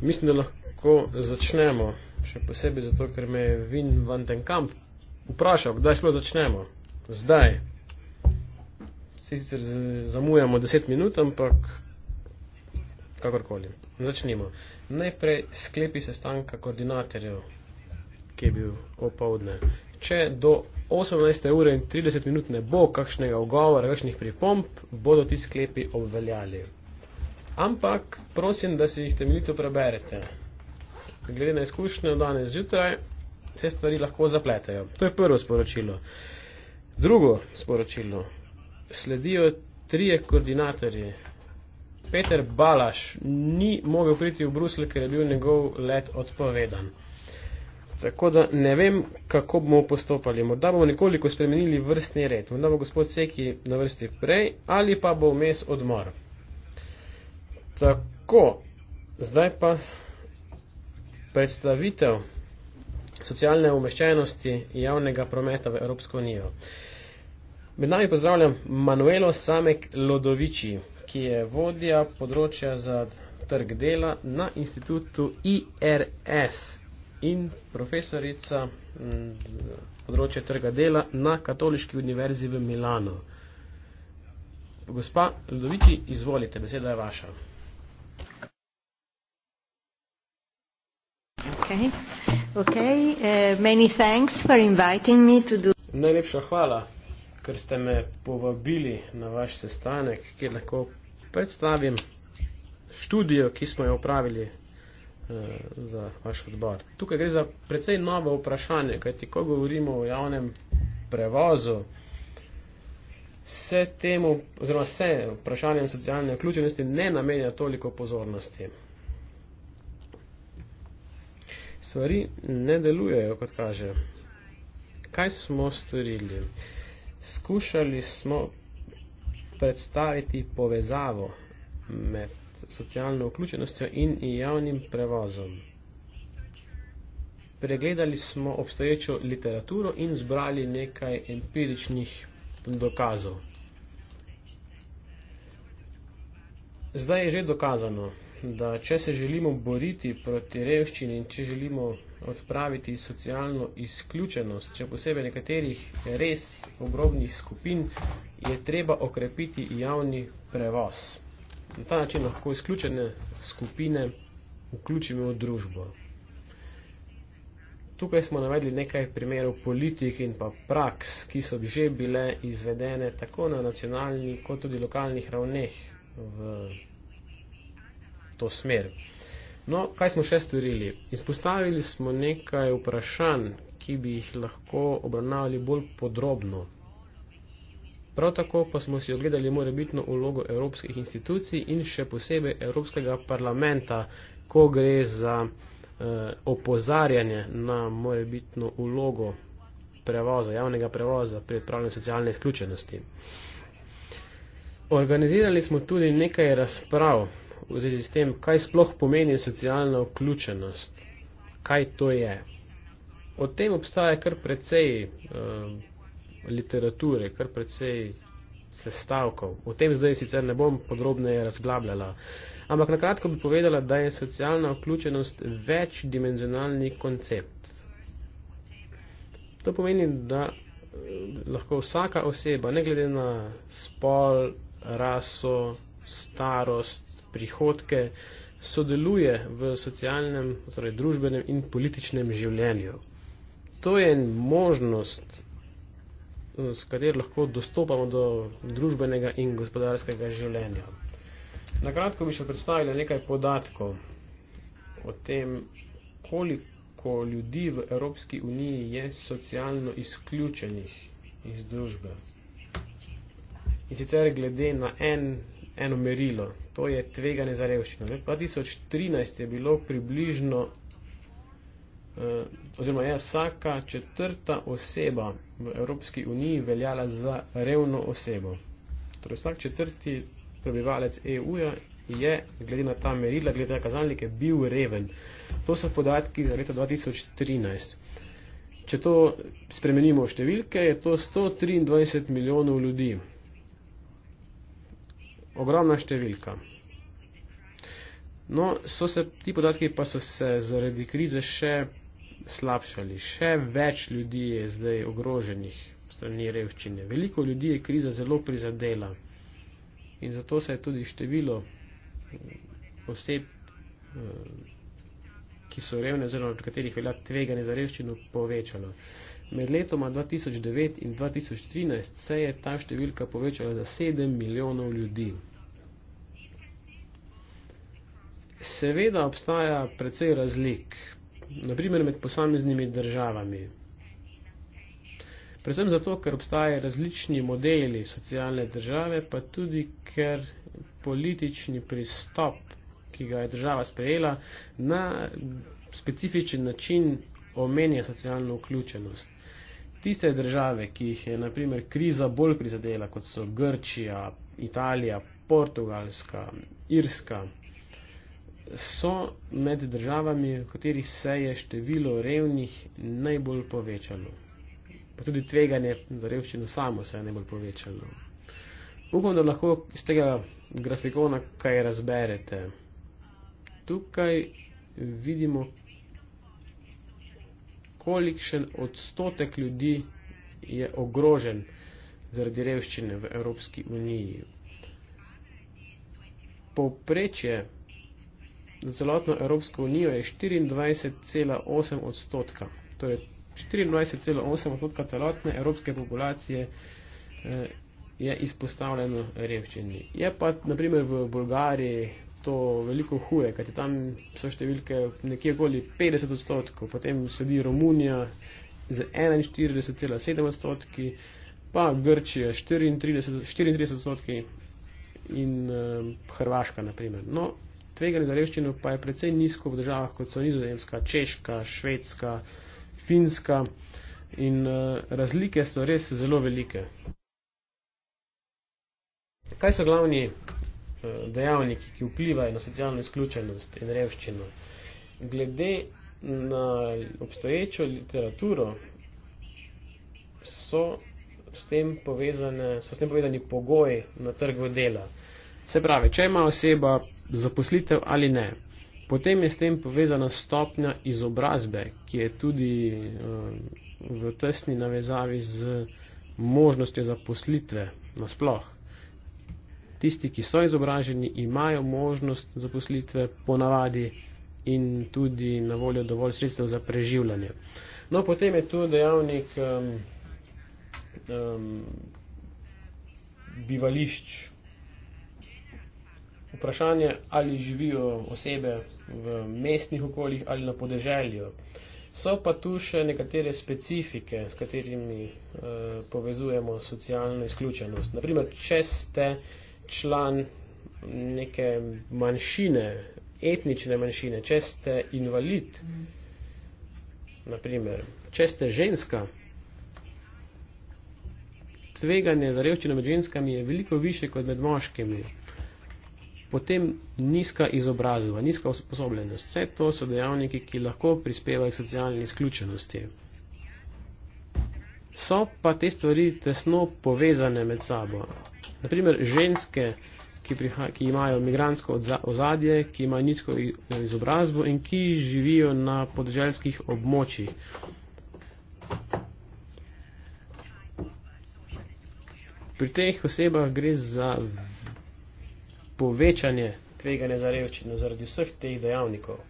Mislim, da lahko začnemo, še posebej zato, ker me je Vin van den Kamp vprašal, kdaj smo začnemo. Zdaj. Sicer zamujamo 10 minut, ampak kakorkoli. Začnimo. Najprej sklepi sestanka koordinatorjev, ki je bil opovdne. Če do 18. ure in 30 minut ne bo kakšnega ogovora, kakšnih pripomp, bodo ti sklepi obveljali ampak prosim, da si jih temeljito preberete. Glede na izkušnjo danes zjutraj, se stvari lahko zapletajo. To je prvo sporočilo. Drugo sporočilo. Sledijo trije koordinatorji. Peter Balaš ni mogel priti v Bruselj, ker je bil njegov let odpovedan. Tako da ne vem, kako bomo postopali. Morda bomo nekoliko spremenili vrstni red. Morda bo gospod Seki na vrsti prej ali pa bo vmes odmor. Tako, zdaj pa predstavitev socialne umeščenosti javnega prometa v Evropsko unijo. Med nami pozdravljam Manuelo Samek Lodoviči, ki je vodja področja za trg dela na institutu IRS in profesorica področja trga dela na Katoliški univerzi v Milano. Gospa Ludoviči, izvolite, beseda je vaša. Okay. Okay. Uh, many thanks for inviting me to do. Najlepša hvala, ker ste me povabili na vaš sestanek, kjer lahko predstavim študijo, ki smo jo upravili uh, za vaš odbor. Tukaj gre za precej novo vprašanje, kajti ko govorimo o javnem prevozu, se temu, oziroma se vprašanjem socialne vključenosti ne namenja toliko pozornosti stvari ne delujejo, kot kaže. Kaj smo storili? Skušali smo predstaviti povezavo med socialno vključenostjo in javnim prevozom. Pregledali smo obstoječo literaturo in zbrali nekaj empiričnih dokazov. Zdaj je že dokazano, da če se želimo boriti proti revščini in če želimo odpraviti socialno izključenost, če posebej nekaterih res obrobnih skupin, je treba okrepiti javni prevoz. Na ta način lahko izključene skupine vključimo v družbo. Tukaj smo navedli nekaj primerov politik in pa praks, ki so že bile izvedene tako na nacionalni kot tudi lokalnih ravneh v to smer. No, kaj smo še storili? Izpostavili smo nekaj vprašanj, ki bi jih lahko obravnavali bolj podrobno. Prav tako pa smo si ogledali morebitno ulogo evropskih institucij in še posebej Evropskega parlamenta, ko gre za eh, opozarjanje na morebitno ulogo prevoza, javnega prevoza pri odpravljanju socialne izključenosti. Organizirali smo tudi nekaj razprav v zvezi s tem, kaj sploh pomeni socialna vključenost, kaj to je. O tem obstaja kar precej um, literature, kar precej sestavkov. O tem zdaj sicer ne bom podrobneje razglabljala. Ampak na kratko bi povedala, da je socialna vključenost večdimenzionalni koncept. To pomeni, da eh, lahko vsaka oseba, ne glede na spol, raso, starost, prihodke, sodeluje v socialnem, torej družbenem in političnem življenju. To je možnost, eh, s katero lahko dostopamo do družbenega in gospodarskega življenja. Na kratko bi še predstavila nekaj podatkov o tem, koliko ljudi v Evropski uniji je socialno izključenih iz družbe. In sicer glede na en, eno merilo, to je tveganje za revščino. Ne? 2013 je bilo približno, eh, oziroma je vsaka četrta oseba v Evropski uniji veljala za revno osebo. Torej vsak četrti prebivalec EU-ja je, glede na ta merila, glede na kazalnike, bil reven. To so podatki za leto 2013. Če to spremenimo v številke, je to 123 milijonov ljudi ogromna številka. No, so se ti podatki pa so se zaradi krize še slabšali. Še več ljudi je zdaj ogroženih strani revščine. Veliko ljudi je kriza zelo prizadela in zato se je tudi število eh, oseb, eh, ki so revne, oziroma pri katerih velja tveganje za revščino, povečalo. Med letoma 2009 in 2013 se je ta številka povečala za 7 milijonov ljudi. Seveda obstaja precej razlik, naprimer med posameznimi državami. Predvsem zato, ker obstajajo različni modeli socialne države, pa tudi ker politični pristop, ki ga je država sprejela, na specifičen način omenja socialno vključenost tiste države, ki jih je naprimer kriza bolj prizadela, kot so Grčija, Italija, Portugalska, Irska, so med državami, v katerih se je število revnih najbolj povečalo. Pa tudi tveganje za revščino samo se je najbolj povečalo. Upam, da lahko iz tega grafikona kaj razberete. Tukaj vidimo, kolikšen odstotek ljudi je ogrožen zaradi revščine v Evropski uniji. Povprečje za celotno Evropsko unijo je 24,8 odstotka. Torej 24,8 odstotka celotne evropske populacije eh, je izpostavljeno revščini. Je pa naprimer v Bolgariji to veliko huje, kajti tam so številke nekje okoli 50 odstotkov, potem sledi Romunija z 41,7 odstotki, pa Grčija 34 odstotki in uh, Hrvaška naprimer. No, tveganje za revščino pa je precej nizko v državah, kot so nizozemska, češka, švedska, finska in uh, razlike so res zelo velike. Kaj so glavni dejavniki, ki vplivajo na socialno izključenost in revščino. Glede na obstoječo literaturo so s tem, povezane, so s tem povedani pogoji na trgu dela. Se pravi, če ima oseba zaposlitev ali ne, potem je s tem povezana stopnja izobrazbe, ki je tudi uh, v tesni navezavi z možnostjo zaposlitve nasploh tisti, ki so izobraženi, imajo možnost zaposlitve ponavadi in tudi na voljo dovolj sredstev za preživljanje. No, potem je tu dejavnik um, um, bivališč. Vprašanje, ali živijo osebe v mestnih okoljih ali na podeželju. So pa tu še nekatere specifike, s katerimi uh, povezujemo socialno izključenost. Naprimer, če ste uh, član neke manjšine, etnične manjšine, če ste invalid, naprimer, če ste ženska, tveganje za revščino med ženskami je veliko više kot med moškimi. Potem nizka izobrazba, nizka usposobljenost. Vse to so dejavniki, ki lahko prispevajo k socialni izključenosti. So pa te stvari tesno povezane med sabo naprimer ženske, ki, priha, ki imajo migransko ozadje, ki imajo nizko izobrazbo in ki živijo na podeželskih območjih. Pri teh osebah gre za povečanje tveganja za revščino zaradi vseh teh dejavnikov.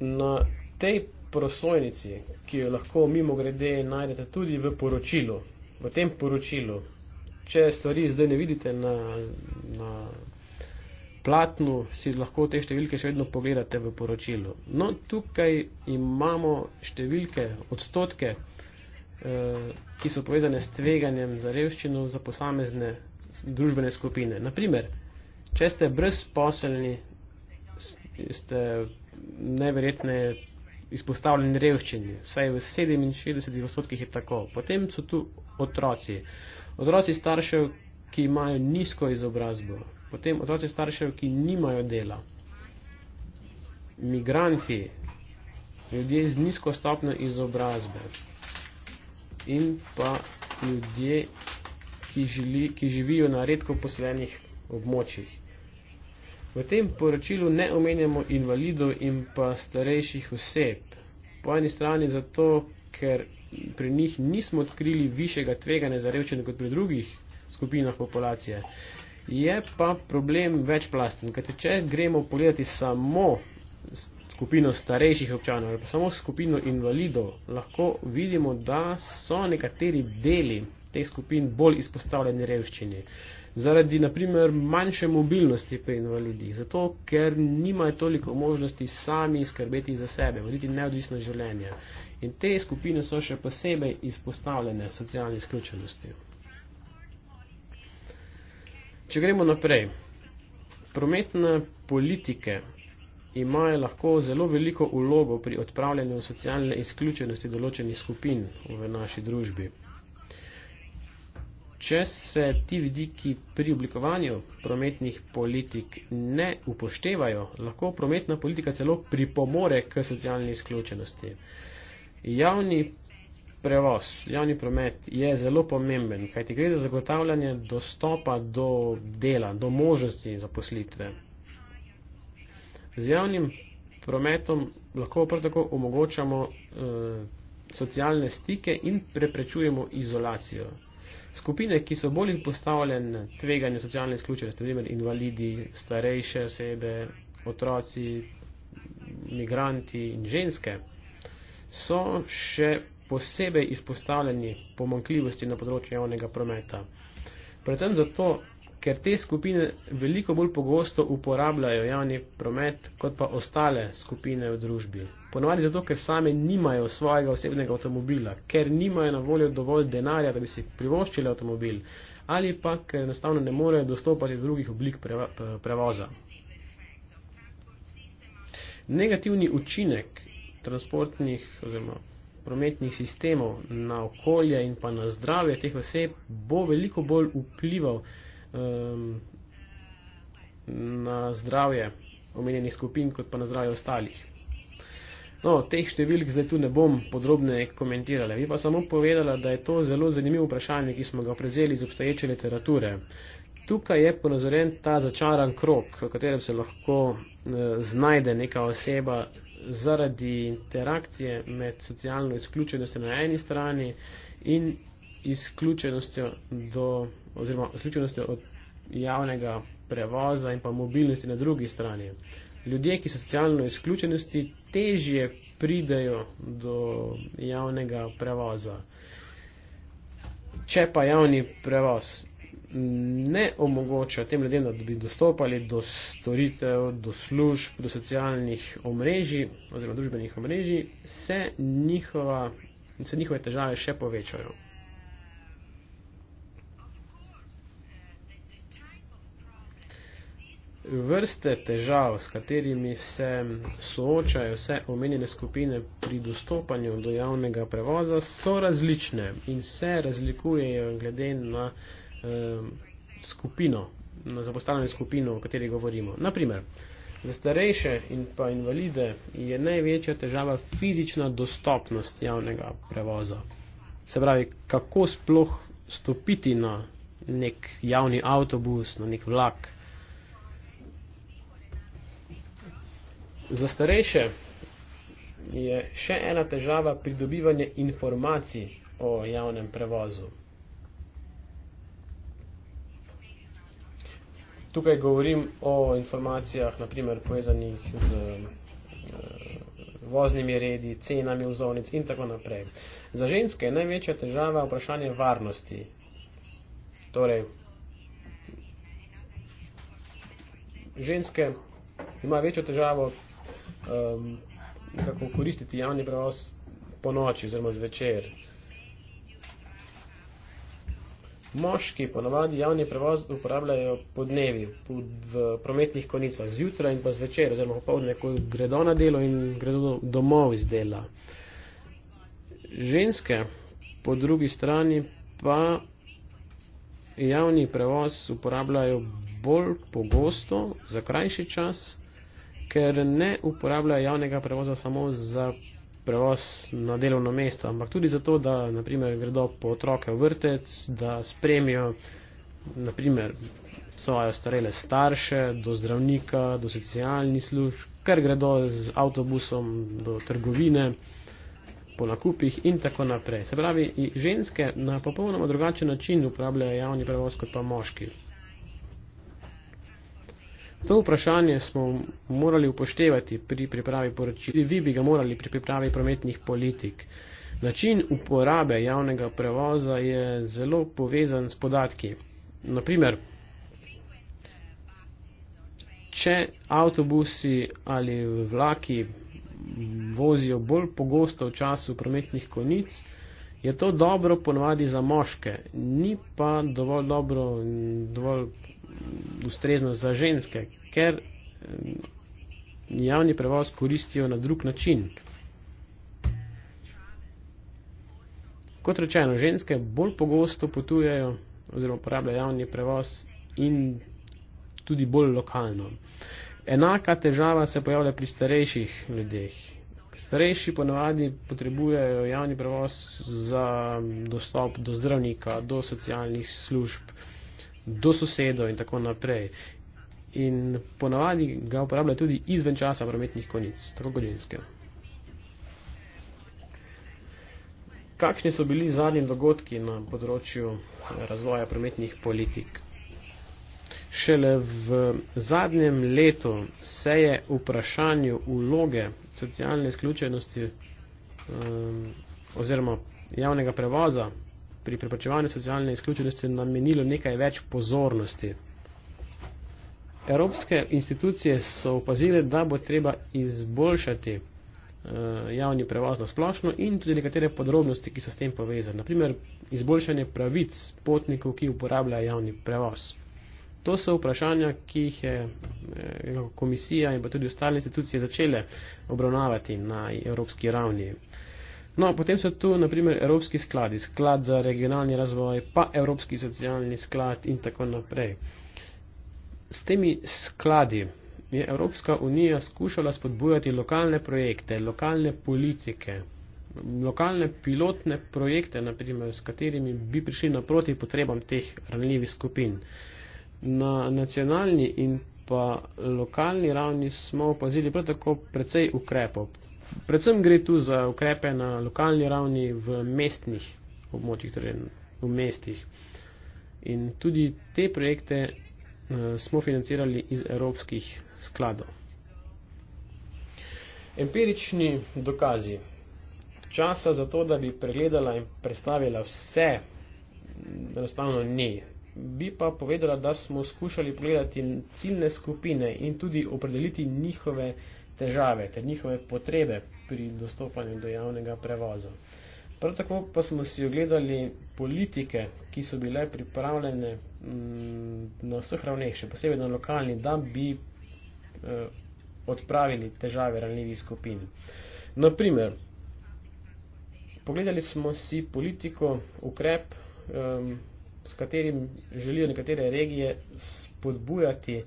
Na tej prosojnici, ki jo lahko mimo grede najdete tudi v poročilu, v tem poročilu. Če stvari zdaj ne vidite na, na platnu, si lahko te številke še vedno pogledate v poročilu. No, tukaj imamo številke, odstotke, eh, ki so povezane s tveganjem za revščino za posamezne družbene skupine. Naprimer, če ste brezposelni, ste neverjetne izpostavljeni revščini, vsaj v 67 odstotkih je tako. Potem so tu otroci, otroci staršev, ki imajo nizko izobrazbo, potem otroci staršev, ki nimajo dela, migranti, ljudje z nizko stopno izobrazbe in pa ljudje, ki, želi, ki živijo na redko poslenih območjih. V tem poročilu ne omenjamo invalidov in pa starejših oseb. Po eni strani zato, ker pri njih nismo odkrili višjega tveganja za revščino kot pri drugih skupinah populacije. Je pa problem večplasten, kajte če gremo pogledati samo skupino starejših občanov ali pa samo skupino invalidov, lahko vidimo, da so nekateri deli teh skupin bolj izpostavljeni revščini. Uh, zaradi naprimer manjše mobilnosti pri invalidih, zato ker nimajo toliko možnosti sami skrbeti za sebe, voditi neodvisno življenje. In te skupine so še posebej izpostavljene socialni izključenosti. Če gremo naprej, prometne politike imajo lahko zelo veliko ulogo pri odpravljanju socialne izključenosti določenih skupin v naši družbi. Če se ti vidiki pri oblikovanju prometnih politik ne upoštevajo, lahko prometna politika celo pripomore k socialni izključenosti. Javni prevoz, javni promet je zelo pomemben, kajti gre za zagotavljanje dostopa do dela, do možnosti zaposlitve. Z javnim prometom lahko prav tako omogočamo eh, socialne stike in preprečujemo izolacijo. Skupine, ki so bolj izpostavljene tveganju socialne izključenosti, naprimer invalidi, starejše osebe, otroci, migranti in ženske, so še posebej izpostavljeni pomankljivosti na področju javnega prometa. Predvsem zato, ker te skupine veliko bolj pogosto uporabljajo javni promet kot pa ostale skupine v družbi. Ponovadi zato, ker same nimajo svojega osebnega avtomobila, ker nimajo na voljo dovolj denarja, da bi si privoščili avtomobil ali pa ker enostavno ne morejo dostopati do drugih oblik prevoza. Negativni učinek transportnih oziroma prometnih sistemov na okolje in pa na zdravje teh oseb bo veliko bolj vplival um, na zdravje omenjenih skupin kot pa na zdravje ostalih. No, teh številk zdaj tu ne bom podrobne komentirala, bi pa samo povedala, da je to zelo zanimivo vprašanje, ki smo ga prezeli iz obstoječe literature. Tukaj je ponazoren ta začaran krok, v katerem se lahko e, znajde neka oseba zaradi interakcije med socialno izključenostjo na eni strani in izključenostjo, do, oziroma, izključenostjo od javnega prevoza in pa mobilnosti na drugi strani ljudje, ki so socialno izključenosti, težje pridajo do javnega prevoza. Če pa javni prevoz ne omogoča tem ljudem, da bi dostopali do storitev, do služb, do socialnih omrežij oziroma družbenih omrežij, se, njihova, se njihove težave še povečajo. vrste težav, s katerimi se soočajo vse omenjene skupine pri dostopanju do javnega prevoza, so različne in se razlikujejo glede na eh, skupino, na zapostavljeno skupino, o kateri govorimo. Naprimer, za starejše in pa invalide je največja težava fizična dostopnost javnega prevoza. Se pravi, kako sploh stopiti na nek javni avtobus, na nek vlak. Za starejše je še ena težava pridobivanje informacij o javnem prevozu. Tukaj govorim o informacijah, naprimer, povezanih z eh, voznimi redi, cenami vzovnic in tako naprej. Za ženske je največja težava vprašanje varnosti. Torej, ženske imajo večjo težavo um, kako koristiti javni prevoz po noči oziroma zvečer. Moški ponovadi javni prevoz uporabljajo po dnevi, pod, v prometnih konicah, zjutraj in pa zvečer, oziroma popovdne, ko gredo na delo in gredo domov iz dela. Ženske po drugi strani pa javni prevoz uporabljajo bolj pogosto, za krajši čas ker ne uporabljajo javnega prevoza samo za prevoz na delovno mesto, ampak tudi zato, da naprimer gredo po otroke v vrtec, da spremijo naprimer svoje starele starše do zdravnika, do socialnih služb, ker gredo z avtobusom do trgovine po nakupih in tako naprej. Se pravi, ženske na popolnoma drugačen način uporabljajo javni prevoz kot pa moški. To vprašanje smo morali upoštevati pri pripravi poročil. Vi bi ga morali pri pripravi prometnih politik. Način uporabe javnega prevoza je zelo povezan s podatki. Naprimer, če avtobusi ali vlaki vozijo bolj pogosto v času prometnih konic, je to dobro ponovadi za moške, ni pa dovolj dobro in dovolj ustrezno za ženske, ker javni prevoz koristijo na drug način. Kot rečeno, ženske bolj pogosto potujejo oziroma uporabljajo javni prevoz in tudi bolj lokalno. Enaka težava se pojavlja pri starejših ljudeh. Starejši ponavadi potrebujejo javni prevoz za dostop do zdravnika, do socialnih služb, do sosedov in tako naprej. In ponavadi ga uporabljajo tudi izven časa prometnih konic, tako kot ženske. Kakšni so bili zadnji dogodki na področju razvoja prometnih politik? Šele v zadnjem letu se je vprašanju uloge socialne izključenosti um, oziroma javnega prevoza pri preprečevanju socialne izključenosti namenilo nekaj več pozornosti. Evropske institucije so opazile, da bo treba izboljšati uh, javni prevoz na splošno in tudi nekatere podrobnosti, ki so s tem povezane. Naprimer, izboljšanje pravic potnikov, ki uporabljajo javni prevoz. To so vprašanja, ki jih je eh, komisija in pa tudi ostale institucije začele obravnavati na evropski ravni. No, potem so tu naprimer evropski skladi, sklad za regionalni razvoj, pa evropski socialni sklad in tako naprej. S temi skladi je Evropska unija skušala spodbujati lokalne projekte, lokalne politike, lokalne pilotne projekte, naprimer, s katerimi bi prišli naproti potrebam teh ranljivih skupin. Uh, Na nacionalni in pa lokalni ravni smo opazili prav tako precej ukrepov. Predvsem gre tu za ukrepe na lokalni ravni v mestnih območjih, torej v mestih. In tudi te projekte eh, smo financirali iz evropskih skladov. Empirični dokazi. Časa za to, da bi pregledala in predstavila vse, enostavno ni bi pa povedala, da smo skušali pogledati ciljne skupine in tudi opredeliti njihove težave ter njihove potrebe pri dostopanju do javnega prevoza. Prav tako pa smo si ogledali politike, ki so bile pripravljene mm, na vseh ravneh, še posebej na lokalni, da bi eh, odpravili težave ranljivih skupin. Naprimer, pogledali smo si politiko ukrep s katerim želijo nekatere regije spodbujati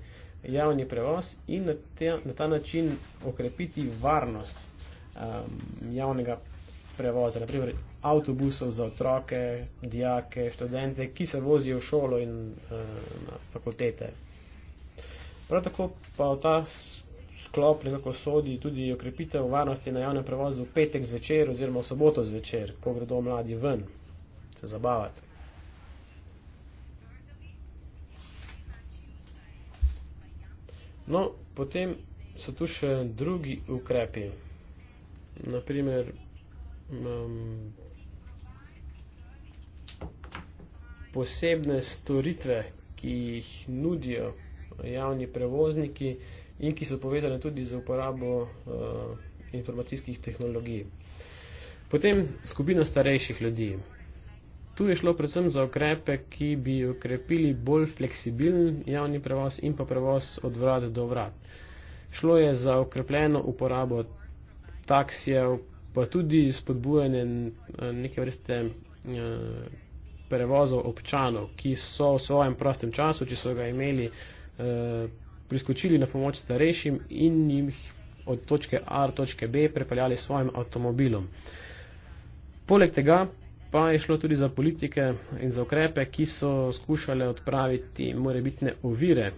javni prevoz in na, te, na ta način okrepiti varnost um, javnega prevoza, naprimer avtobusov za otroke, dijake, študente, ki se vozijo v šolo in uh, na fakultete. Prav tako pa v ta sklop nekako sodi tudi okrepitev varnosti na javnem prevozu v petek zvečer oziroma v soboto zvečer, ko gredo mladi ven se zabavati. No, potem so tu še drugi ukrepi. Naprimer, um, posebne storitve, ki jih nudijo javni prevozniki in ki so povezane tudi z uporabo uh, informacijskih tehnologij. Potem skupina starejših ljudi. Tu je šlo predvsem za ukrepe, ki bi ukrepili bolj fleksibilen javni prevoz in pa prevoz od vrat do vrat. Šlo je za ukrepljeno uporabo taksijev, pa tudi spodbujanje eh, neke vrste eh, prevozov občanov, ki so v svojem prostem času, če so ga imeli, eh, priskočili na pomoč starejšim in jih od točke A do točke B prepeljali s svojim avtomobilom. Poleg tega pa je šlo tudi za politike in za okrepe, ki so skušale odpraviti morebitne ovire,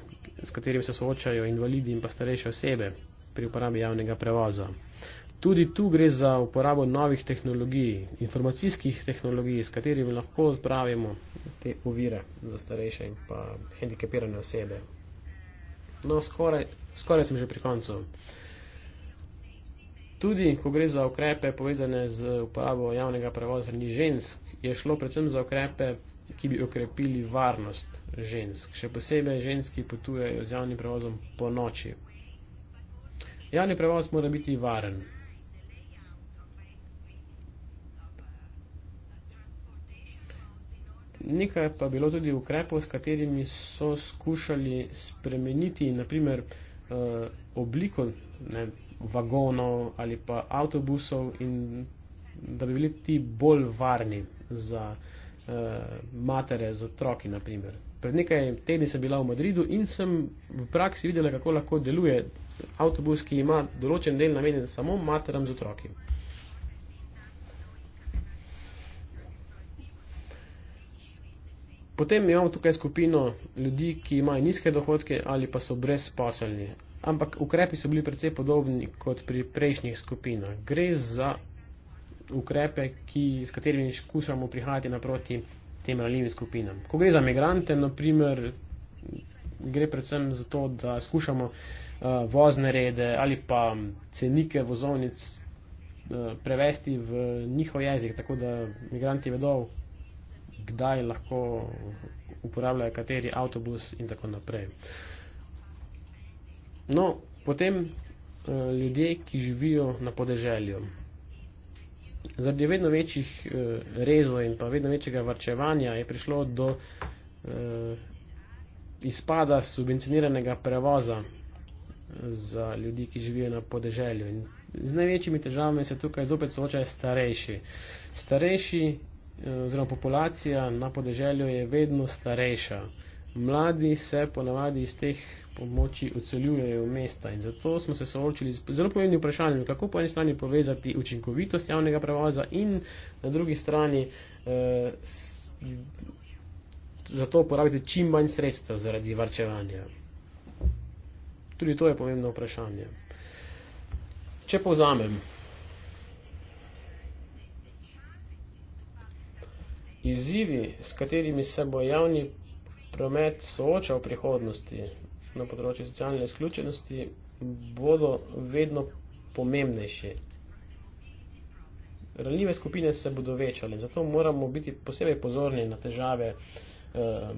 s katerimi se soočajo invalidi in pa starejše osebe pri uporabi javnega prevoza. Tudi tu gre za uporabo novih tehnologij, informacijskih tehnologij, s katerimi lahko odpravimo te ovire za starejše in pa hendikepirane osebe. No, skoraj, skoraj sem že pri koncu. Tudi, ko gre za ukrepe povezane z uporabo javnega prevoza strani žensk, je šlo predvsem za ukrepe, ki bi okrepili varnost žensk. Še posebej ženski potujejo z javnim prevozom po noči. Javni prevoz mora biti varen. Nekaj pa bilo tudi ukrepov, s katerimi so skušali spremeniti, naprimer, eh, obliko, ne, vagonov ali pa avtobusov, in da bi bili ti bolj varni za uh, matere z otroki. Naprimer. Pred nekaj tedni sem bila v Madridu in sem v praksi videla, kako lahko deluje avtobus, ki ima določen del namenjen samo materam z otroki. Potem imamo tukaj skupino ljudi, ki imajo nizke dohodke ali pa so brezposelni ampak ukrepi so bili precej podobni kot pri prejšnjih skupinah. Gre za ukrepe, ki, s katerimi skušamo prihajati naproti tem ranljivim skupinam. Ko gre za migrante, naprimer, gre predvsem za to, da skušamo uh, vozne rede ali pa cenike vozovnic uh, prevesti v njihov jezik, tako da migranti vedo, kdaj lahko uporabljajo kateri avtobus in tako naprej. Uh, No, potem eh, ljudje, ki živijo na podeželju. Zaradi vedno večjih eh, rezov in pa vedno večjega varčevanja je prišlo do eh, izpada subvencioniranega prevoza za ljudi, ki živijo na podeželju. In z največjimi težavami se tukaj zopet soočajo starejši. Starejši oziroma populacija na podeželju je vedno starejša. Mladi se ponavadi iz teh pomoči odseljujejo mesta in zato smo se soočili z zelo pomembnim vprašanjem, kako po eni strani povezati učinkovitost javnega prevoza in na drugi strani eh, zato uporabiti čim manj sredstev zaradi varčevanja. Tudi to je pomembno vprašanje. Če povzamem, izzivi, s katerimi se bo javni promet soočal v prihodnosti, na področju socialne izključenosti bodo vedno pomembnejši. Ranljive skupine se bodo večale, zato moramo biti posebej pozorni na težave eh,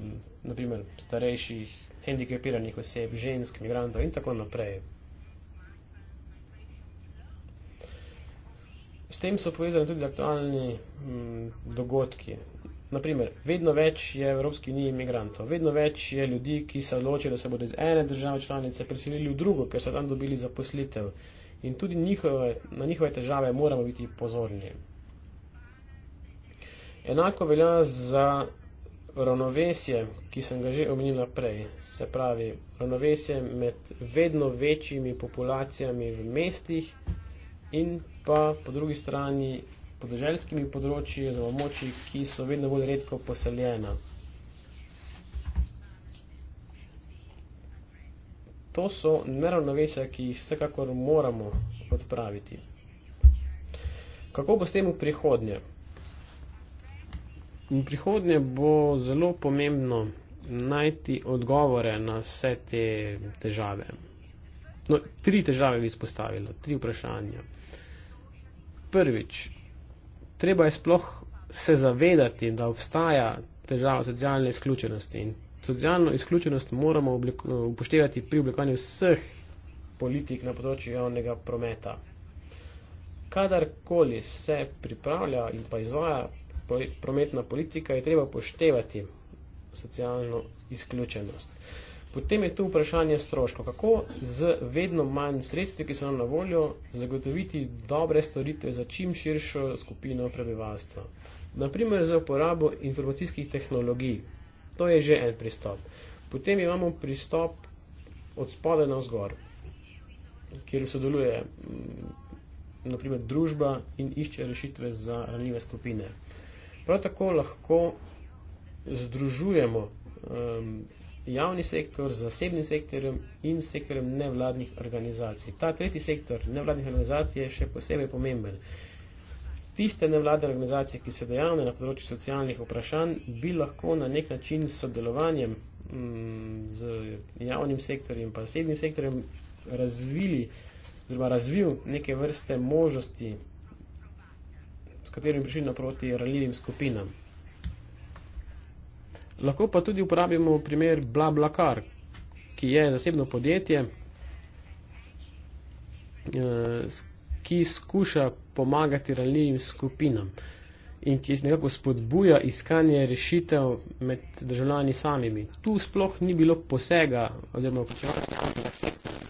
naprimer, starejših, hendikepiranih oseb, žensk, migrantov in tako naprej. S tem so povezani tudi aktualni hm, dogodki. Naprimer, vedno več je v Evropski uniji imigrantov, vedno več je ljudi, ki se odločijo, da se bodo iz ene države članice preselili v drugo, ker so tam dobili zaposlitev. In tudi njihove, na njihove težave moramo biti pozorni. Enako velja za ravnovesje, ki sem ga že omenila prej, se pravi ravnovesje med vedno večjimi populacijami v mestih in pa po drugi strani podeželskimi področji, z območji, ki so vedno bolj redko poseljena. To so neravnovesja, ki jih vsekakor moramo odpraviti. Kako bo s tem v prihodnje? V prihodnje bo zelo pomembno najti odgovore na vse te težave. No, tri težave bi izpostavila, tri vprašanja. Prvič, treba je sploh se zavedati, da obstaja težava socialne izključenosti. In socialno izključenost moramo upoštevati pri oblikovanju vseh politik na področju javnega prometa. Kadarkoli se pripravlja in pa izvaja prometna politika, je treba upoštevati socialno izključenost. Potem je tu vprašanje stroškov, kako z vedno manj sredstvi, ki so nam na voljo, zagotoviti dobre storitve za čim širšo skupino prebivalstva. Naprimer, za uporabo informacijskih tehnologij. To je že en pristop. Potem imamo pristop od spodaj na vzgor, kjer sodeluje mm, naprimer, družba in išče rešitve za ranljive skupine. Prav tako lahko združujemo. Um, javni sektor z zasebnim sektorjem in sektorjem nevladnih organizacij. Ta tretji sektor nevladnih organizacij je še posebej pomemben. Tiste nevladne organizacije, ki so dejavne na področju socialnih vprašanj, bi lahko na nek način s sodelovanjem mm, z javnim sektorjem in zasebnim sektorjem razvili, oziroma razvil neke vrste možnosti, s katerimi prišli naproti ranljivim skupinam. Lahko pa tudi uporabimo primer BlaBlaCar, ki je zasebno podjetje, eh, ki skuša pomagati ranljivim skupinam in ki nekako spodbuja iskanje rešitev med državljani samimi. Tu sploh ni bilo posega oziroma vključevanja javnega sektorja.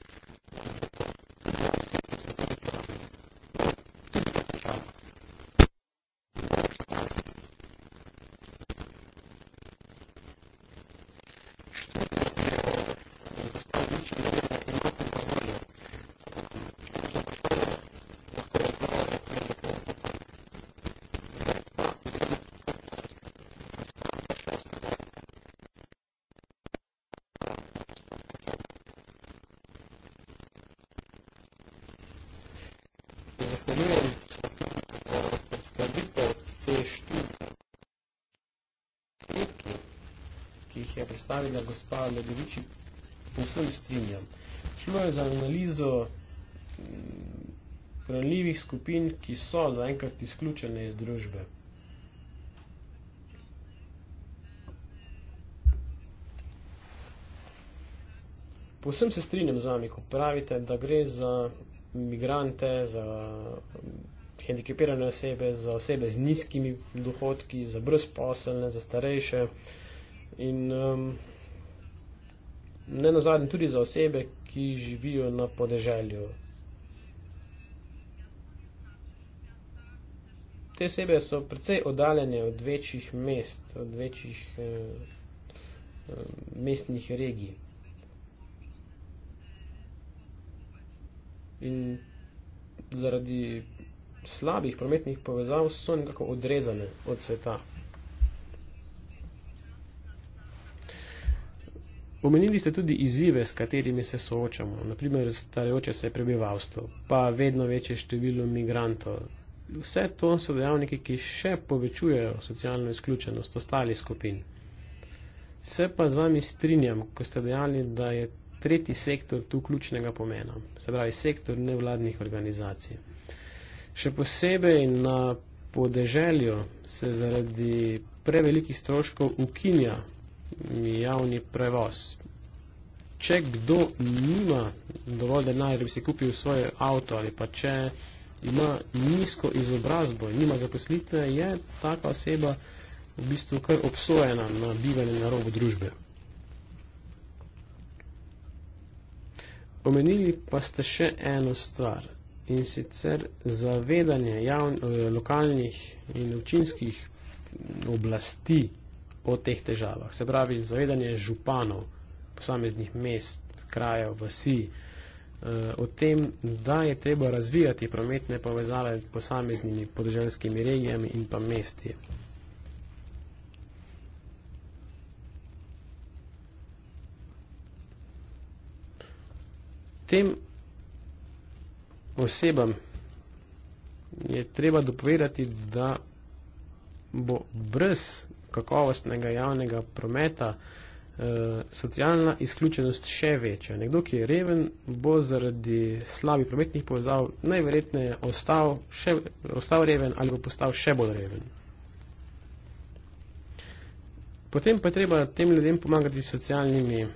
vsem strinjam. Šlo je za analizo mm, ranljivih skupin, ki so zaenkrat izključene iz družbe. Povsem se strinjam z vami, ko pravite, da gre za migrante, za mm, hendikepirane osebe, za osebe z nizkimi dohodki, za brezposelne, za starejše. In um, ne nazadnje tudi za osebe, ki živijo na podeželju. Te osebe so precej oddaljene od večjih mest, od večjih eh, mestnih regij. In zaradi slabih prometnih povezav so nekako odrezane od sveta. Omenili ste tudi izzive, s katerimi se soočamo, naprimer starajoče se prebivalstvo, pa vedno večje število imigrantov. Vse to so dejavniki, ki še povečujejo socialno izključenost ostalih skupin. Se pa z vami strinjam, ko ste dejali, da je tretji sektor tu ključnega pomena, se pravi sektor nevladnih organizacij. Še posebej na podeželju se zaradi prevelikih stroškov ukinja javni prevoz. Če kdo nima dovolj denarja, da bi si kupil svoje avto ali pa če ima nizko izobrazbo in nima zaposlitve, je taka oseba v bistvu kar obsojena na bivanje na robu družbe. Omenili pa ste še eno stvar in sicer zavedanje javn, eh, lokalnih in občinskih oblasti o teh težavah. Se pravi, zavedanje županov, posameznih mest, krajev, vasi, eh, o tem, da je treba razvijati prometne povezave posameznimi podeželskimi regijami in pa mesti. Tem osebam je treba dopovedati, da bo brez kakovostnega javnega prometa, eh, socialna izključenost še večja. Nekdo, ki je reven, bo zaradi slabih prometnih povezav najverjetneje ostal, še, ostal reven ali bo postal še bolj reven. Potem pa je treba tem ljudem pomagati s socialnimi eh,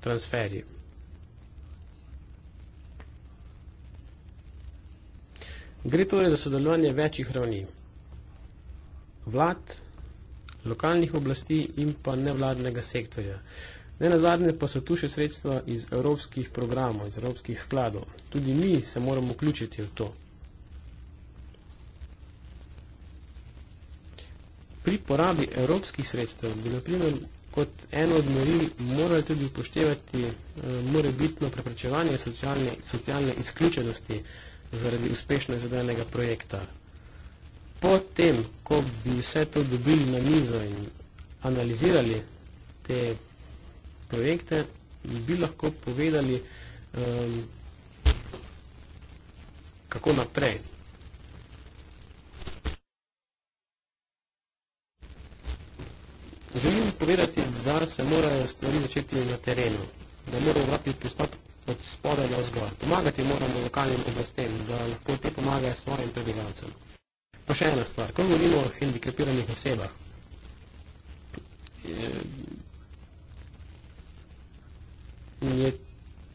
transferji. Gre torej za sodelovanje večjih ravni. Vlad, lokalnih oblasti in pa nevladnega sektorja. Ne na zadnje pa so tu še sredstva iz evropskih programov, iz evropskih skladov. Tudi mi se moramo vključiti v to. Pri porabi evropskih sredstev bi naprimer kot eno od meril morali tudi upoštevati eh, morebitno preprečevanje socialne, socialne izključenosti zaradi uspešno izvedenega projekta potem, ko bi vse to dobili na mizo in analizirali te projekte, bi lahko povedali, um, kako naprej. Želim povedati, da se morajo stvari začeti na terenu, da morajo vrati pristop od spodaj do zgor. Pomagati moramo lokalnim oblastem, da lahko te pomagajo svojim prebivalcem. Pa še ena stvar, ko govorimo o hendikepiranih osebah, je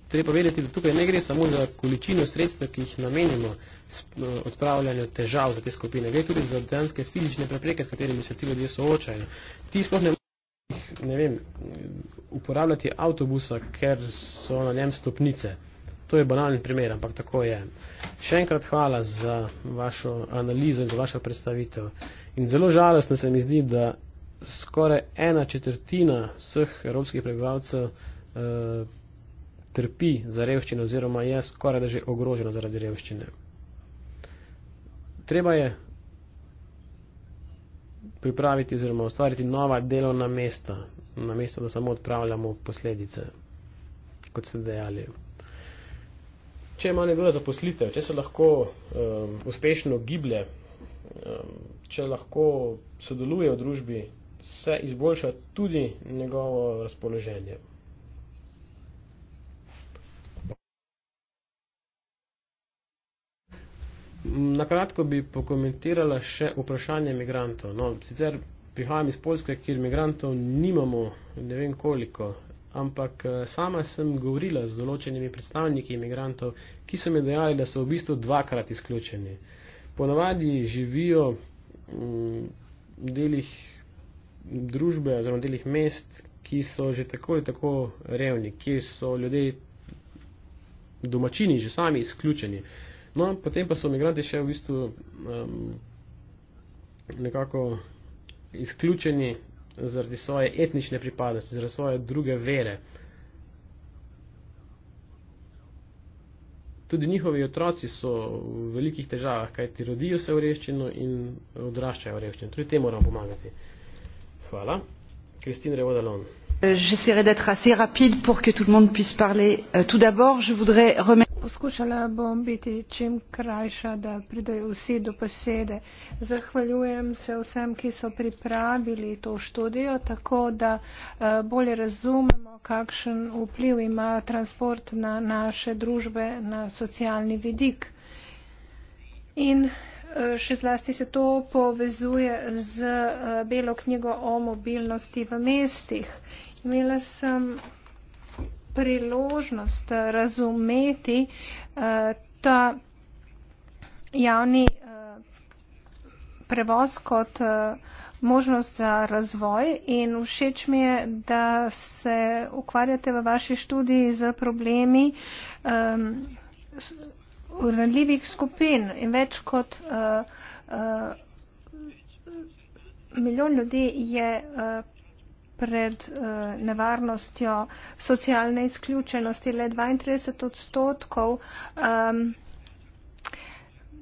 treba vedeti, da tukaj ne gre samo za količino sredstva, ki jih namenimo odpravljanju težav za te skupine. Gre tudi za danske fizične prepreke, s katerimi se ti ljudje soočajo. Ti sploh ne ne vem, uporabljati avtobusa, ker so na njem stopnice. To je banalni primer, ampak tako je. Še enkrat hvala za vašo analizo in za vašo predstavitev. In zelo žalostno se mi zdi, da skoraj ena četrtina vseh evropskih prebivalcev eh, trpi za revščino oziroma je skoraj da že ogrožena zaradi revščine. Treba je pripraviti oziroma ustvariti nova delovna mesta, na mesto, da samo odpravljamo posledice, kot ste dejali če ima nekdo zaposlitev, če se lahko um, uspešno giblje, um, če lahko sodeluje v družbi, se izboljša tudi njegovo razpoloženje. Na kratko bi pokomentirala še vprašanje migrantov. No, sicer prihajam iz Poljske, kjer migrantov nimamo ne vem koliko, ampak eh, sama sem govorila z določenimi predstavniki imigrantov, ki so mi dejali, da so v bistvu dvakrat izključeni. Ponavadi živijo mm, v delih družbe oziroma delih mest, ki so že tako in tako revni, ki so ljudje domačini že sami izključeni. No, potem pa so imigranti še v bistvu um, nekako izključeni zaradi svoje etnične pripadnosti, zaradi svoje druge vere. Tudi njihovi otroci so v velikih težavah, kajti rodijo se v revščino in odraščajo v revščino. Tudi te moramo pomagati. Hvala. Christine Revodalon. J'essaierai d'être assez rapide pour que tout le monde puisse parler. Euh, tout d'abord, je voudrais remercier. Poskušala bom biti čim krajša, da pridejo vsi do posede. Zahvaljujem se vsem, ki so pripravili to študijo, tako da eh, bolje razumemo, kakšen vpliv ima transport na naše družbe, na socialni vidik. In eh, še zlasti se to povezuje z eh, belo knjigo o mobilnosti v mestih. Imela sem priložnost razumeti eh, ta javni eh, prevoz kot eh, možnost za razvoj in všeč mi je, da se ukvarjate v vaši študiji z problemi um, ranljivih skupin in več kot uh, uh, milijon ljudi je uh, pred uh, nevarnostjo socialne izključenosti le 32 odstotkov. Um,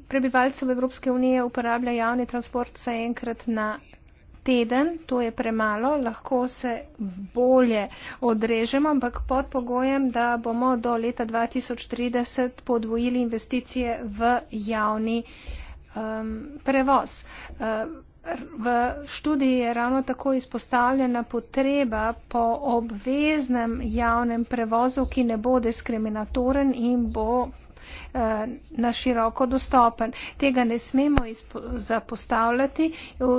prebivalcev Evropske unije uporablja javni transport vse enkrat na teden, to je premalo, lahko se bolje odrežemo, ampak pod pogojem, da bomo do leta 2030 podvojili investicije v javni um, prevoz. Uh, V študiji je ravno tako izpostavljena potreba po obveznem javnem prevozu, ki ne bo diskriminatoren in bo eh, na široko dostopen. Tega ne smemo zapostavljati.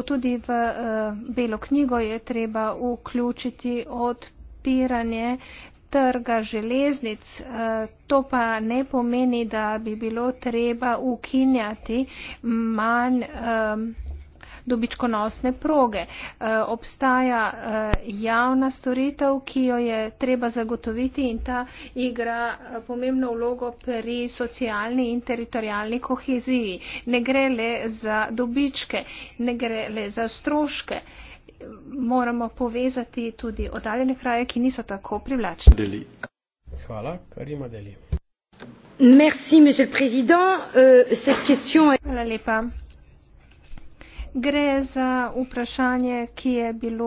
Tudi v eh, Belo knjigo je treba vključiti odpiranje trga železnic. Eh, to pa ne pomeni, da bi bilo treba ukinjati manj. Um, dobičkonosne proge. Eh, obstaja eh, javna storitev, ki jo je treba zagotoviti in ta igra eh, pomembno vlogo pri socialni in teritorijalni koheziji. Ne gre le za dobičke, ne gre le za stroške. Moramo povezati tudi odaljene kraje, ki niso tako privlačni. Deli. Hvala, kar ima deli. Merci, monsieur le Président. Euh, cette question est... Voilà, Gre za vprašanje, ki je bilo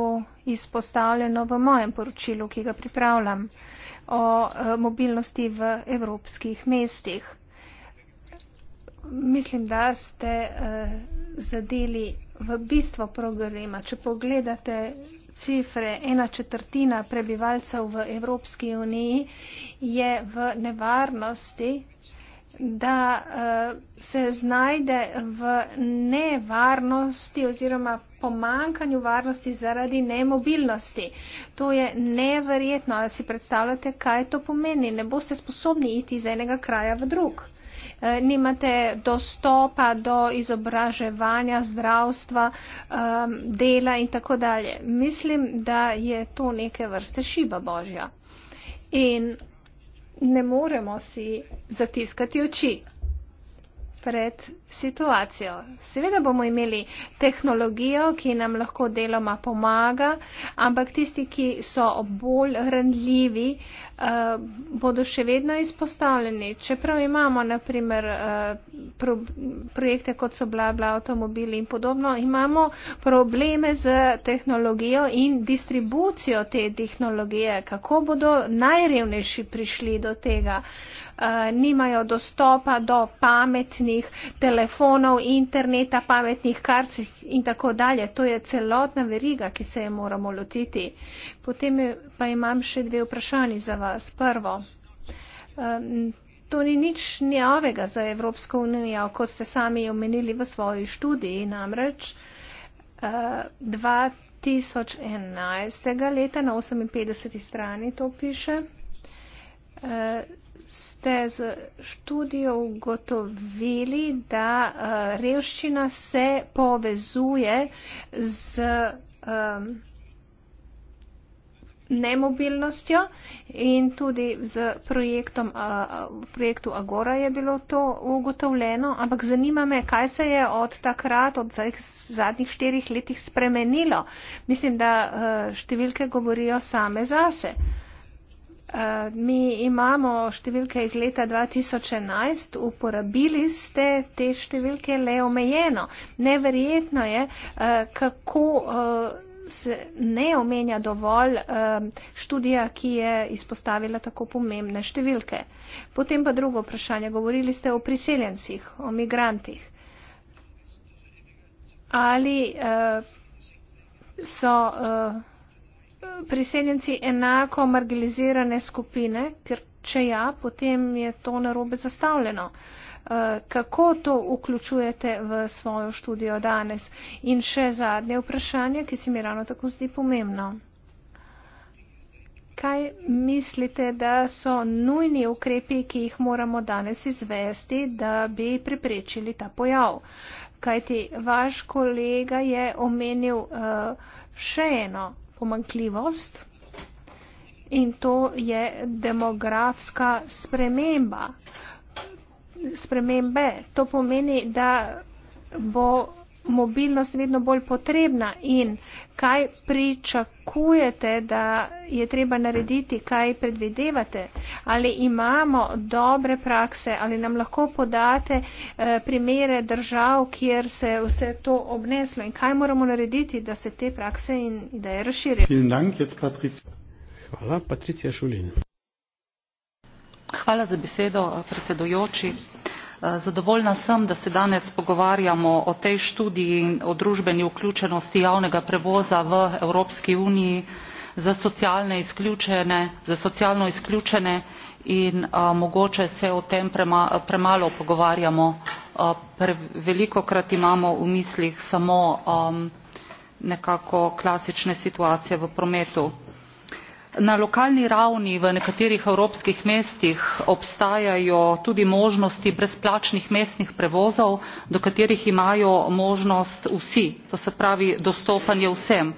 izpostavljeno v mojem poročilu, ki ga pripravljam o eh, mobilnosti v evropskih mestih. Mislim, da ste eh, zadeli v bistvo problema. Če pogledate cifre, ena četrtina prebivalcev v Evropski uniji je v nevarnosti eh, da eh, se znajde v nevarnosti oziroma pomankanju varnosti zaradi nemobilnosti. To je neverjetno, ali si predstavljate, kaj to pomeni. Ne boste sposobni iti iz enega kraja v drug. Eh, nimate dostopa do izobraževanja, zdravstva, eh, dela in tako dalje. Mislim, da je to neke vrste šiba božja. In ne moremo si zatiskati oči pred situacijo. Seveda bomo imeli tehnologijo, ki nam lahko deloma pomaga, ampak tisti, ki so bolj randljivi, eh, bodo še vedno izpostavljeni. Čeprav imamo naprimer eh, projekte, kot so bla bla avtomobili in podobno, imamo probleme z tehnologijo in distribucijo te tehnologije, kako bodo najrevnejši prišli do tega. Eh, nimajo dostopa do pametnih telefonov, interneta, pametnih karcih in tako dalje. To je celotna veriga, ki se je moramo lotiti. Potem pa imam še dve vprašanje za vas. Prvo. To ni nič neovega za Evropsko unijo, kot ste sami omenili v svoji študiji. Namreč 2011. Eh, leta na 58. strani to piše. Eh, ste z študijo ugotovili, da eh, revščina se povezuje z um, nemobilnostjo in tudi z projektom, v projektu Agora je bilo to ugotovljeno, ampak zanima me, kaj se je od takrat, od zadnjih štirih letih spremenilo. Mislim, da eh, številke govorijo same zase. Uh, Eh, mi imamo številke iz leta 2011, uporabili ste te številke le omejeno. Neverjetno je, eh, kako eh, se ne omenja dovolj študija, ki je izpostavila tako pomembne številke. Potem pa drugo vprašanje. Govorili ste o priseljencih, o migrantih. Ali so priseljenci enako marginalizirane skupine, ker če ja, potem je to narobe zastavljeno. Eh, kako to vključujete v svojo študijo danes? In še zadnje vprašanje, ki se mi ravno tako zdi pomembno. Kaj mislite, da so nujni ukrepi, ki jih moramo danes izvesti, da bi preprečili ta pojav? Kajti vaš kolega je omenil uh, še eno pomankljivost in to je demografska sprememba. Spremembe. To pomeni, da bo mobilnost vedno bolj potrebna in kaj pričakujete, da je treba narediti, kaj predvidevate, ali imamo dobre prakse, ali nam lahko podate eh, primere držav, kjer se je vse to obneslo in kaj moramo narediti, da se te prakse in ideje razširijo. Hvala, Patricija Šulin. Hvala za besedo, predsedojoči. Uh, Eh, zadovoljna sem da se danes pogovarjamo o tej študiji in o družbeni vključenosti javnega prevoza v evropski uniji za socialno izključene za socialno izključene in a, eh, mogoče se o tem prema, premalo pogovarjamo eh, prevelikokrat imamo v mislih samo a, ehm, nekako klasične situacije v prometu na lokalni ravni v nekaterih evropskih mestih obstajajo tudi možnosti brezplačnih mestnih prevozov do katerih imajo možnost vsi to se pravi dostopen je vsem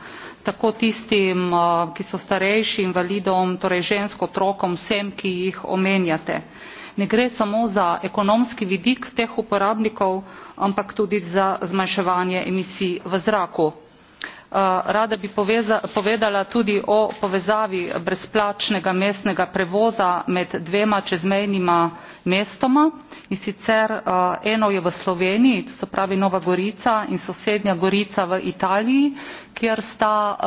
tako tistim eh, ki so starejši invalidom torej ženskam otrokom vsem ki jih omenjate. ne gre samo za ekonomski vidik teh uporabnikov ampak tudi za zmanjševanje emisij v zraku. Eh, rada bi povedala tudi o povezavi brezplačnega mestnega prevoza med dvema čezmejnima mestoma in sicer eh, eno je v sloveniji to se pravi nova gorica in sosednja gorica v italiji kjer sta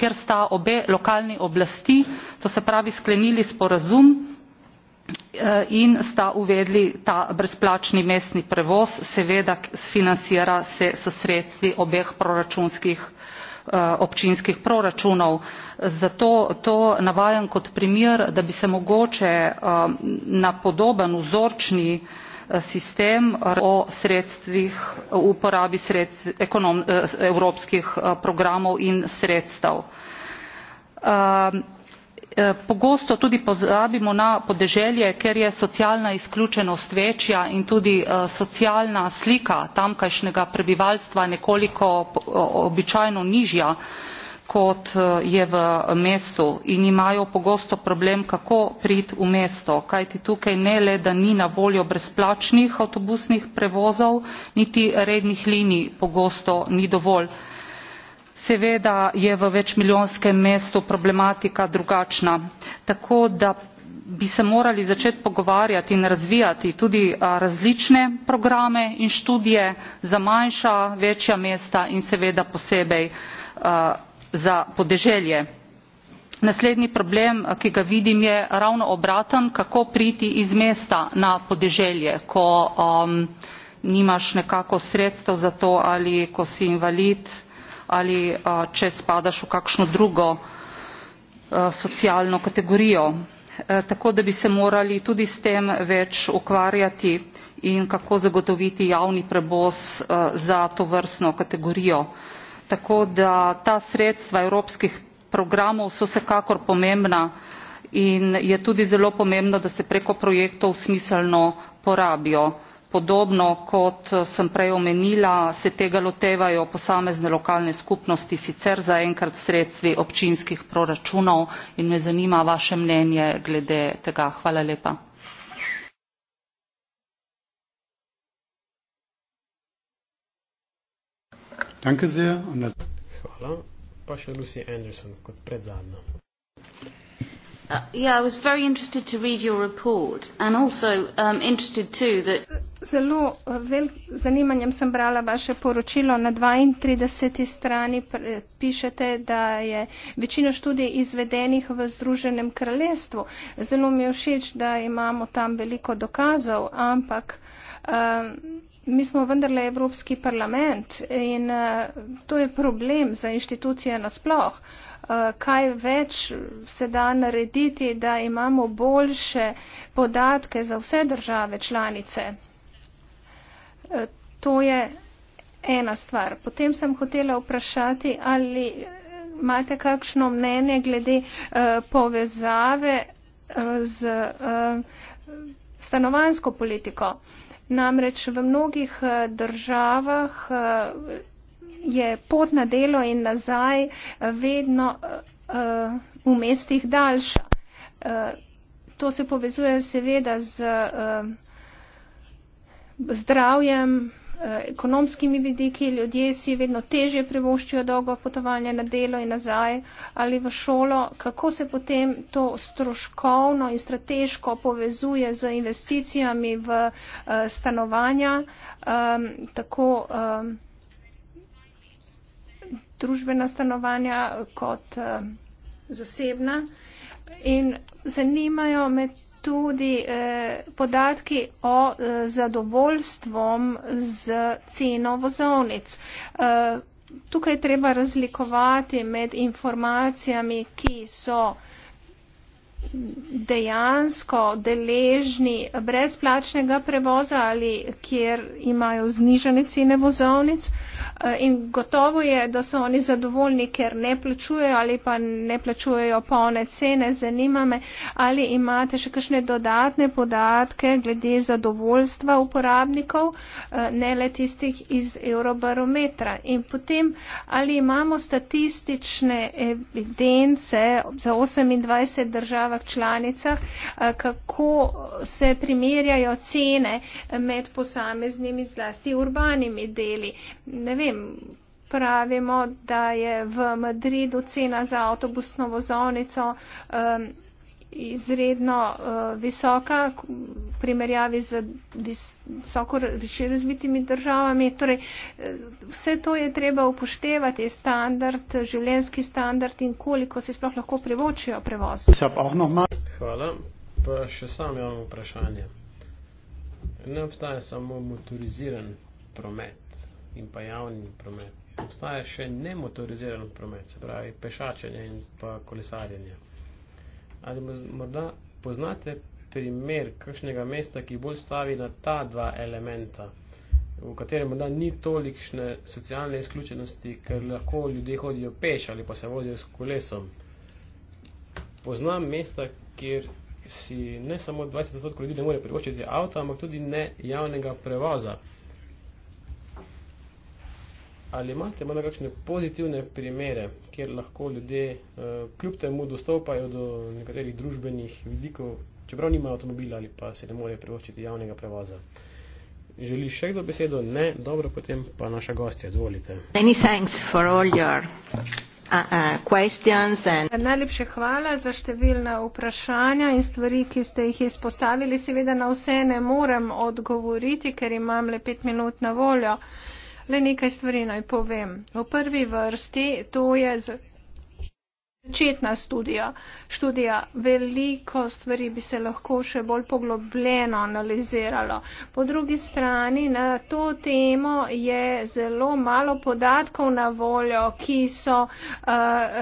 eh, obe lokalni oblasti to se pravi sklenili sporazum Eh, in sta uvedli ta brezplačni mestni prevoz seveda financira se s sredstvi obeh proračunskih eh, občinskih proračunov zato to navajam kot primer da bi se mogoče eh, na podoben vzorčni sistem o sredstvih uporabi sredstev evropskih programov in sredstev. Eh, pogosto tudi pozabimo na podeželje ker je socialna izključenost večja in tudi eh, socialna slika tamkajšnjega prebivalstva nekoliko eh, običajno nižja kot je v mestu in imajo pogosto problem kako priti v mesto kajti tukaj ne le da ni na voljo brezplačnih avtobusnih prevozov niti rednih linij pogosto ni dovolj seveda je v večmilijonskem mestu problematika drugačna tako da bi se morali začeti pogovarjati in razvijati tudi različne programe in študije za manjša večja mesta in seveda posebej za podeželje. naslednji problem ki ga vidim je ravno obraten kako priti iz mesta na podeželje ko nimaš nekako sredstev za to ali ko si invalid ali eh, če spadaš v kakšno drugo eh, socialno kategorijo. Eh, tako da bi se morali tudi s tem več ukvarjati in kako zagotoviti javni preboz za to vrstno kategorijo. Tako da ta sredstva evropskih programov so vsekakor pomembna in je tudi zelo pomembno, da se preko projektov smiselno porabijo podobno kot eh, sem prej omenila se tega lotevajo posamezne lokalne skupnosti sicer zaenkrat s sredstvi občinskih proračunov in me zanima vaše mnenje glede tega. Danke sehr. Hvala. Pa še Lucy Anderson kot predzadnja. Uh, um, Zelo uh, zanimanjem sem brala vaše poročilo. Na 32. strani pišete, da je večina študij izvedenih v Združenem kraljestvu. Zelo mi je všeč, da imamo tam veliko dokazov, ampak. Um, Mi smo vendarle Evropski parlament in uh, to je problem za inštitucije nasploh. Uh, Eh, kaj več se da narediti, da imamo boljše podatke za vse države članice. Eh, to je ena stvar. Potem sem hotela vprašati, ali eh, imate kakšno mnenje glede povezave z stanovansko politiko. Namreč v mnogih državah je pot na delo in nazaj eh, vedno uh, v mestih daljša. Uh, to se povezuje seveda z uh, zdravjem, uh, ekonomskimi vidiki, ljudje si vedno težje privoščijo dolgo potovanje na delo in nazaj ali v šolo. Kako se potem to stroškovno in strateško povezuje z investicijami v uh, stanovanja, um, tako. Um, družbena stanovanja kot eh, zasebna in zanimajo me tudi eh, podatki o eh, zadovoljstvom z ceno vozovnic. Tukaj treba razlikovati med informacijami, ki so dejansko deležni brezplačnega prevoza ali kjer imajo znižene cene vozovnic uh, Eh, in gotovo je, da so oni zadovoljni, ker ne plačujejo ali pa ne plačujejo polne cene. Zanima me, ali imate še kakšne dodatne podatke glede zadovoljstva uporabnikov, eh, ne le tistih iz Eurobarometra. In potem, ali imamo statistične evidence za 28 državah članicah, eh, kako se primerjajo cene med posameznimi zlasti urbanimi deli. Ne vem vem, pravimo, da je v Madridu cena za avtobusno vozovnico um, izredno uh, visoka, primerjavi z visoko razvitimi državami. Torej, uh, vse to je treba upoštevati, standard, življenski standard in koliko si sploh lahko privočijo prevoz. Hvala. Pa še sam imam vprašanje. Ne obstaja samo motoriziran promet in pa javni promet. Obstaja še nemotoriziran promet, se pravi pešačenje in pa kolesarjenje. Ali morda poznate primer kakšnega mesta, ki bolj stavi na ta dva elementa, v katerem morda ni tolikšne socialne izključenosti, ker lahko ljudje hodijo peš ali pa se vozijo s kolesom. Poznam mesta, kjer si ne samo 20% ljudi ne more privoščiti avta, ampak tudi ne javnega prevoza ali imate malo kakšne pozitivne primere, kjer lahko ljudje uh, kljub temu dostopajo do nekaterih družbenih vidikov, čeprav nimajo avtomobila ali pa se ne morejo privoščiti javnega prevoza. Želi še kdo besedo? Ne, dobro, potem pa naša gostja, izvolite. Uh, uh, Najlepše hvala za številna vprašanja in stvari, ki ste jih izpostavili. Seveda na vse ne morem odgovoriti, ker imam le pet minut na voljo. Uh, le nekaj stvari naj povem. V prvi vrsti to je z začetna študija. študija. Veliko stvari bi se lahko še bolj poglobljeno analiziralo. Po drugi strani, na to temo je zelo malo podatkov na voljo, ki so uh,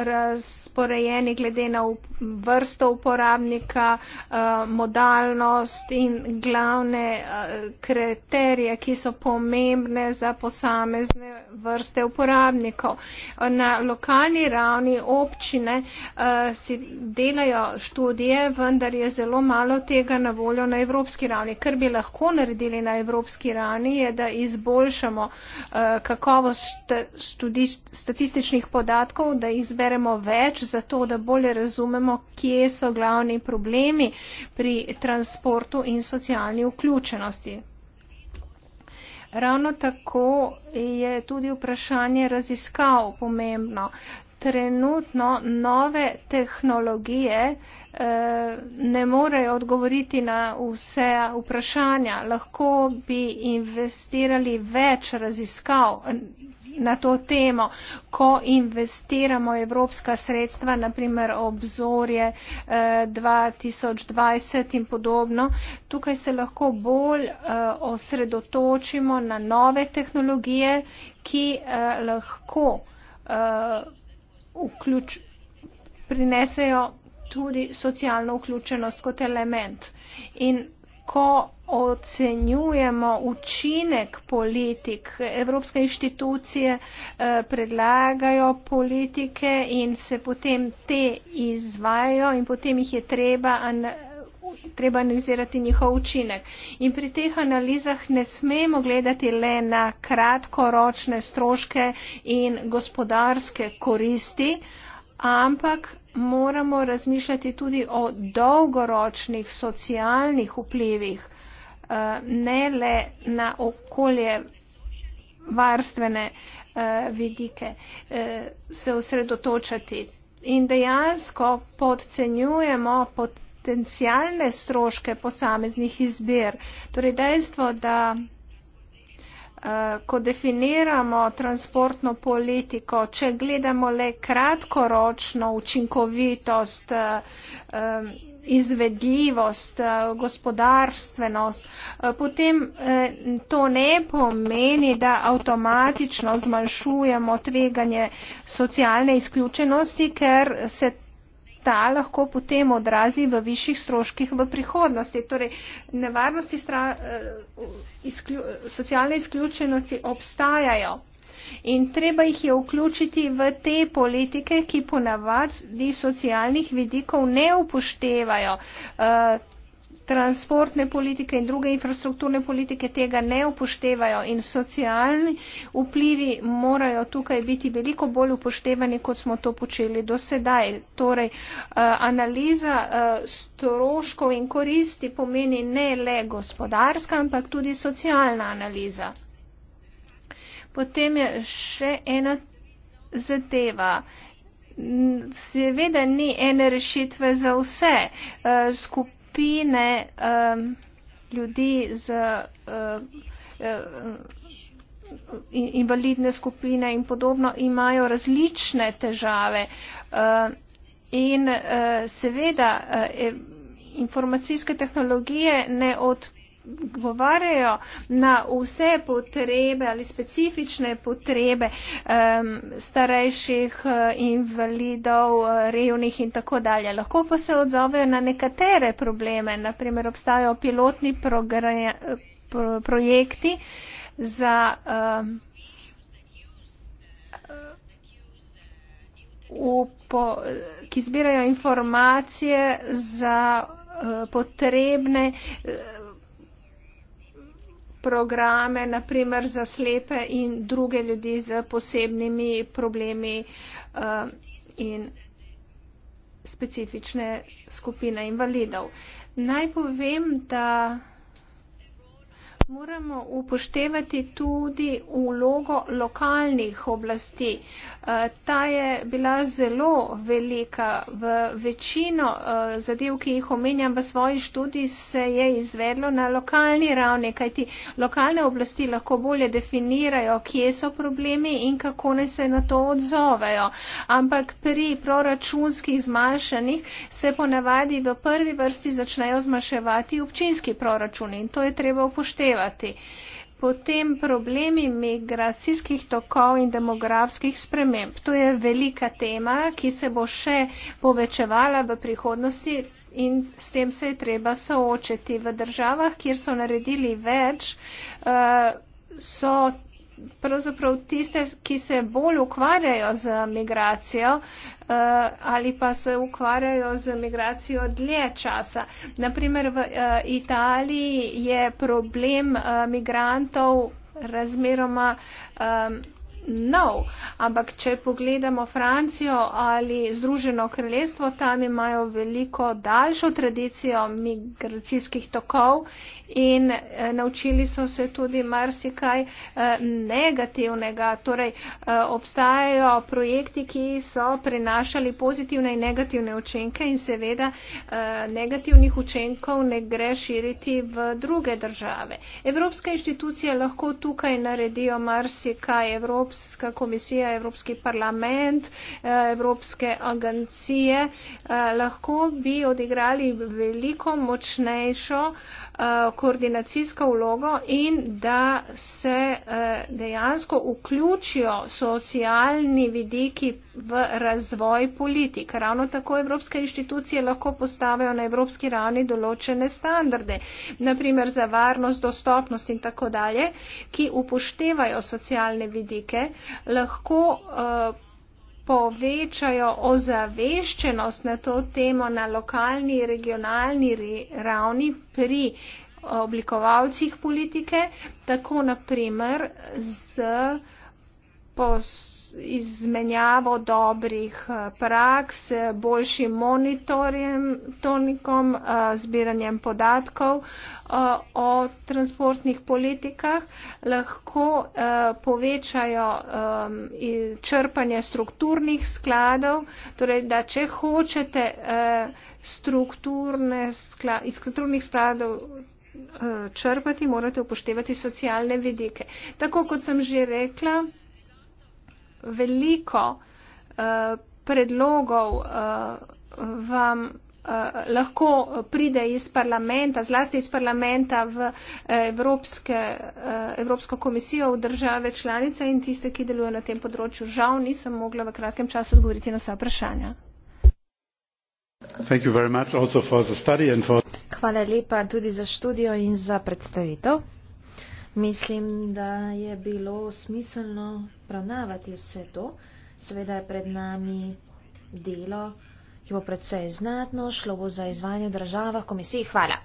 razporejeni glede na up vrsto uporabnika, uh, modalnost in glavne uh, kriterije, ki so pomembne za posamezne vrste uporabnikov. Na lokalni ravni občina ne, eh, si delajo študije, vendar je zelo malo tega na voljo na evropski ravni. Kar bi lahko naredili na evropski ravni, je, da izboljšamo eh, kakovost statističnih podatkov, da jih zberemo več, zato da bolje razumemo, kje so glavni problemi pri transportu in socialni vključenosti. Ravno tako je tudi vprašanje raziskav pomembno trenutno nove tehnologije eh, ne morejo odgovoriti na vse vprašanja. Lahko bi investirali več raziskav na to temo, ko investiramo evropska sredstva, naprimer obzorje 2020 eh, in podobno. Tukaj se lahko bolj eh, osredotočimo na nove tehnologije, ki lahko vključ, prinesejo tudi socialno vključenost kot element. In ko ocenjujemo učinek politik, evropske inštitucije eh, predlagajo politike in se potem te izvajo in potem jih je treba an, treba analizirati njihov učinek. In pri teh analizah ne smemo gledati le na kratkoročne stroške in gospodarske koristi, ampak moramo razmišljati tudi o dolgoročnih socialnih vplivih, eh, ne le na okolje varstvene eh, vidike eh, se osredotočati. In dejansko podcenjujemo pod potencijalne stroške posameznih izbir. Torej dejstvo, da eh, ko definiramo transportno politiko, če gledamo le kratkoročno učinkovitost, eh, eh, izvedljivost, gospodarstvenost, potem to ne pomeni, da avtomatično zmanjšujemo tveganje socialne izključenosti, ker se ta lahko potem odrazi v višjih stroških v prihodnosti. Torej, nevarnosti stra, eh, izklju, socialne izključenosti obstajajo. In treba jih je vključiti v te politike, ki ponavadi socialnih vidikov ne upoštevajo. Uh, transportne politike in druge infrastrukturne politike tega ne upoštevajo in socialni vplivi morajo tukaj biti veliko bolj upoštevani, kot smo to počeli do sedaj. Torej, eh, analiza eh, stroškov in koristi pomeni ne le gospodarska, ampak tudi socialna analiza. Potem je še ena zadeva. Seveda ni ene rešitve za vse eh, skupine skupine um, ljudi z uh, uh invalidne skupine in podobno imajo različne težave. Uh, in uh, seveda uh, e, informacijske tehnologije ne odpravljajo govarjajo na vse potrebe ali specifične potrebe um, starejših eh, invalidov, eh, revnih in tako dalje. Lahko pa se odzovejo na nekatere probleme, naprimer obstajajo pilotni pro projekti za. Um, Upo, ki zbirajo informacije za uh, potrebne uh, programe, naprimer za slepe in druge ljudi z posebnimi problemi eh, in specifične skupine invalidov. Naj povem, da Moramo upoštevati tudi vlogo lokalnih oblasti. Eh, ta je bila zelo velika. V večino eh, zadev, ki jih omenjam v svoji študiji, se je izvedlo na lokalni ravni, kajti lokalne oblasti lahko bolje definirajo, kje so problemi in kako ne se na to odzovejo. Ampak pri proračunskih zmanjšanjih se ponavadi v prvi vrsti začnejo zmanjševati občinski proračuni in to je treba upoštevati upoštevati. Potem problemi migracijskih tokov in demografskih sprememb. To je velika tema, ki se bo še povečevala v prihodnosti in s tem se je treba soočiti. V državah, kjer so naredili več, eh, so pravzaprav tiste, ki se bolj ukvarjajo z migracijo eh, ali pa se ukvarjajo z migracijo dlje časa. Naprimer v eh, Italiji je problem eh, migrantov razmeroma nov. Ampak, če pogledamo Francijo ali Združeno kraljestvo, tam imajo veliko daljšo tradicijo migracijskih tokov in e, naučili so se tudi marsikaj e, negativnega. Torej, e, obstajajo projekti, ki so prinašali pozitivne in negativne učinke in seveda e, negativnih učinkov ne gre širiti v druge države. Evropske inštitucije lahko tukaj naredijo marsikaj. Evrops Evropska komisija, Evropski parlament, eh, Evropske agencije eh, lahko bi odigrali veliko močnejšo eh, koordinacijsko vlogo in da se dejansko vključijo socialni vidiki v razvoj politik. Ravno tako evropske inštitucije lahko postavijo na evropski ravni določene standarde, naprimer za varnost, dostopnost in tako dalje, ki upoštevajo socialne vidike, lahko uh, povečajo ozaveščenost na to temo na lokalni, regionalni ravni pri oblikovalcih politike, tako naprimer z uh, lepo izmenjavo dobrih eh, praks, eh, boljšim monitorjem, eh, zbiranjem podatkov o transportnih politikah, lahko povečajo črpanje strukturnih skladov, torej da če hočete iz strukturnih skladov črpati, morate upoštevati socialne vidike. Tako kot sem že rekla, veliko uh, predlogov uh, vam eh, lahko pride iz parlamenta, zlasti iz parlamenta v Evropske, Evropsko komisijo, v države članice in tiste, ki delujejo na tem področju. Žal nisem mogla v kratkem času odgovoriti na vsa vprašanja. Hvala lepa tudi za študijo in za predstavitev. Mislim, da je bilo smiselno pravnavati vse to. Seveda je pred nami delo, ki bo predvsej znatno šlo bo za izvajanje v državah komisiji. Hvala.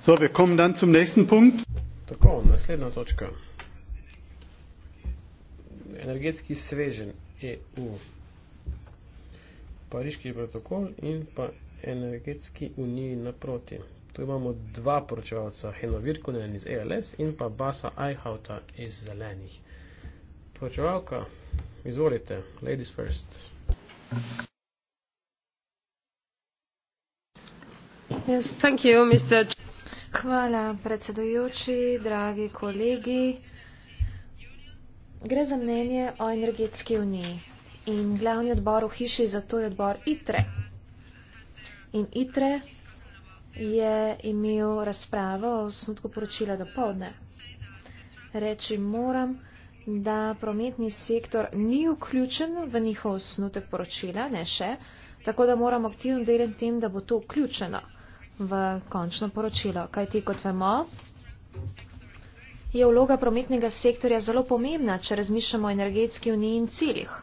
So, wir kommen dann zum nächsten Punkt. Tako, naslednja točka. Energetski svežen EU. Pariški protokol in pa energetski uniji naproti. Tu imamo dva poročevalca, Heno Virkunen iz ALS e in pa Basa Eichauta iz Zelenih. Poročevalka, izvolite, ladies first. Yes, thank you, Mr. Hvala, predsedujoči, dragi kolegi. Gre za mnenje o energetski uniji in glavni odbor v hiši za to je odbor ITRE. In ITRE je imel razpravo o osnutku poročila do povdne. Reči moram, da prometni sektor ni vključen v njihov osnutek poročila, ne še, tako da moram aktivno delati tem, da bo to vključeno v končno poročilo. Kaj ti kot vemo? Je vloga prometnega sektorja zelo pomembna, če razmišljamo o energetski uniji in ciljih.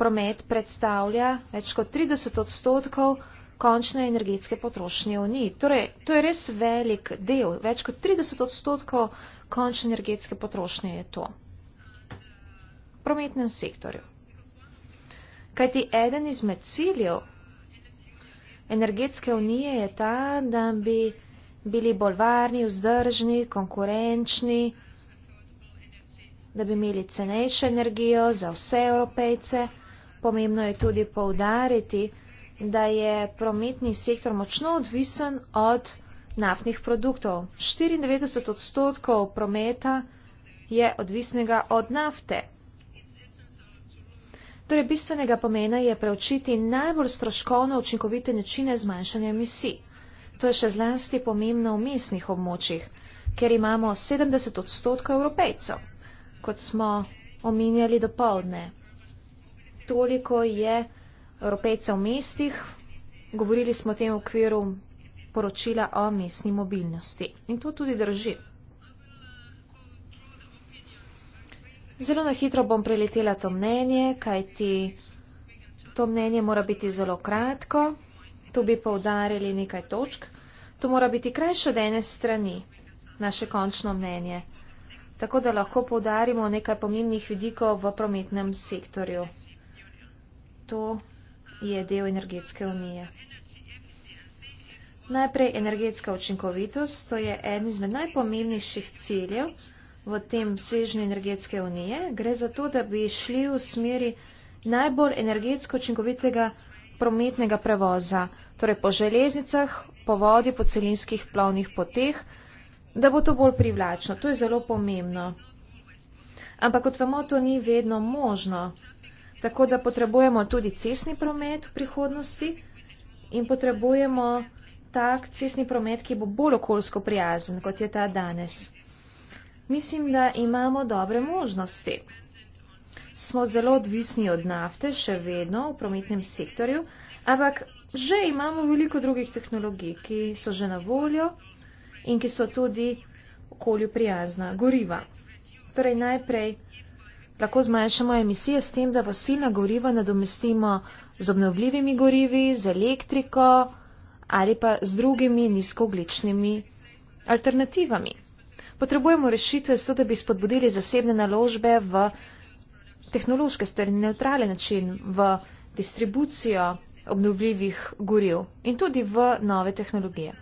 Promet predstavlja več kot 30 odstotkov končne energetske potrošnje v uniji. Torej, to je res velik del, več kot 30 odstotkov končne energetske potrošnje je to. Prometnem sektorju. Kajti eden izmed ciljev energetske unije je ta, da bi bili bolj varni, vzdržni, konkurenčni, da bi imeli cenejšo energijo za vse evropejce. Pomembno je tudi povdariti, da je prometni sektor močno odvisen od naftnih produktov. 94 odstotkov prometa je odvisnega od nafte. Torej, bistvenega pomena je preučiti najbolj stroškovno učinkovite načine zmanjšanja emisij. To je še zlasti pomembno v mestnih območjih, ker imamo 70 odstotkov evropejcev, kot smo omenjali do povdne. Toliko je evropejcev v mestih, govorili smo o tem v okviru poročila o mestni mobilnosti. In to tudi drži. Zelo na hitro bom preletela to mnenje, kajti to mnenje mora biti zelo kratko. Tu bi poudarili nekaj točk. To mora biti krajše od ene strani, naše končno mnenje. Tako da lahko poudarimo nekaj pomembnih vidikov v prometnem sektorju. To je del energetske unije. Najprej energetska učinkovitost, to je en izmed najpomembnejših ciljev, v tem svežnju energetske unije. Gre za to, da bi šli v smeri najbolj energetsko učinkovitega prometnega prevoza, torej po železnicah, po vodi, po celinskih plovnih poteh, da bo to bolj privlačno. To je zelo pomembno. Ampak kot vemo, to ni vedno možno. Tako da potrebujemo tudi cestni promet v prihodnosti in potrebujemo tak cestni promet, ki bo bolj okoljsko prijazen, kot je ta danes. Mislim, da imamo dobre možnosti. Smo zelo odvisni od nafte, še vedno v prometnem sektorju, ampak že imamo veliko drugih tehnologij, ki so že na voljo in ki so tudi okolju prijazna goriva. Torej najprej lahko zmanjšamo emisije s tem, da vasilna goriva nadomestimo z obnovljivimi gorivi, z elektriko ali pa z drugimi nizkogličnimi alternativami. Potrebujemo rešitve, zato da bi spodbudili zasebne naložbe v tehnološke stvari, neutralen način, v distribucijo obnovljivih goril in tudi v nove tehnologije.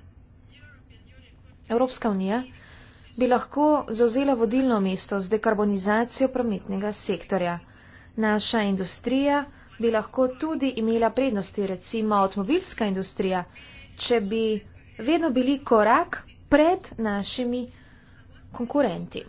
Evropska unija bi lahko zauzela vodilno mesto z dekarbonizacijo prometnega sektorja. Naša industrija bi lahko tudi imela prednosti, recimo avtomobilska industrija, če bi vedno bili korak pred našimi konkurenti.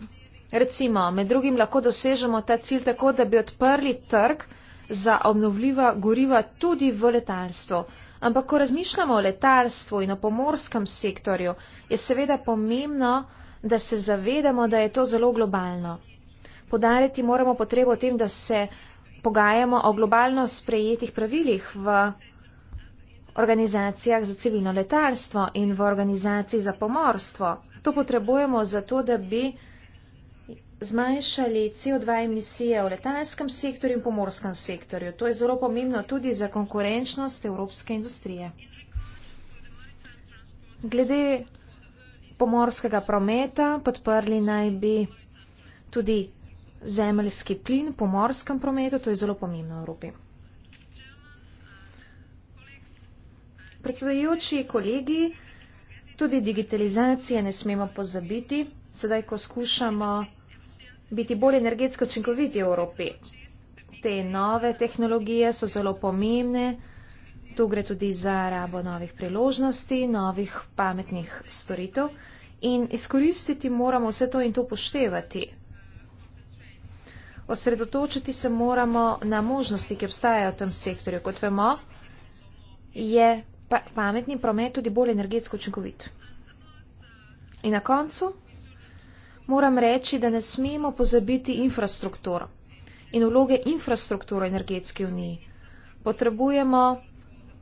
Recimo, med drugim lahko dosežemo ta cilj tako, da bi odprli trg za obnovljiva goriva tudi v letalstvu. Ampak, ko razmišljamo o letalstvu in o pomorskem sektorju, je seveda pomembno, da se zavedamo, da je to zelo globalno. Podariti moramo potrebo o tem, da se pogajamo o globalno sprejetih pravilih v organizacijah za civilno letalstvo in v organizaciji za pomorstvo. To potrebujemo zato, da bi zmanjšali CO2 emisije v letalskem sektorju in pomorskem sektorju. To je zelo pomembno tudi za konkurenčnost evropske industrije. Glede pomorskega prometa podprli naj bi tudi zemljski plin v pomorskem prometu. To je zelo pomembno v Evropi. Predsedujoči kolegi, Tudi digitalizacije ne smemo pozabiti, sedaj, ko skušamo biti bolj energetsko učinkoviti v Evropi. Te nove tehnologije so zelo pomembne, tu gre tudi za rabo novih priložnosti, novih pametnih storitev in izkoristiti moramo vse to in to poštevati. Osredotočiti se moramo na možnosti, ki obstajajo v tem sektorju. Kot vemo, je pametni promet tudi bolj energetsko učinkovit. In na koncu moram reči, da ne smemo pozabiti infrastrukturo in vloge infrastrukture energetske unije. Potrebujemo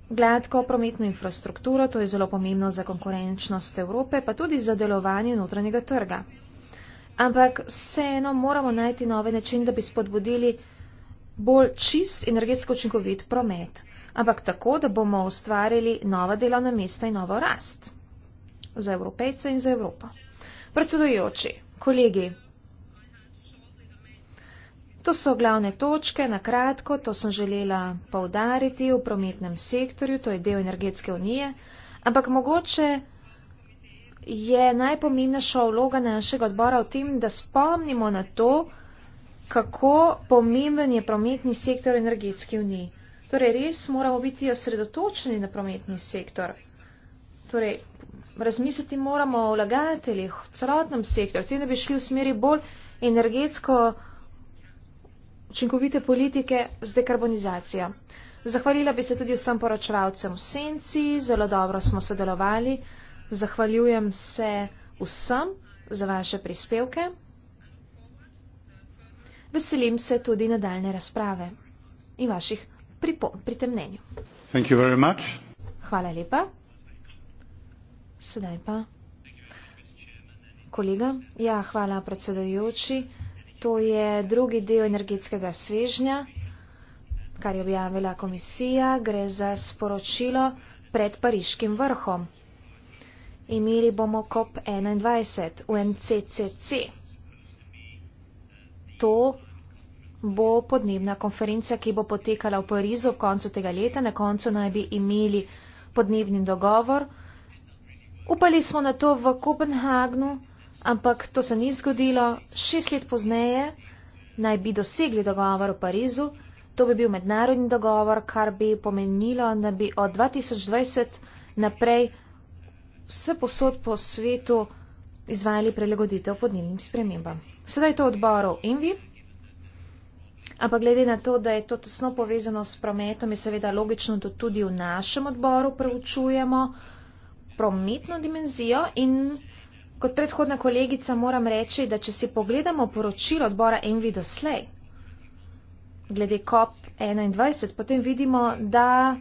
gladko prometno infrastrukturo, to je zelo pomembno za konkurenčnost Evrope, pa tudi za delovanje notranjega trga. Ampak vseeno moramo najti nove načine, da bi spodbudili bolj čist energetsko učinkovit promet ampak tako, da bomo ustvarili nova delovna mesta in novo rast za evropejce in za Evropo. Predsedujoči, kolegi, to so glavne točke, na kratko, to sem želela povdariti v prometnem sektorju, to je del energetske unije, ampak mogoče je najpomembnejša vloga našega odbora v tem, da spomnimo na to, kako pomemben je prometni sektor energetske unije. Torej, res moramo biti osredotočeni na prometni sektor. Torej, razmisliti moramo o vlagateljih, o celotnem sektorju, tem, da bi šli v smeri bolj energetsko učinkovite politike z dekarbonizacijo. Zahvalila bi se tudi vsem poročevalcem v Senci, zelo dobro smo sodelovali. Zahvaljujem se vsem za vaše prispevke. Veselim se tudi nadaljne razprave in vaših pri, po, pri tem mnenju. Hvala lepa. Sedaj pa. Kolega, ja, hvala predsedujoči. To je drugi del energetskega svežnja, kar je objavila komisija. Gre za sporočilo pred Pariškim vrhom. Imeli bomo COP21 v NCCC. To bo podnebna konferenca, ki bo potekala v Parizu v koncu tega leta. Na koncu naj bi imeli podnebni dogovor. Upali smo na to v Kopenhagnu, ampak to se ni zgodilo. Šest let pozneje naj bi dosegli dogovor v Parizu. To bi bil mednarodni dogovor, kar bi pomenilo, da bi od 2020 naprej vse posod po svetu izvajali prelagoditev podnebnim spremembam. Sedaj to odborov in vi ampak glede na to, da je to tesno povezano s prometom, je seveda logično, da tudi v našem odboru preučujemo prometno dimenzijo in kot predhodna kolegica moram reči, da če si pogledamo poročilo odbora Envi doslej, glede COP21, potem vidimo, da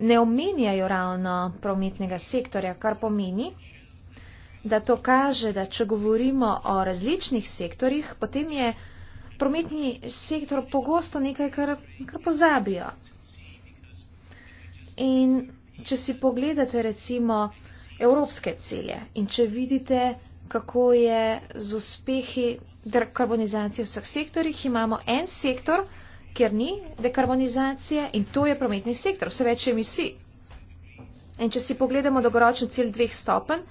ne omenjajo ravno prometnega sektorja, kar pomeni, da to kaže, da če govorimo o različnih sektorjih, potem je prometni sektor pogosto nekaj, kar, kar pozabijo. In če si pogledate recimo evropske cilje in če vidite, kako je z uspehi dekarbonizacije v vseh sektorjih, imamo en sektor, kjer ni dekarbonizacije in to je prometni sektor, vse več emisij. In če si pogledamo dolgoročen cilj dveh stopenj,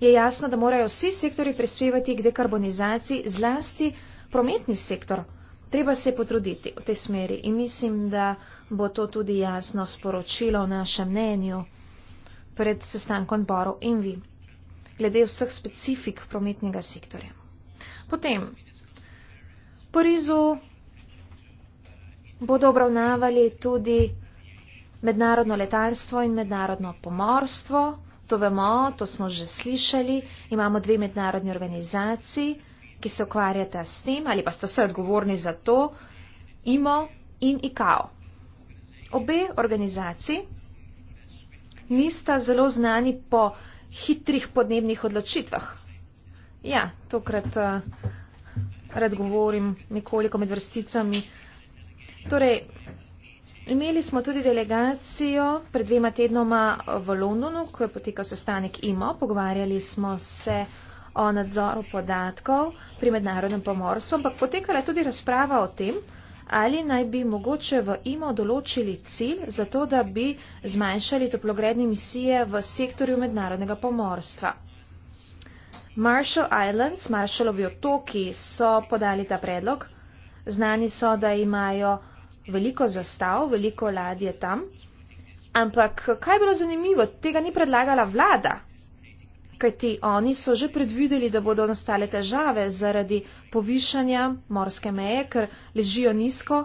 je jasno, da morajo vsi sektori prispevati k dekarbonizaciji zlasti prometni sektor. Treba se potruditi v tej smeri in mislim, da bo to tudi jasno sporočilo v našem mnenju pred sestankom odborov in vi, glede vseh specifik prometnega sektorja. Potem, po Rizu bodo obravnavali tudi mednarodno letalstvo in mednarodno pomorstvo. To vemo, to smo že slišali. Imamo dve mednarodni organizaciji ki se ukvarjate s tem ali pa ste vse odgovorni za to, IMO in IKAO. Obe organizaciji nista zelo znani po hitrih podnebnih odločitvah. Ja, tokrat uh, rad govorim nekoliko med vrsticami. Torej, imeli smo tudi delegacijo pred dvema tednoma v Londonu, ko je potekal sestanek IMO. Pogovarjali smo se o nadzoru podatkov pri mednarodnem pomorstvu, ampak potekala je tudi razprava o tem, ali naj bi mogoče v IMO določili cilj za to, da bi zmanjšali toplogredne emisije v sektorju mednarodnega pomorstva. Marshall Islands, Marshallovi otoki so podali ta predlog. Znani so, da imajo veliko zastav, veliko ladje tam. Ampak kaj je bilo zanimivo, tega ni predlagala vlada, kajti oni so že predvideli, da bodo nastale težave zaradi povišanja morske meje, ker ležijo nizko,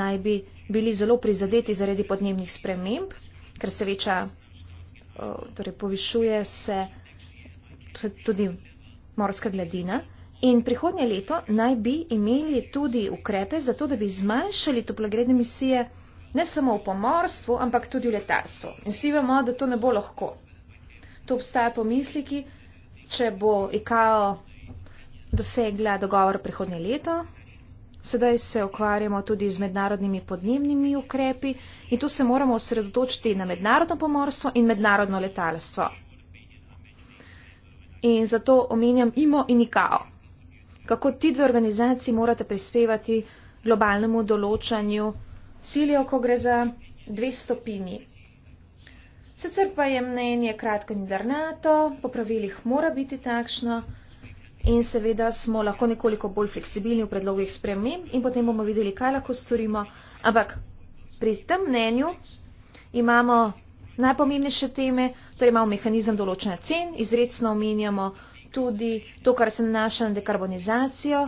naj bi bili zelo prizadeti zaradi podnebnih sprememb, ker se veča, torej povišuje se tudi morska gladina. In prihodnje leto naj bi imeli tudi ukrepe za to, da bi zmanjšali toplogredne emisije ne samo v pomorstvu, ampak tudi v letarstvu. In vsi vemo, da to ne bo lahko tu obstaja pomisliki, če bo IKAO dosegla dogovor prihodnje leto. Sedaj se ukvarjamo tudi z mednarodnimi podnebnimi ukrepi in tu se moramo osredotočiti na mednarodno pomorstvo in mednarodno letalstvo. In zato omenjam IMO in IKAO. Kako ti dve organizaciji morate prispevati globalnemu določanju ciljev, ko gre za dve stopini Sicer pa je mnenje kratko in drnato, po pravilih mora biti takšno in seveda smo lahko nekoliko bolj fleksibilni v predlogih sprememb in potem bomo videli, kaj lahko storimo. Ampak pri tem mnenju imamo najpomembnejše teme, torej imamo mehanizem določene cen, izredno omenjamo tudi to, kar se nanaša na dekarbonizacijo.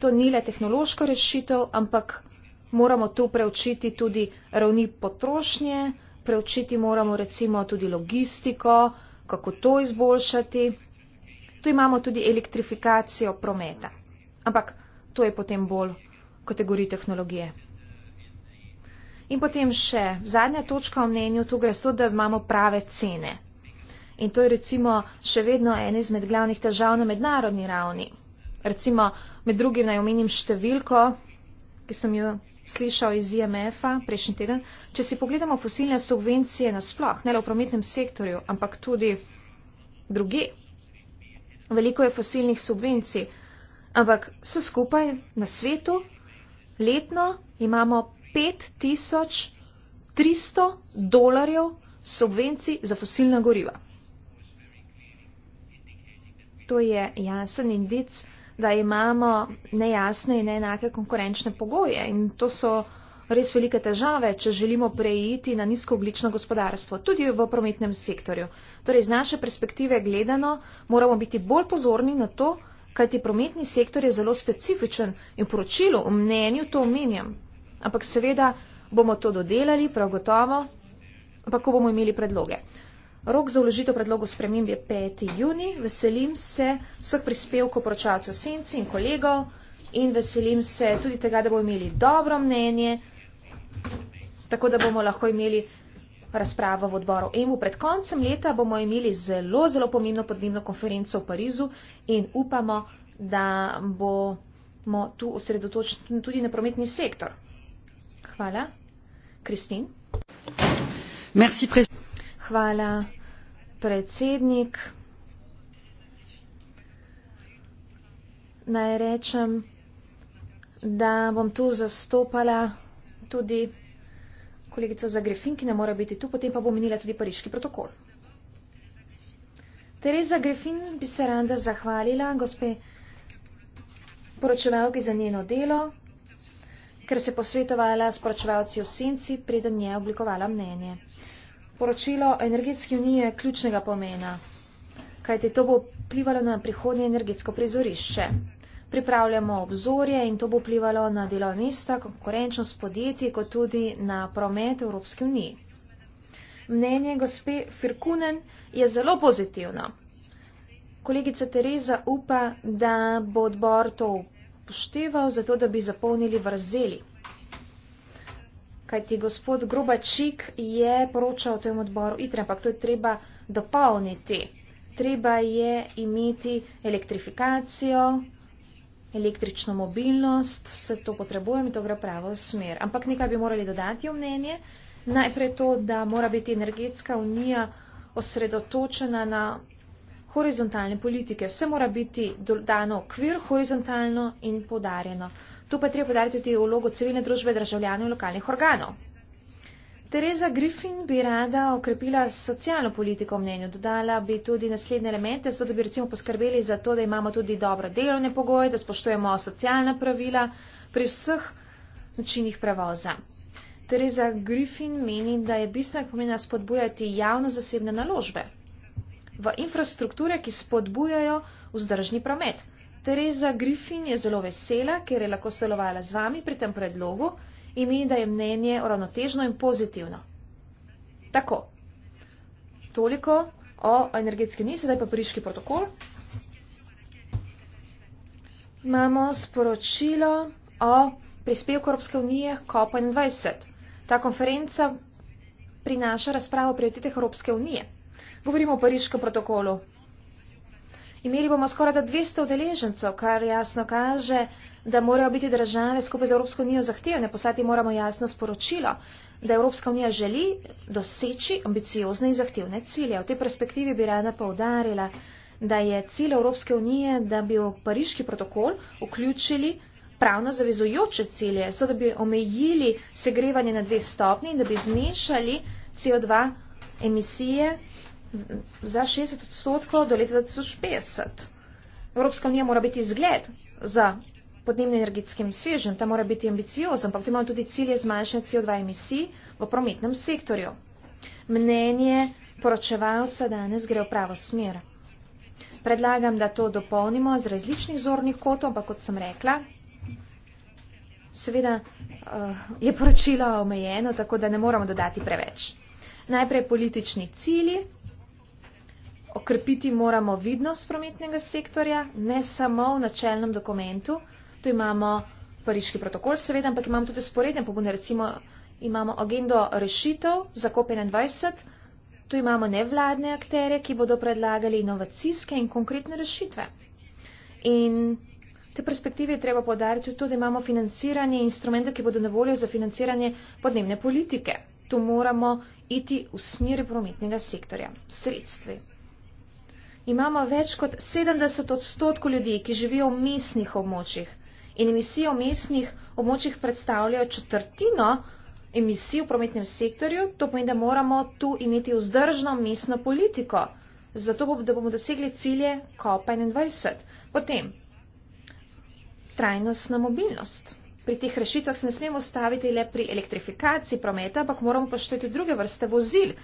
To ni le tehnološko rešitev, ampak moramo tu preučiti tudi ravni potrošnje, preučiti moramo recimo tudi logistiko, kako to izboljšati. Tu imamo tudi elektrifikacijo prometa. Ampak to je potem bolj kategorija tehnologije. In potem še zadnja točka v mnenju, tu gre to, da imamo prave cene. In to je recimo še vedno ena izmed glavnih težav na mednarodni ravni. Recimo, med drugim naj omenim številko, ki sem jo slišal iz IMF-a prejšnji teden, če si pogledamo fosilne subvencije nasploh, ne le v prometnem sektorju, ampak tudi druge. Veliko je fosilnih subvencij, ampak vse skupaj na svetu letno imamo 5300 dolarjev subvencij za fosilna goriva. To je jasen indic da imamo nejasne in neenake konkurenčne pogoje. In to so res velike težave, če želimo preiti na nizkooglično gospodarstvo, tudi v prometnem sektorju. Torej, z naše perspektive gledano, moramo biti bolj pozorni na to, kajti prometni sektor je zelo specifičen in v poročilu, v mnenju to omenjam. Ampak seveda bomo to dodelali, prav gotovo, pa ko bomo imeli predloge. Rok za uložitev predlogov sprememb je 5. juni. Veselim se vseh prispevkov poročalcev Senci in kolegov in veselim se tudi tega, da bomo imeli dobro mnenje, tako da bomo lahko imeli razpravo v odboru EMU. Pred koncem leta bomo imeli zelo, zelo pomembno podnebno konferenco v Parizu in upamo, da bomo tu osredotočeni tudi na prometni sektor. Hvala. Kristin. Merci, predsednik hvala, predsednik. Naj rečem, da bom tu zastopala tudi kolegico Zagrefin, ki ne mora biti tu, potem pa bo menila tudi pariški protokol. Tereza Grefin bi se rada zahvalila gospe poročevalki za njeno delo, ker se posvetovala s poročevalci v senci, preden je oblikovala mnenje poročilo o energetski uniji je ključnega pomena, kajte to bo vplivalo na prihodnje energetsko prizorišče. Pripravljamo obzorje in to bo vplivalo na delovna mesta, konkurenčnost podjetij, kot tudi na promet Evropske unije. Mnenje gospe Firkunen je zelo pozitivno. Kolegica Tereza upa, da bo odbor to upošteval, zato da bi zapolnili vrzeli kajti gospod Grobačik je poročal o tem odboru ITRE, ampak to je treba dopolniti. Treba je imeti elektrifikacijo, električno mobilnost, vse to potrebujemo in to gre pravo smer. Ampak nekaj bi morali dodati v mnenje. Najprej to, da mora biti energetska unija osredotočena na horizontalne politike. Vse mora biti dano okvir, horizontalno in podarjeno. Tu pa je treba podariti tudi vlogo civilne družbe, državljanov in lokalnih organov. Tereza Griffin bi rada okrepila socialno politiko v mnenju. Dodala bi tudi naslednje elemente, zato da bi recimo poskrbeli za to, da imamo tudi dobro delovne pogoje, da spoštujemo socialna pravila pri vseh načinih prevoza. Tereza Griffin meni, da je bistveno pomena spodbujati javno-zasebne naložbe v infrastrukture, ki spodbujajo vzdržni promet. Tereza Griffin je zelo vesela, ker je lahko sodelovala z vami pri tem predlogu in meni, da je mnenje uravnotežno in pozitivno. Tako, toliko o energetski niz, zdaj pa priški protokol. Imamo sporočilo o prispevku Evropske unije COP21. Ta konferenca prinaša razpravo o prioritetih Evropske unije. Govorimo o pariškem protokolu. Imeli bomo skoraj 200 udeležencev, kar jasno kaže, da morajo biti države skupaj z Evropsko unijo zahtevne. Poslati moramo jasno sporočilo, da Evropska unija želi doseči ambiciozne in zahtevne cilje. V tej perspektivi bi rada poudarila, da je cilj Evropske unije, da bi v pariški protokol vključili pravno zavezujoče cilje, so da bi omejili segrevanje na dve stopni in da bi zmešali CO2 emisije za 60 odstotkov do leta 2050. Evropska unija mora biti zgled za podnebnim energetskim svežem, ta mora biti ambiciozen, ampak tu imamo tudi cilje zmanjšanja CO2 emisij v prometnem sektorju. Mnenje poročevalca danes gre v pravo smer. Predlagam, da to dopolnimo z različnih zornih kotov, ampak kot sem rekla, seveda uh, je poročilo omejeno, tako da ne moramo dodati preveč. Najprej politični cilji, Okrepiti moramo vidnost prometnega sektorja, ne samo v načelnem dokumentu. Tu imamo pariški protokol, seveda, ampak imamo tudi sporedne pobude. Recimo imamo agendo rešitev za COP21. Tu imamo nevladne akterje, ki bodo predlagali inovacijske in konkretne rešitve. In te perspektive je treba podariti tudi, da imamo financiranje instrumentov, ki bodo na voljo za financiranje podnebne politike. Tu moramo iti v smeri prometnega sektorja, sredstvi imamo več kot 70 odstotkov ljudi, ki živijo v mestnih območjih. In emisije v mestnih območjih predstavljajo četrtino emisij v prometnem sektorju. To pomeni, da moramo tu imeti vzdržno mestno politiko, zato da bomo dosegli cilje COP21. Potem, trajnostna mobilnost. Pri teh rešitvah se ne smemo staviti le pri elektrifikaciji prometa, ampak moramo poštejti druge vrste vozil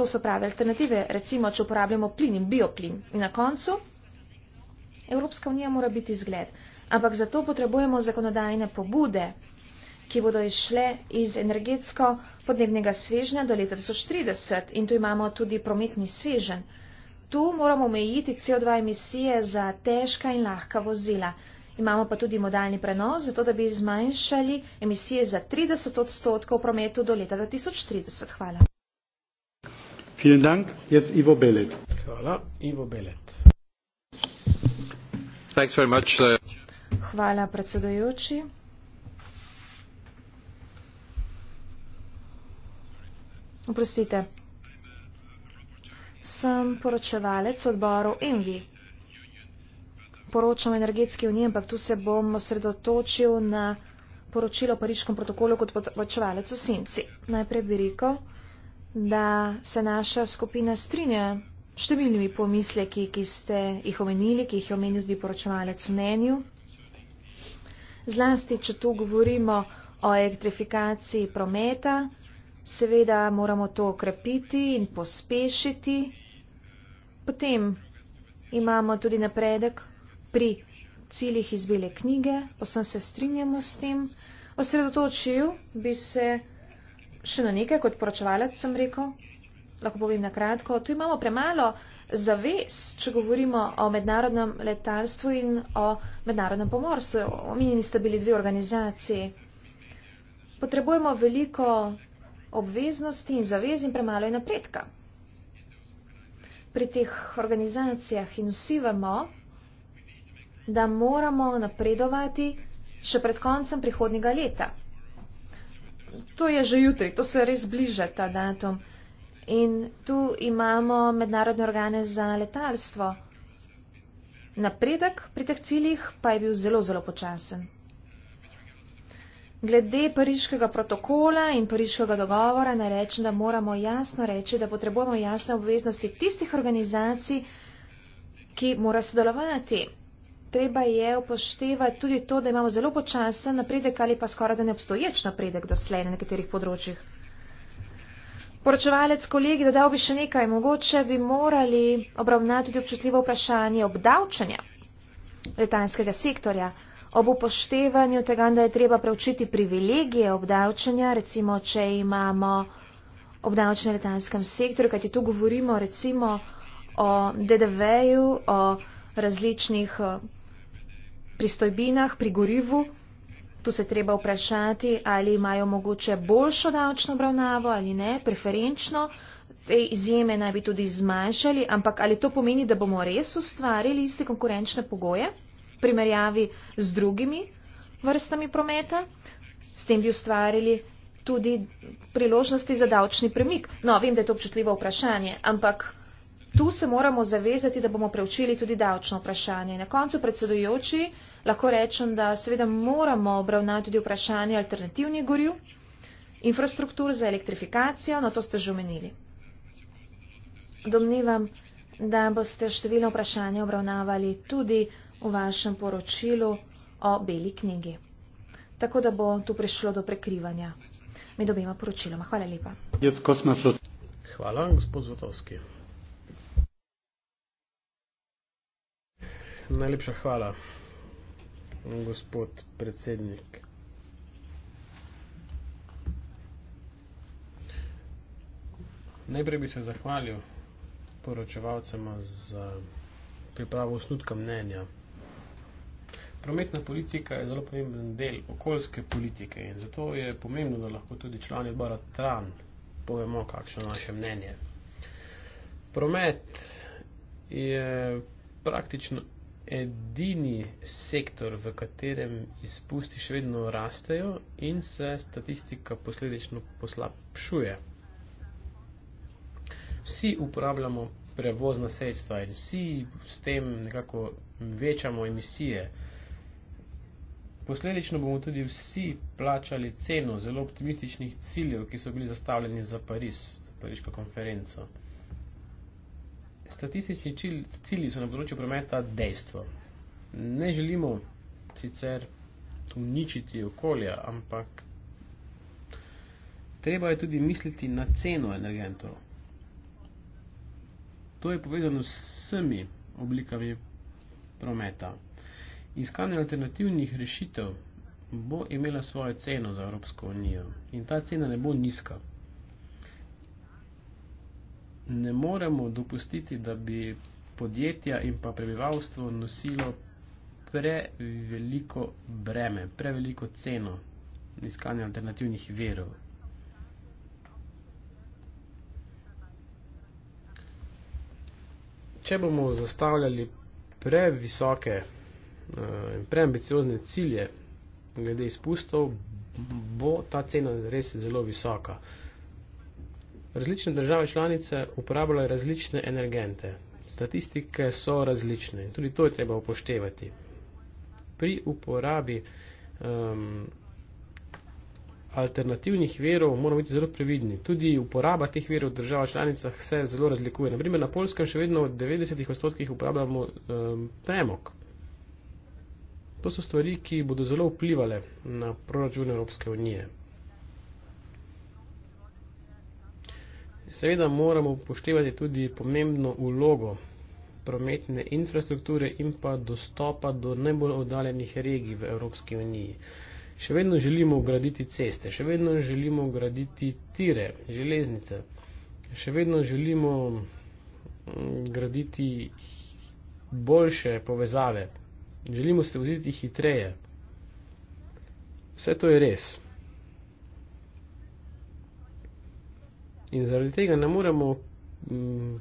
to so prave alternative, recimo, če uporabljamo plin in bioplin. In na koncu, Evropska unija mora biti zgled. Ampak zato potrebujemo zakonodajne pobude, ki bodo išle iz energetsko podnebnega svežnja do leta 2030. In tu imamo tudi prometni svežen. Tu moramo omejiti CO2 emisije za težka in lahka vozila. Imamo pa tudi modalni prenos, zato da bi zmanjšali emisije za 30 odstotkov v prometu do leta 2030. Hvala. Vielen Dank. Jetzt Ivo Belet. Hvala, Ivo Belet. Thanks very much. Hvala, predsedujoči. Oprostite. Sem poročevalec odboru Envi. Poročam energetski uniji, ampak tu se bom osredotočil na poročilo o pariškem protokolu kot poročevalec v Sinci. Najprej bi rekel, da se naša skupina strinja številnimi pomisleki, ki ste jih omenili, ki jih je omenil tudi poročevalec v mnenju. Zlasti, če tu govorimo o elektrifikaciji prometa, seveda moramo to okrepiti in pospešiti. Potem imamo tudi napredek pri ciljih izbele knjige, posem se strinjamo s tem. Osredotočil bi se še na nekaj, kot poročevalec sem rekel, lahko povem na kratko, tu imamo premalo zaves, če govorimo o mednarodnem letalstvu in o mednarodnem pomorstvu. Omenjeni sta bili dve organizaciji. Potrebujemo veliko obveznosti in zavez in premalo je napredka. Pri teh organizacijah in vsi vemo, da moramo napredovati še pred koncem prihodnjega leta. To je že jutri, to se res bliža ta datum. In tu imamo mednarodne organe za letalstvo. Napredek pri teh ciljih pa je bil zelo, zelo počasen. Glede pariškega protokola in pariškega dogovora ne rečem, da moramo jasno reči, da potrebujemo jasne obveznosti tistih organizacij, ki morajo sodelovati treba je upoštevati tudi to, da imamo zelo počasen napredek ali pa skoraj da ne obstoječ napredek doslej na nekaterih področjih. Poročevalec kolegi dodal bi še nekaj, mogoče bi morali obravnati tudi občutljivo vprašanje obdavčanja letalskega sektorja. Ob upoštevanju tega, da je treba preučiti privilegije obdavčanja, recimo, če imamo obdavčanje v letalskem sektorju, kajti tu govorimo recimo o DDV-ju, o različnih pristojbinah, pri gorivu. Tu se treba vprašati, ali imajo mogoče boljšo davčno obravnavo ali ne, preferenčno. Te izjeme naj bi tudi zmanjšali, ampak ali to pomeni, da bomo res ustvarili iste konkurenčne pogoje v primerjavi z drugimi vrstami prometa? S tem bi ustvarili tudi priložnosti za davčni premik. No, vem, da je to občutljivo vprašanje, ampak tu se moramo zavezati, da bomo preučili tudi davčno vprašanje. Na koncu predsedujoči lahko rečem, da seveda moramo obravnati tudi vprašanje alternativnih goril, infrastruktur za elektrifikacijo, no to ste že omenili. Domnevam, da boste številno vprašanje obravnavali tudi v vašem poročilu o beli knjigi. Tako da bo tu prišlo do prekrivanja med obima poročiloma. Hvala lepa. Hvala, gospod Zvotovski. Najlepša hvala, gospod predsednik. Najprej bi se zahvalil poročevalcem za pripravo osnutka mnenja. Prometna politika je zelo pomemben del okoljske politike in zato je pomembno, da lahko tudi člani odbora TRAN povemo, kakšno naše mnenje. Promet je praktično edini sektor, v katerem izpusti še vedno rastejo in se statistika posledično poslabšuje. Vsi uporabljamo prevozna sredstva in vsi s tem nekako večamo emisije. Posledično bomo tudi vsi plačali ceno zelo optimističnih ciljev, ki so bili zastavljeni za Pariz, pariško konferenco statistični cilji so na področju prometa dejstvo. Ne želimo sicer uničiti okolja, ampak treba je tudi misliti na ceno energentov. To je povezano s vsemi oblikami prometa. Iskanje alternativnih rešitev bo imela svojo ceno za Evropsko unijo in ta cena ne bo nizka ne moremo dopustiti, da bi podjetja in pa prebivalstvo nosilo preveliko breme, preveliko ceno iskanja alternativnih verov. Če bomo zastavljali previsoke eh, in preambiciozne cilje glede izpustov, bo ta cena res zelo visoka. Različne države članice uporabljajo različne energente. Statistike so različne in tudi to je treba upoštevati. Pri uporabi um, alternativnih verov moramo biti zelo previdni. Tudi uporaba teh verov v državah članicah se zelo razlikuje. Naprimer, na Polskem še vedno v 90 odstotkih uporabljamo um, premog. To so stvari, ki bodo zelo vplivali na proračun Evropske unije. Seveda moramo upoštevati tudi pomembno ulogo prometne infrastrukture in pa dostopa do najbolj oddaljenih regij v Evropski uniji. Še vedno želimo graditi ceste, še vedno želimo graditi tire, železnice, še vedno želimo mm, graditi boljše povezave, želimo se voziti hitreje. Vse to je res. in zaradi tega ne moremo m, mm,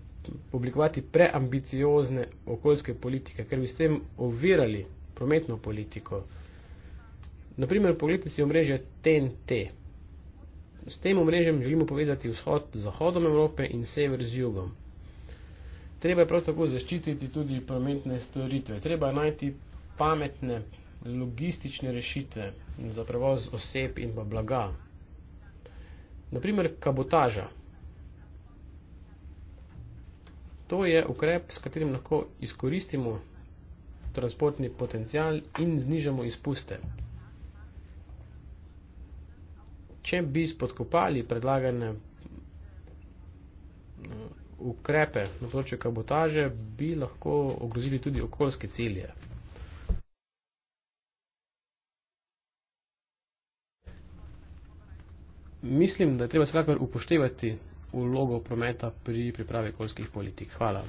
oblikovati preambiciozne okoljske politike, ker bi s tem ovirali prometno politiko. Naprimer, pogledajte si omrežje TNT. S tem omrežjem želimo povezati vzhod z zahodom Evrope in sever z jugom. Treba je prav tako zaščititi tudi prometne storitve. Treba je najti pametne logistične rešitve za prevoz oseb in pa blaga. Naprimer, kabotaža. To je ukrep, s katerim lahko izkoristimo transportni potencial in znižamo izpuste. Če bi spodkopali predlagane eh, ukrepe na področju kabotaže, bi lahko ogrozili tudi okoljske cilje. Mislim, da je treba vsekakor upoštevati vlogo prometa pri pripravi okoljskih politik. Hvala.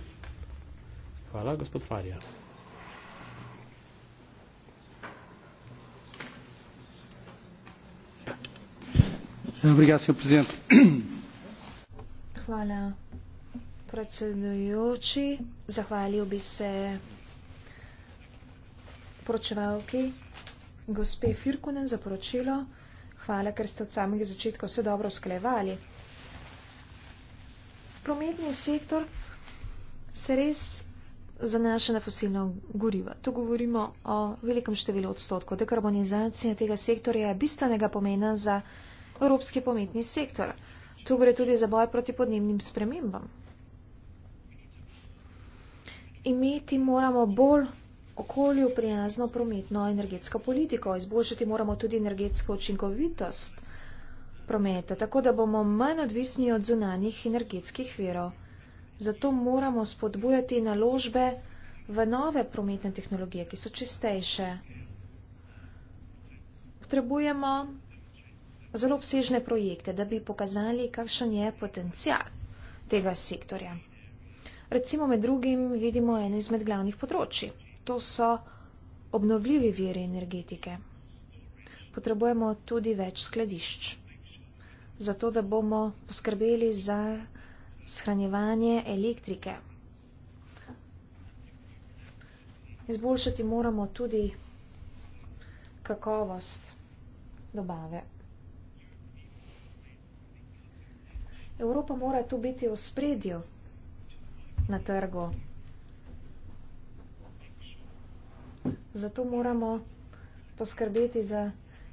Hvala, gospod Farija. Hvala, predsedujoči. Zahvalil bi se poročevalki gospe Firkunen za poročilo. Hvala, ker ste od samega začetka vse dobro sklevali prometni sektor se res zanaša na fosilno goriva. Tu govorimo o velikem številu odstotkov. Dekarbonizacija tega sektorja je bistvenega pomena za evropski pometni sektor. Tu gre tudi za boj proti podnebnim spremembam. Imeti moramo bolj okolju prijazno prometno energetsko politiko, izboljšati moramo tudi energetsko učinkovitost prometa, tako da bomo manj odvisni od zunanjih energetskih virov. Zato moramo spodbujati naložbe v nove prometne tehnologije, ki so čistejše. Potrebujemo zelo obsežne projekte, da bi pokazali, kakšen je potencial tega sektorja. Recimo med drugim vidimo eno izmed glavnih področji. To so obnovljivi viri energetike. Potrebujemo tudi več skladišč zato da bomo poskrbeli za shranjevanje elektrike. Izboljšati moramo tudi kakovost dobave. Evropa mora tu biti v spredju na trgu. Zato moramo poskrbeti za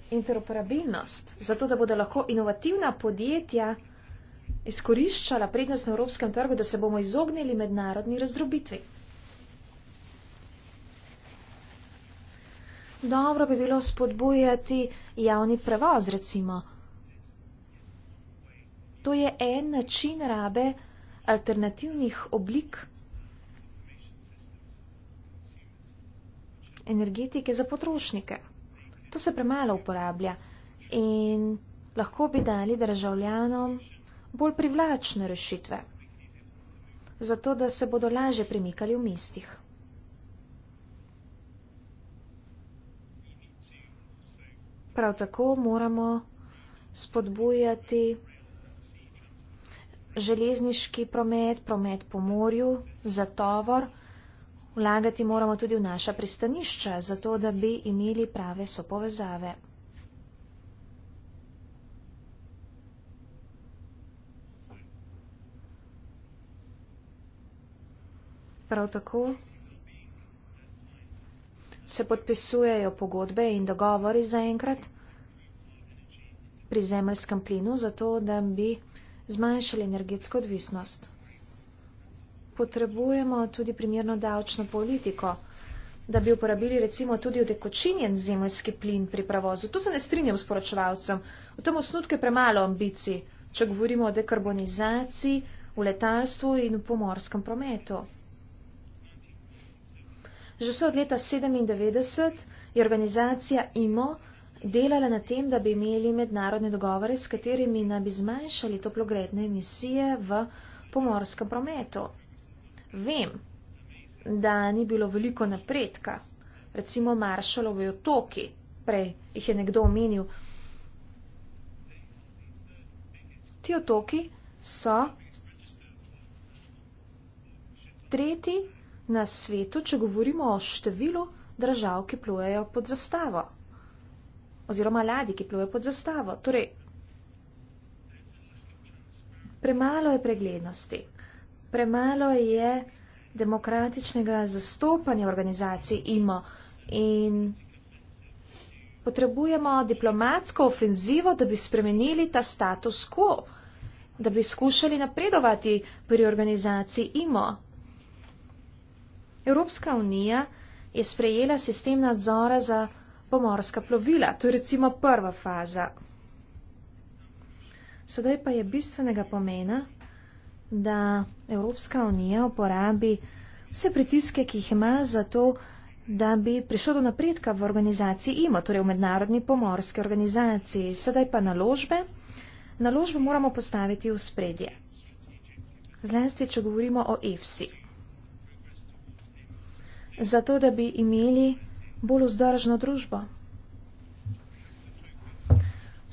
interoperabilnost, zato da bodo lahko inovativna podjetja izkoriščala prednost na evropskem trgu, da se bomo izognili mednarodni razdrobitvi. Dobro bi bilo spodbujati javni prevoz, recimo. To je en način rabe alternativnih oblik energetike za potrošnike. To se premalo uporablja in lahko bi dali državljanom bolj privlačne rešitve, zato da se bodo laže premikali v mestih. Prav tako moramo spodbujati železniški promet, promet po morju, zatovor, Vlagati moramo tudi v naša pristanišča, zato da bi imeli prave sopovezave. Prav tako se podpisujejo pogodbe in dogovori zaenkrat pri zemljskem plinu, zato da bi zmanjšali energetsko odvisnost potrebujemo tudi primerno davčno politiko, da bi uporabili recimo tudi odekočinjen zemljski plin pri pravozu. To se ne strinjam s poročevalcem. V tem osnutku je premalo ambicij, če govorimo o dekarbonizaciji v letalstvu in v pomorskem prometu. Že vse od leta 1997 je organizacija IMO delala na tem, da bi imeli mednarodne dogovore, s katerimi naj bi zmanjšali toplogredne emisije v pomorskem prometu. Vem, da ni bilo veliko napredka, recimo Maršalovi otoki, prej jih je nekdo omenil. Ti otoki so tretji na svetu, če govorimo o številu držav, ki plujejo pod zastavo. Oziroma ladi, ki plujejo pod zastavo. Torej, premalo je preglednosti premalo je demokratičnega zastopanja organizacij IMO in potrebujemo diplomatsko ofenzivo, da bi spremenili ta status quo, da bi skušali napredovati pri organizaciji IMO. Evropska unija je sprejela sistem nadzora za pomorska plovila, to je recimo prva faza. Sedaj pa je bistvenega pomena, da Evropska unija uporabi vse pritiske, ki jih ima za to, da bi prišlo do napredka v organizaciji IMO, torej v mednarodni pomorski organizaciji. Sedaj pa naložbe. Naložbe moramo postaviti v spredje. Zlasti, če govorimo o EFSI. Zato, da bi imeli bolj vzdržno družbo.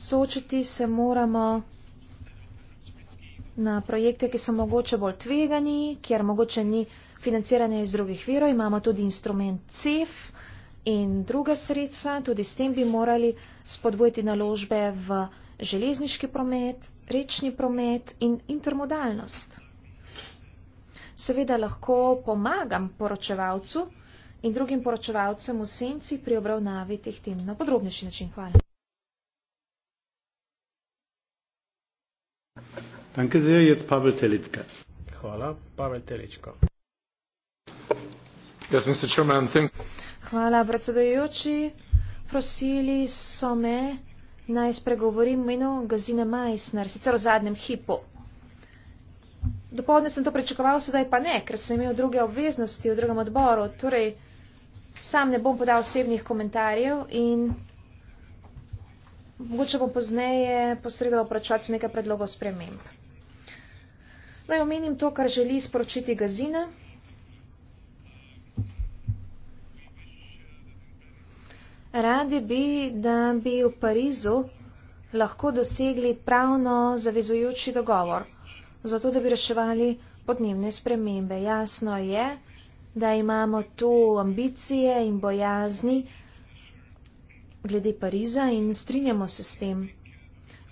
Sočiti se moramo na projekte, ki so mogoče bolj tvegani, kjer mogoče ni financiranje iz drugih virov. Imamo tudi instrument CEF in druga sredstva. Tudi s tem bi morali spodbojiti naložbe v železniški promet, rečni promet in intermodalnost. Seveda lahko pomagam poročevalcu in drugim poročevalcem v senci pri obravnavi teh tem na podrobnejši način. Hvala. Danke sehr, jetzt Pavel Telitschka. Hvala, Pavel Telitschka. Yes, Mr. Chairman, thank Hvala, predsedujoči. Prosili so me, naj spregovorim imenu Gazine Meissner, sicer v zadnjem hipu. Dopoledne sem to pričakoval, sedaj pa ne, ker sem imel druge obveznosti v drugem odboru. Torej, sam ne bom podal osebnih komentarjev in mogoče bom pozneje posredoval pračovati nekaj predlogov sprememb. Naj omenim to, kar želi sporočiti Gazina. Radi bi, da bi v Parizu lahko dosegli pravno zavezujoči dogovor, zato da bi reševali podnebne spremembe. Jasno je, da imamo tu ambicije in bojazni glede Pariza in strinjamo se s tem.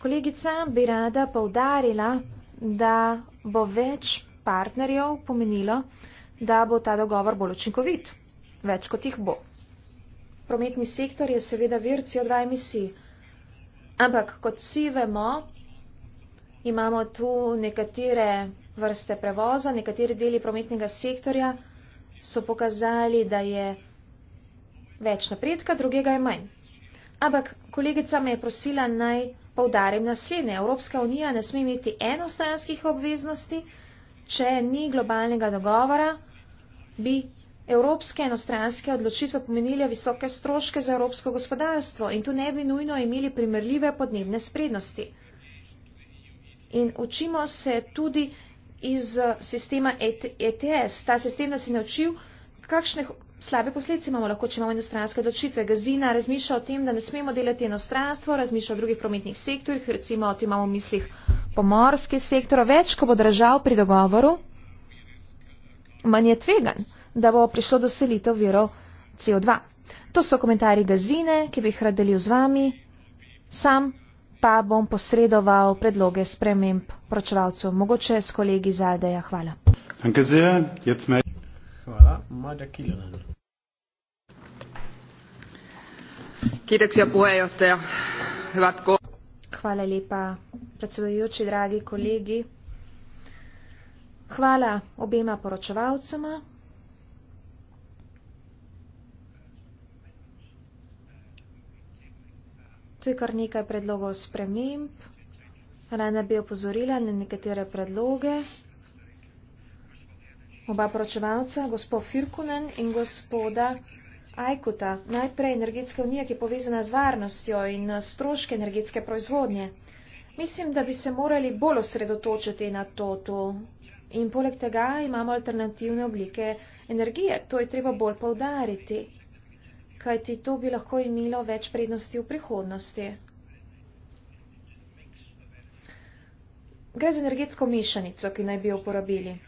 Kolegica bi rada povdarila, da bo več partnerjev pomenilo, da bo ta dogovor bolj učinkovit. Več kot jih bo. Prometni sektor je seveda vir CO2 emisij. Ampak, kot vsi vemo, imamo tu nekatere vrste prevoza, nekateri deli prometnega sektorja so pokazali, da je več napredka, drugega je manj. Ampak, kolegica me je prosila naj. Poudarim naslednje, Evropska unija ne sme imeti enostranskih obveznosti, če ni globalnega dogovora, bi evropske enostranske odločitve pomenile visoke stroške za evropsko gospodarstvo in tu ne bi nujno imeli primerljive podnebne sprednosti. In učimo se tudi iz sistema ETS. Ta sistem nas je naučil, kakšne slabe posledice imamo lahko, če imamo enostranske odločitve. Gazina razmišlja o tem, da ne smemo delati enostranstvo, razmišlja o drugih prometnih sektorjih, recimo o tem imamo v mislih pomorski sektor. Več, ko bo držav pri dogovoru, manj je tvegan, da bo prišlo do selitev virov CO2. To so komentarji gazine, ki bi jih rad delil z vami. Sam pa bom posredoval predloge sprememb pročevalcev, mogoče s kolegi za Aldeja. Hvala. Danke sehr. Jetzt Hvala. Made Kilonen. Kiitoksia puheenjohtaja. Hyvät ko- Hvala lepa, predsedujoči, dragi kolegi. Hvala obema poročevalcema. Tu je kar nekaj predlogov sprememb. Rada bi opozorila na nekatere predloge oba poročevalca, gospod Firkunen in gospoda Ajkuta. Najprej energetska unija, ki je povezana z varnostjo in stroške energetske proizvodnje. Mislim, da bi se morali bolj osredotočiti na to. to. In poleg tega imamo alternativne oblike energije. To je treba bolj povdariti, kajti to bi lahko imelo več prednosti v prihodnosti. Gre za energetsko mešanico, ki naj bi jo uporabili.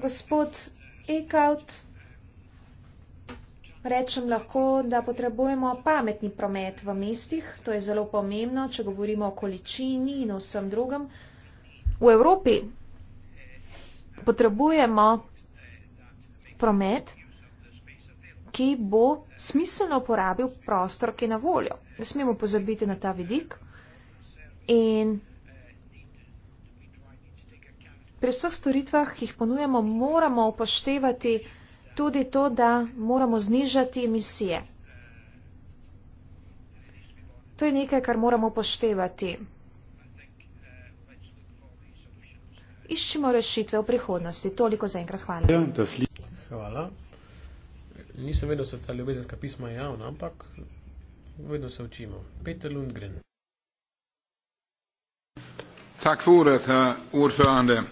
Gospod Ekaut, rečem lahko, da potrebujemo pametni promet v mestih. To je zelo pomembno, če govorimo o količini in vsem drugem. V Evropi potrebujemo promet, ki bo smiselno uporabil prostor, ki je na voljo. Ne smemo pozabiti na ta vidik. In pri vseh storitvah, ki jih ponujamo, moramo upoštevati tudi to, da moramo znižati emisije. To je nekaj, kar moramo upoštevati. Iščimo rešitve v prihodnosti. Toliko za enkrat. Hvala. Hvala. Nisem vedel, da so ta ljubezenska pisma javna, ampak vedno se učimo. Peter Lundgren. Tak for ordförande.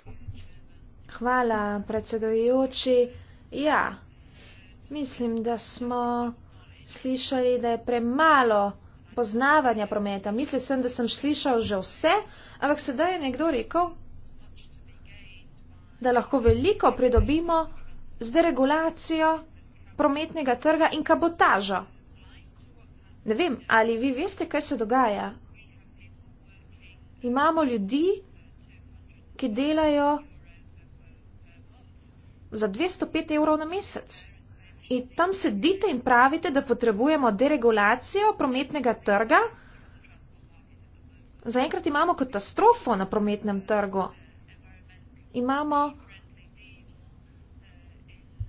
Hvala, predsedojoči. Ja, mislim, da smo slišali, da je premalo poznavanja prometa. Mislil sem, da sem slišal že vse, ampak sedaj je nekdo rekel, da lahko veliko pridobimo z deregulacijo prometnega trga in kabotažo. Ne vem, ali vi veste, kaj se dogaja. Imamo ljudi, ki delajo za 205 evrov na mesec. In tam sedite in pravite, da potrebujemo deregulacijo prometnega trga. Zaenkrat imamo katastrofo na prometnem trgu. Imamo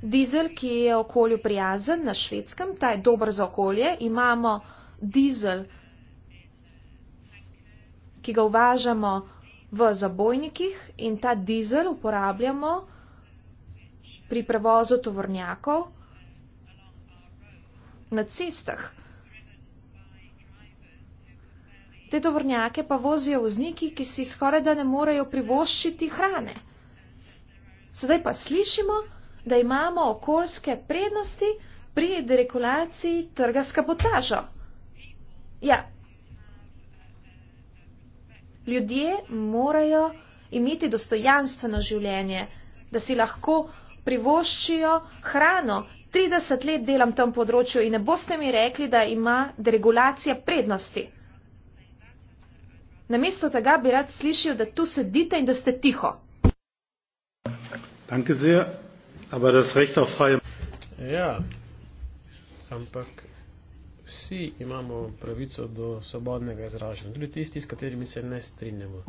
dizel, ki je okolju prijazen na švedskem, ta je dober za okolje. Imamo dizel, ki ga uvažamo v zabojnikih in ta dizel uporabljamo pri prevozu tovornjakov na cestah. Te tovornjake pa vozijo vzniki, ki si skoraj da ne morejo privoščiti hrane. Sedaj pa slišimo, da imamo okoljske prednosti pri deregulaciji trga s kapotažo. Ja. Ljudje morajo imeti dostojanstveno življenje, da si lahko privoščijo hrano. 30 let delam v tem področju in ne boste mi rekli, da ima deregulacija prednosti. Namesto tega bi rad slišal, da tu sedite in da ste tiho. Ja, ampak vsi imamo pravico do svobodnega izražanja, tudi tisti, s katerimi se ne strinjamo.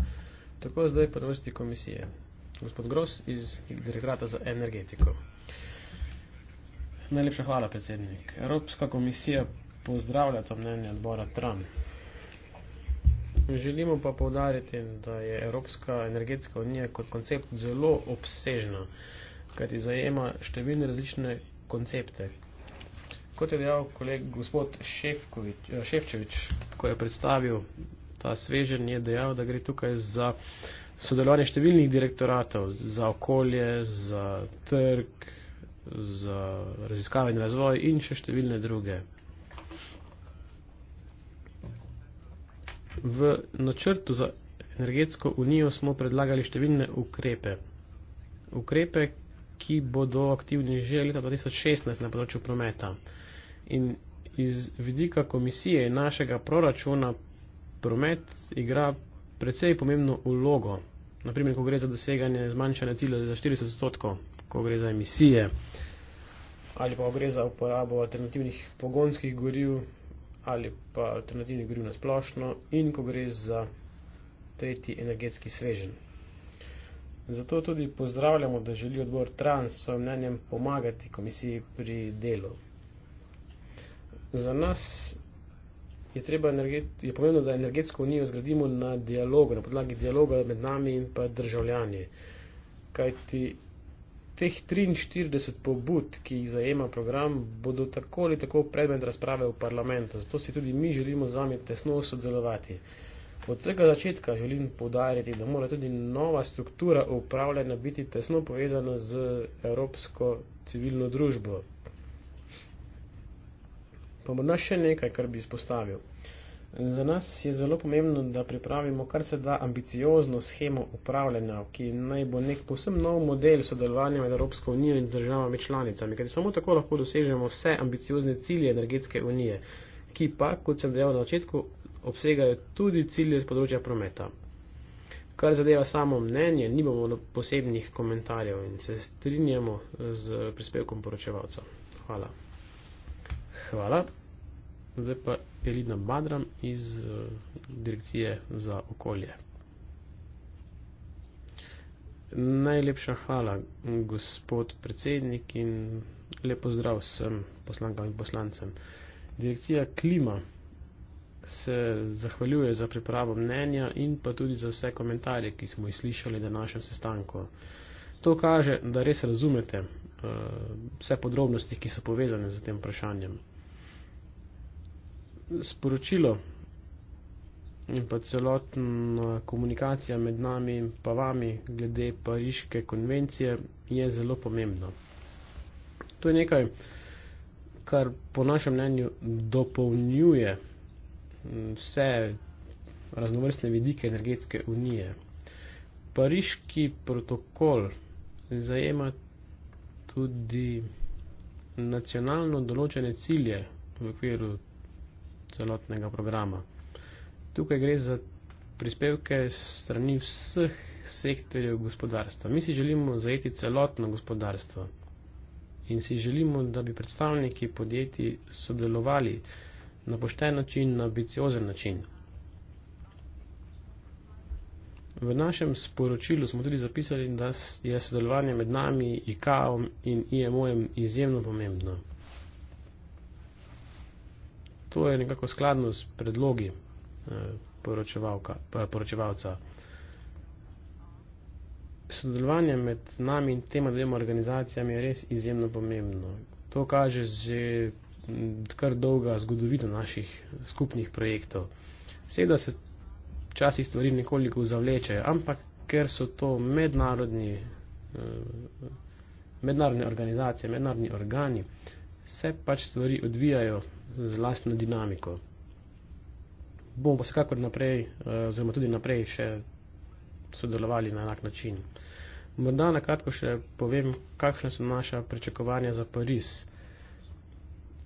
Tako zdaj pa na vrsti komisije gospod Gros iz direktorata za energetiko. Najlepša hvala, predsednik. Evropska komisija pozdravlja to mnenje odbora Trump. Želimo pa povdariti, da je Evropska energetska unija kot koncept zelo obsežna, kajti zajema številne različne koncepte. Kot je dejal kolega gospod Ševčevič, eh, ko je predstavil ta svežen, je dejal, da gre tukaj za sodelovanje številnih direktoratov za okolje, za trg, za raziskave in razvoj in še številne druge. V načrtu za energetsko unijo smo predlagali številne ukrepe. Ukrepe, ki bodo aktivni že leta 2016 na področju prometa. In iz vidika komisije in našega proračuna promet igra precej pomembno vlogo naprimer, ko gre za doseganje zmanjšanja cilja za 40 odstotkov, ko gre za emisije ali pa gre za uporabo alternativnih pogonskih goriv ali pa alternativnih goriv na splošno in ko gre za tretji energetski svežen. Zato tudi pozdravljamo, da želi odbor Trans s svojim mnenjem pomagati komisiji pri delu. Za nas je, treba je pomembno, da energetsko unijo zgradimo na dialogu, na podlagi dialoga med nami in pa državljani. Kaj ti teh 43 pobud, ki jih zajema program, bodo tako ali tako predmet razprave v parlamentu. Zato si tudi mi želimo z vami tesno sodelovati. Od vsega začetka želim povdariti, da mora tudi nova struktura upravljanja biti tesno povezana z evropsko civilno družbo. Pa morda še nekaj, kar bi izpostavil. Za nas je zelo pomembno, da pripravimo kar se da ambiciozno schemo upravljanja, ki naj bo nek posebno nov model sodelovanja med Evropsko unijo in državami članicami, ker samo tako lahko dosežemo vse ambiciozne cilje energetske unije, ki pa, kot sem dejal na začetku, obsegajo tudi cilje z področja prometa. Kar zadeva samo mnenje, nimamo posebnih komentarjev in se strinjamo z prispevkom poročevalca. Hvala hvala. Zdaj pa Elina Madram iz eh, Direkcije za okolje. Najlepša hvala, gospod predsednik in lepo zdrav vsem poslankam in poslancem. Direkcija Klima se zahvaljuje za pripravo mnenja in pa tudi za vse komentarje, ki smo jih slišali na našem sestanku. To kaže, da res razumete uh, vse podrobnosti, ki so povezane z tem vprašanjem sporočilo in pa celotna komunikacija med nami in pa vami glede Pariške konvencije je zelo pomembna. To je nekaj, kar po našem mnenju dopolnjuje vse raznovrstne vidike energetske unije. Pariški protokol zajema tudi nacionalno določene cilje v okviru celotnega programa. Tukaj gre za prispevke strani vseh sektorjev gospodarstva. Mi si želimo zajeti celotno gospodarstvo in si želimo, da bi predstavniki podjetij sodelovali na pošten način, na ambiciozen način. V našem sporočilu smo tudi zapisali, da je sodelovanje med nami, IKAO in IMO-jem izjemno pomembno to je nekako skladno s predlogi eh, eh, poročevalca. Sodelovanje med nami in tema dvema organizacijami je res izjemno pomembno. To kaže že mm, kar dolga zgodovina naših skupnih projektov. Seveda se včasih stvari nekoliko zavlečejo, ampak ker so to mednarodni, eh, mednarodne organizacije, mednarodni organi, se pač stvari odvijajo z vlastno dinamiko. Bomo pa vsekakor naprej, eh, oziroma tudi naprej, še sodelovali na enak način. Morda na kratko še povem, kakšne so naša pričakovanja za Pariz.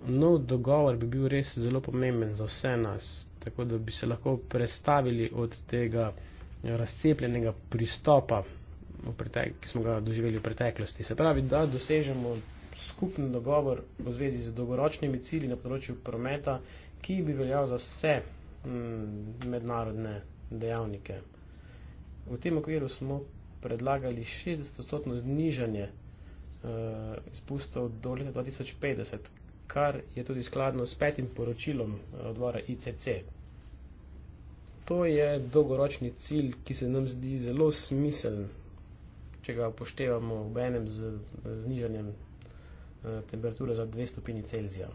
Nov dogovor bi bil res zelo pomemben za vse nas, tako da bi se lahko predstavili od tega eh, razcepljenega pristopa, ki smo ga doživeli v preteklosti. Se pravi, da dosežemo skupni dogovor v zvezi z dolgoročnimi cilji na področju prometa, ki bi veljal za vse mm, mednarodne dejavnike. V tem okviru smo predlagali 60% znižanje uh, izpustov do leta 2050, kar je tudi skladno s petim poročilom eh, odbora ICC. To je dolgoročni cilj, ki se nam zdi zelo smiseln, če ga upoštevamo v enem z, z znižanjem Eh, temperaturo za 2 stopini Celzija.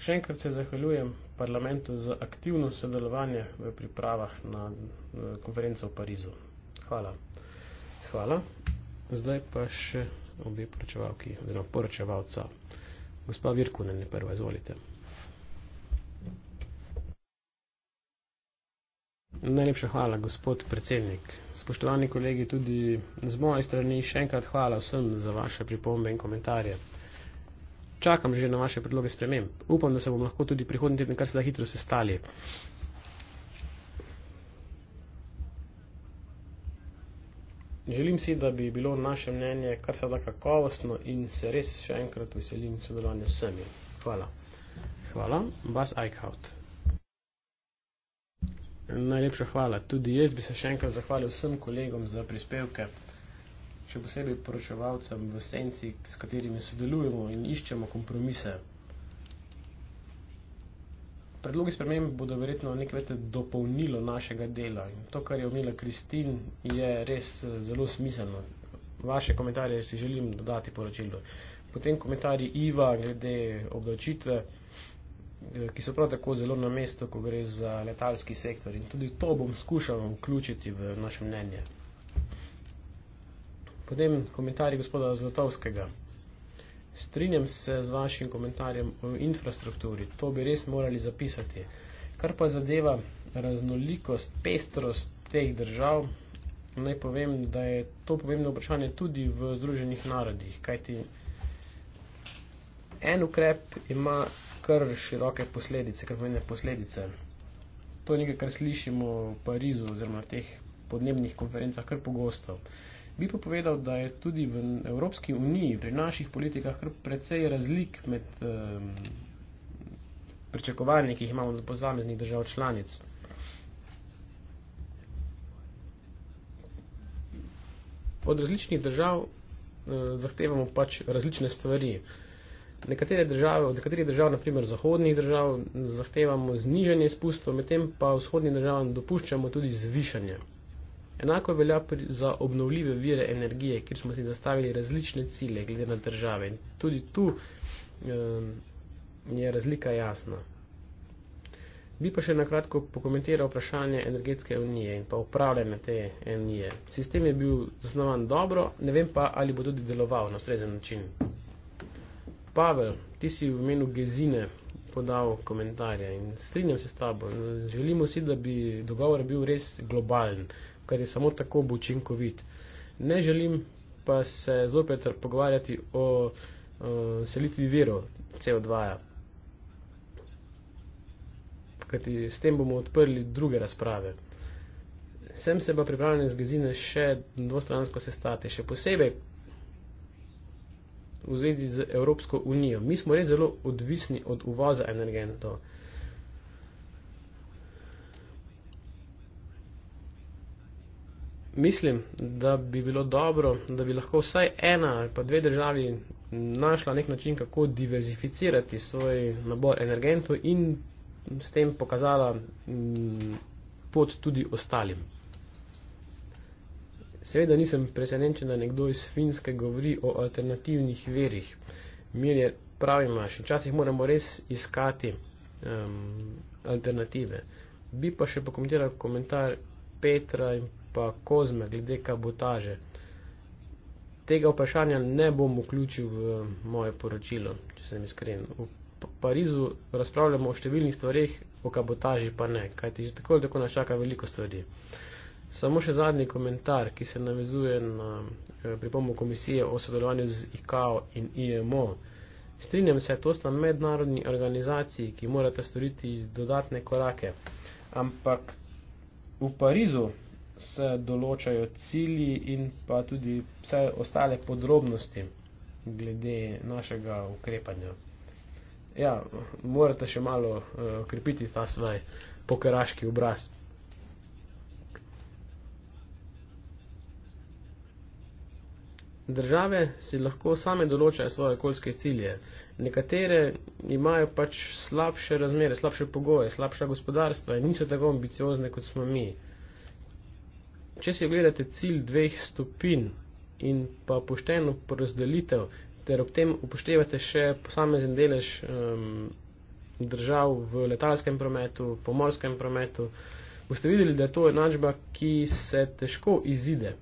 Še enkrat se zahvaljujem parlamentu za aktivno sodelovanje v pripravah na eh, konferenco v Parizu. Hvala. Hvala. Zdaj pa še obe poročevalki oziroma poročevalca. Gospa Virkunen je prva, izvolite. Najlepša hvala, gospod predsednik. Spoštovani kolegi, tudi z moje strani še enkrat hvala vsem za vaše pripombe in komentarje. Čakam že na vaše predloge sprememb. Upam, da se bomo lahko tudi prihodnji teden kar se da hitro sestali. Želim si, da bi bilo naše mnenje kar se da kakovostno in se res še enkrat veselim sodelovanja s vsemi. Hvala. Hvala. Vas Eichhout. Najlepša hvala. Tudi jaz bi se še enkrat zahvalil vsem kolegom za prispevke, še posebej poročevalcem v senci, s katerimi sodelujemo in iščemo kompromise. Predlogi sprememb bodo verjetno nekaj več dopolnilo našega dela in to, kar je omenila Kristin, je res eh, zelo smiselno. Vaše komentarje si želim dodati poročilo. Potem komentarji Iva glede obdavčitve. Eh, ki so prav tako zelo na mestu, ko gre za letalski sektor in tudi to bom skušal vključiti v naše mnenje. Potem komentarji gospoda Zlatovskega. Strinjam se z vašim komentarjem o infrastrukturi, to bi res morali zapisati. Kar pa zadeva raznolikost, pestrost teh držav, naj povem, da je to pomembno vprašanje tudi v Združenih narodih, kajti en ukrep ima kar široke posledice, kar pomeni posledice. To je nekaj, kar slišimo v Parizu oziroma na teh podnebnih konferencah kar pogosto. Bi pa povedal, da je tudi v Evropski uniji, pri naših politikah, kar precej razlik med um, pričakovanji, ki jih imamo do pozameznih držav članic. Od različnih držav uh, zahtevamo pač različne stvari. Uh, Nekatere države, od nekaterih držav, naprimer zahodnih držav, zahtevamo znižanje izpustov, medtem pa vzhodnim državam dopuščamo tudi zvišanje. Enako velja pri, za obnovljive vire energije, kjer smo si zastavili različne cilje glede na države. In tudi tu eh, je razlika jasna. Bi pa še nakratko pokomentiral vprašanje energetske unije in pa upravljanje te unije. Sistem je bil zasnovan dobro, ne vem pa, ali bo tudi deloval na ustrezen način. Pavel, ti si v imenu Gezine podal komentarje in strinjam se s tabo. Želimo si, da bi dogovor bil res globalen, ker je samo tako bo učinkovit. Ne želim pa se zopet pogovarjati o, o selitvi virov CO2. -ja. Ker s tem bomo odprli druge razprave. Sem se pa pripravljen z Gezine še dvostransko sestati, še posebej, v zvezi z Evropsko unijo. Mi smo res zelo odvisni od uvoza energentov. Mislim, da bi bilo dobro, da bi lahko vsaj ena ali pa dve državi našla nek način, kako diverzificirati svoj nabor energentov in s tem pokazala mm, pot tudi ostalim. Seveda nisem presenečen, da nekdo iz Finske govori o alternativnih verih. Mir je pravi naš, včasih moramo res iskati um, alternative. Bi pa še pokomentiral komentar Petra in pa Kozme glede kabotaže. Tega vprašanja ne bom vključil v moje poročilo, če sem iskren. V Parizu razpravljamo o številnih stvarih, o kabotaži pa ne, kajti že tako ali tako nas čaka veliko stvari. Uh, Samo še zadnji komentar, ki se navezuje na eh, pripombo komisije o sodelovanju z IKO in IMO. Strinjam se, to sta mednarodni organizaciji, ki morate storiti dodatne korake. Ampak v Parizu se določajo cilji in pa tudi vse ostale podrobnosti glede našega ukrepanja. Ja, morate še malo ukrepiti eh, uh, ta svoj pokeraški obraz. Države si lahko same določajo svoje okoljske cilje. Nekatere imajo pač slabše razmere, slabše pogoje, slabša gospodarstva in niso tako ambiciozne, kot smo mi. Če si ogledate cilj dveh stopin in pa pošteno porazdelitev, ter ob tem upoštevate še posamezen delež um, držav v letalskem prometu, pomorskem prometu, boste videli, da je to enačba, ki se težko izide.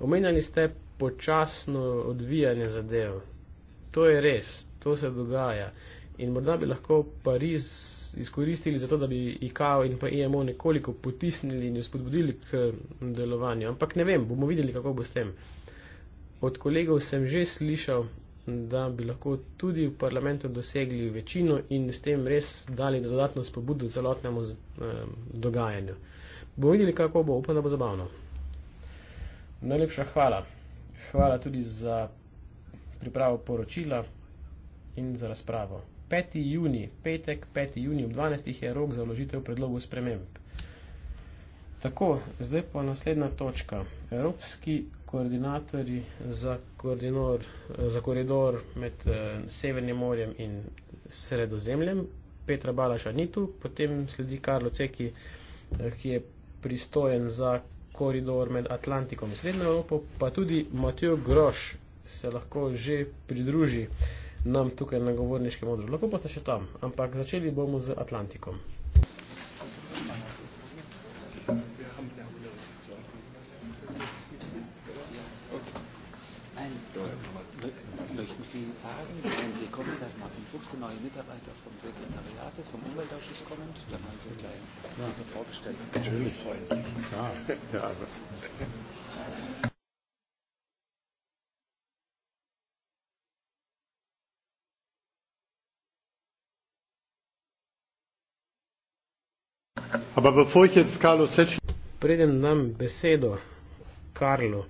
Omenjali ste počasno odvijanje zadev. To je res, to se dogaja. In morda bi lahko Pariz izkoristili za to, da bi IKO in pa IMO e nekoliko potisnili in jo spodbudili k delovanju. Ampak ne vem, bomo videli, kako bo s tem. Od kolegov sem že slišal, da bi lahko tudi v parlamentu dosegli večino in s tem res dali dodatno spobudo celotnemu eh, dogajanju. Bomo videli, kako bo, upam, da bo zabavno. Najlepša hvala. Hvala tudi za pripravo poročila in za razpravo. 5. juni, petek, 5. juni ob 12. je rok za vložitev predlogov sprememb. Tako, zdaj pa naslednja točka. Evropski koordinatorji za, za koridor med eh, Severnim morjem in Sredozemljem. Petra Balaša ni tu, potem sledi Karlo Ceki, eh, ki je pristojen za koridor med Atlantikom in Srednjo Evropo, pa tudi Matijo Groš se lahko že pridruži nam tukaj na govorniškem odru. Lahko pa ste še tam, ampak začeli bomo z Atlantikom. erste neue Mitarbeiter vom Sekretariat ist, vom Umweltausschuss kommend. Dann haben Sie gleich ja. so vorgestellt. Natürlich. Ja. Ja, aber. aber bevor ich jetzt Carlo Sech Preden nam besedo Carlo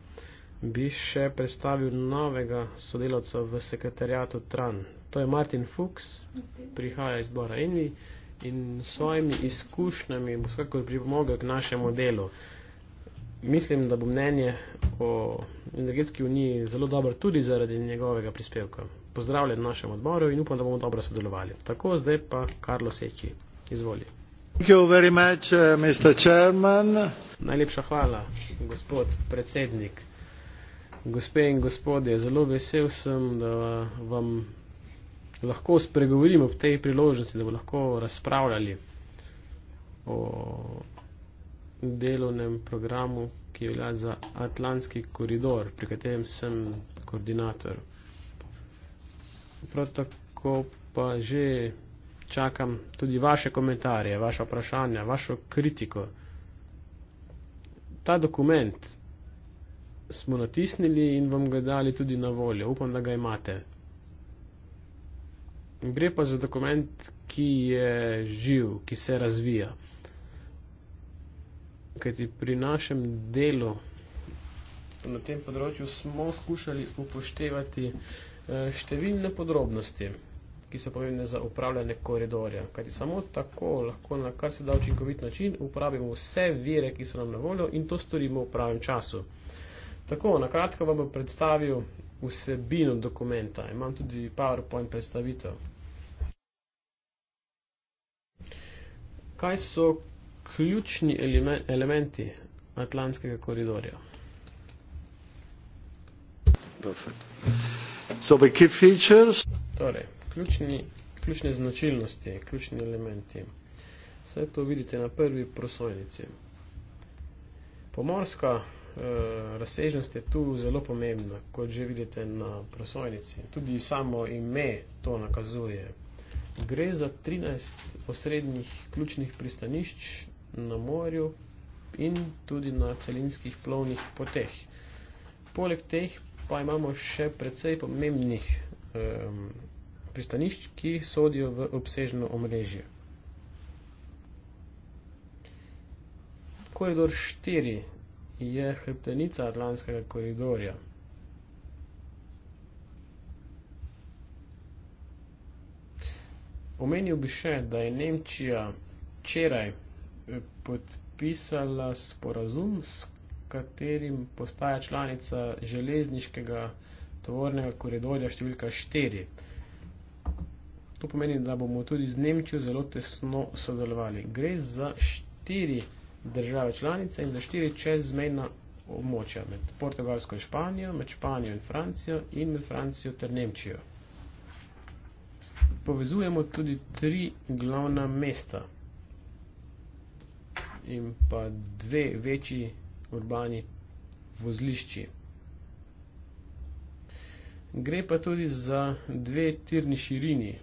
bi še predstavil novega sodelavca v sekretariatu Tran, To je Martin Fuchs, prihaja iz Bora Envy in s svojimi izkušnjami bo vsekakor pripomogel k našemu delu. Mislim, da bo mnenje o energetski uniji zelo dobro tudi zaradi njegovega prispevka. Pozdravljen našem odboru in upam, da bomo dobro sodelovali. Tako, zdaj pa Karlo Seči, izvoli. Thank you very much, uh, Mr. Chairman. Najlepša hvala, gospod predsednik. Gospe in gospodje, zelo vesel sem, da vam lahko spregovorimo ob tej priložnosti, da bomo lahko razpravljali o delovnem programu, ki je velja za Atlantski koridor, pri katerem sem koordinator. Prav tako pa že čakam tudi vaše komentarje, vaše vprašanja, vašo kritiko. Ta dokument smo natisnili in vam ga dali tudi na voljo. Upam, da ga imate gre pa za dokument, ki je živ, ki se razvija. Kajti pri našem delu na tem področju smo skušali upoštevati eh, številne podrobnosti, ki so pomembne za upravljanje koridorja. Kajti samo tako lahko na kar se da učinkovit način upravimo vse vire, ki so nam na voljo in to storimo v pravem času. Tako, na kratko vam bom predstavil vsebino dokumenta. Imam tudi PowerPoint predstavitev. kaj so ključni elementi Atlantskega koridorja? So the key features. Torej, ključni, ključne značilnosti, ključni elementi. Vse to vidite na prvi prosojnici. Pomorska eh, razsežnost je tu zelo pomembna, kot že vidite na prosojnici. Tudi samo ime to nakazuje. Gre za 13 osrednjih ključnih pristanišč na morju in tudi na celinskih plovnih poteh. Poleg teh pa imamo še precej pomembnih um, pristanišč, ki sodijo v obsežno omrežje. Koridor 4 je hrbtenica Atlantskega koridorja. Omenil bi še, da je Nemčija včeraj eh, podpisala sporazum, s katerim postaja članica železniškega tovornega koridorja številka 4. To pomeni, da bomo tudi z Nemčijo zelo tesno sodelovali. Gre za štiri države članice in za štiri čezmejna območja med Portugalsko in Španijo, med Španijo in Francijo in med Francijo ter Nemčijo povezujemo tudi tri glavna mesta in pa dve večji urbani vozlišči. Gre pa tudi za dve tirni širini,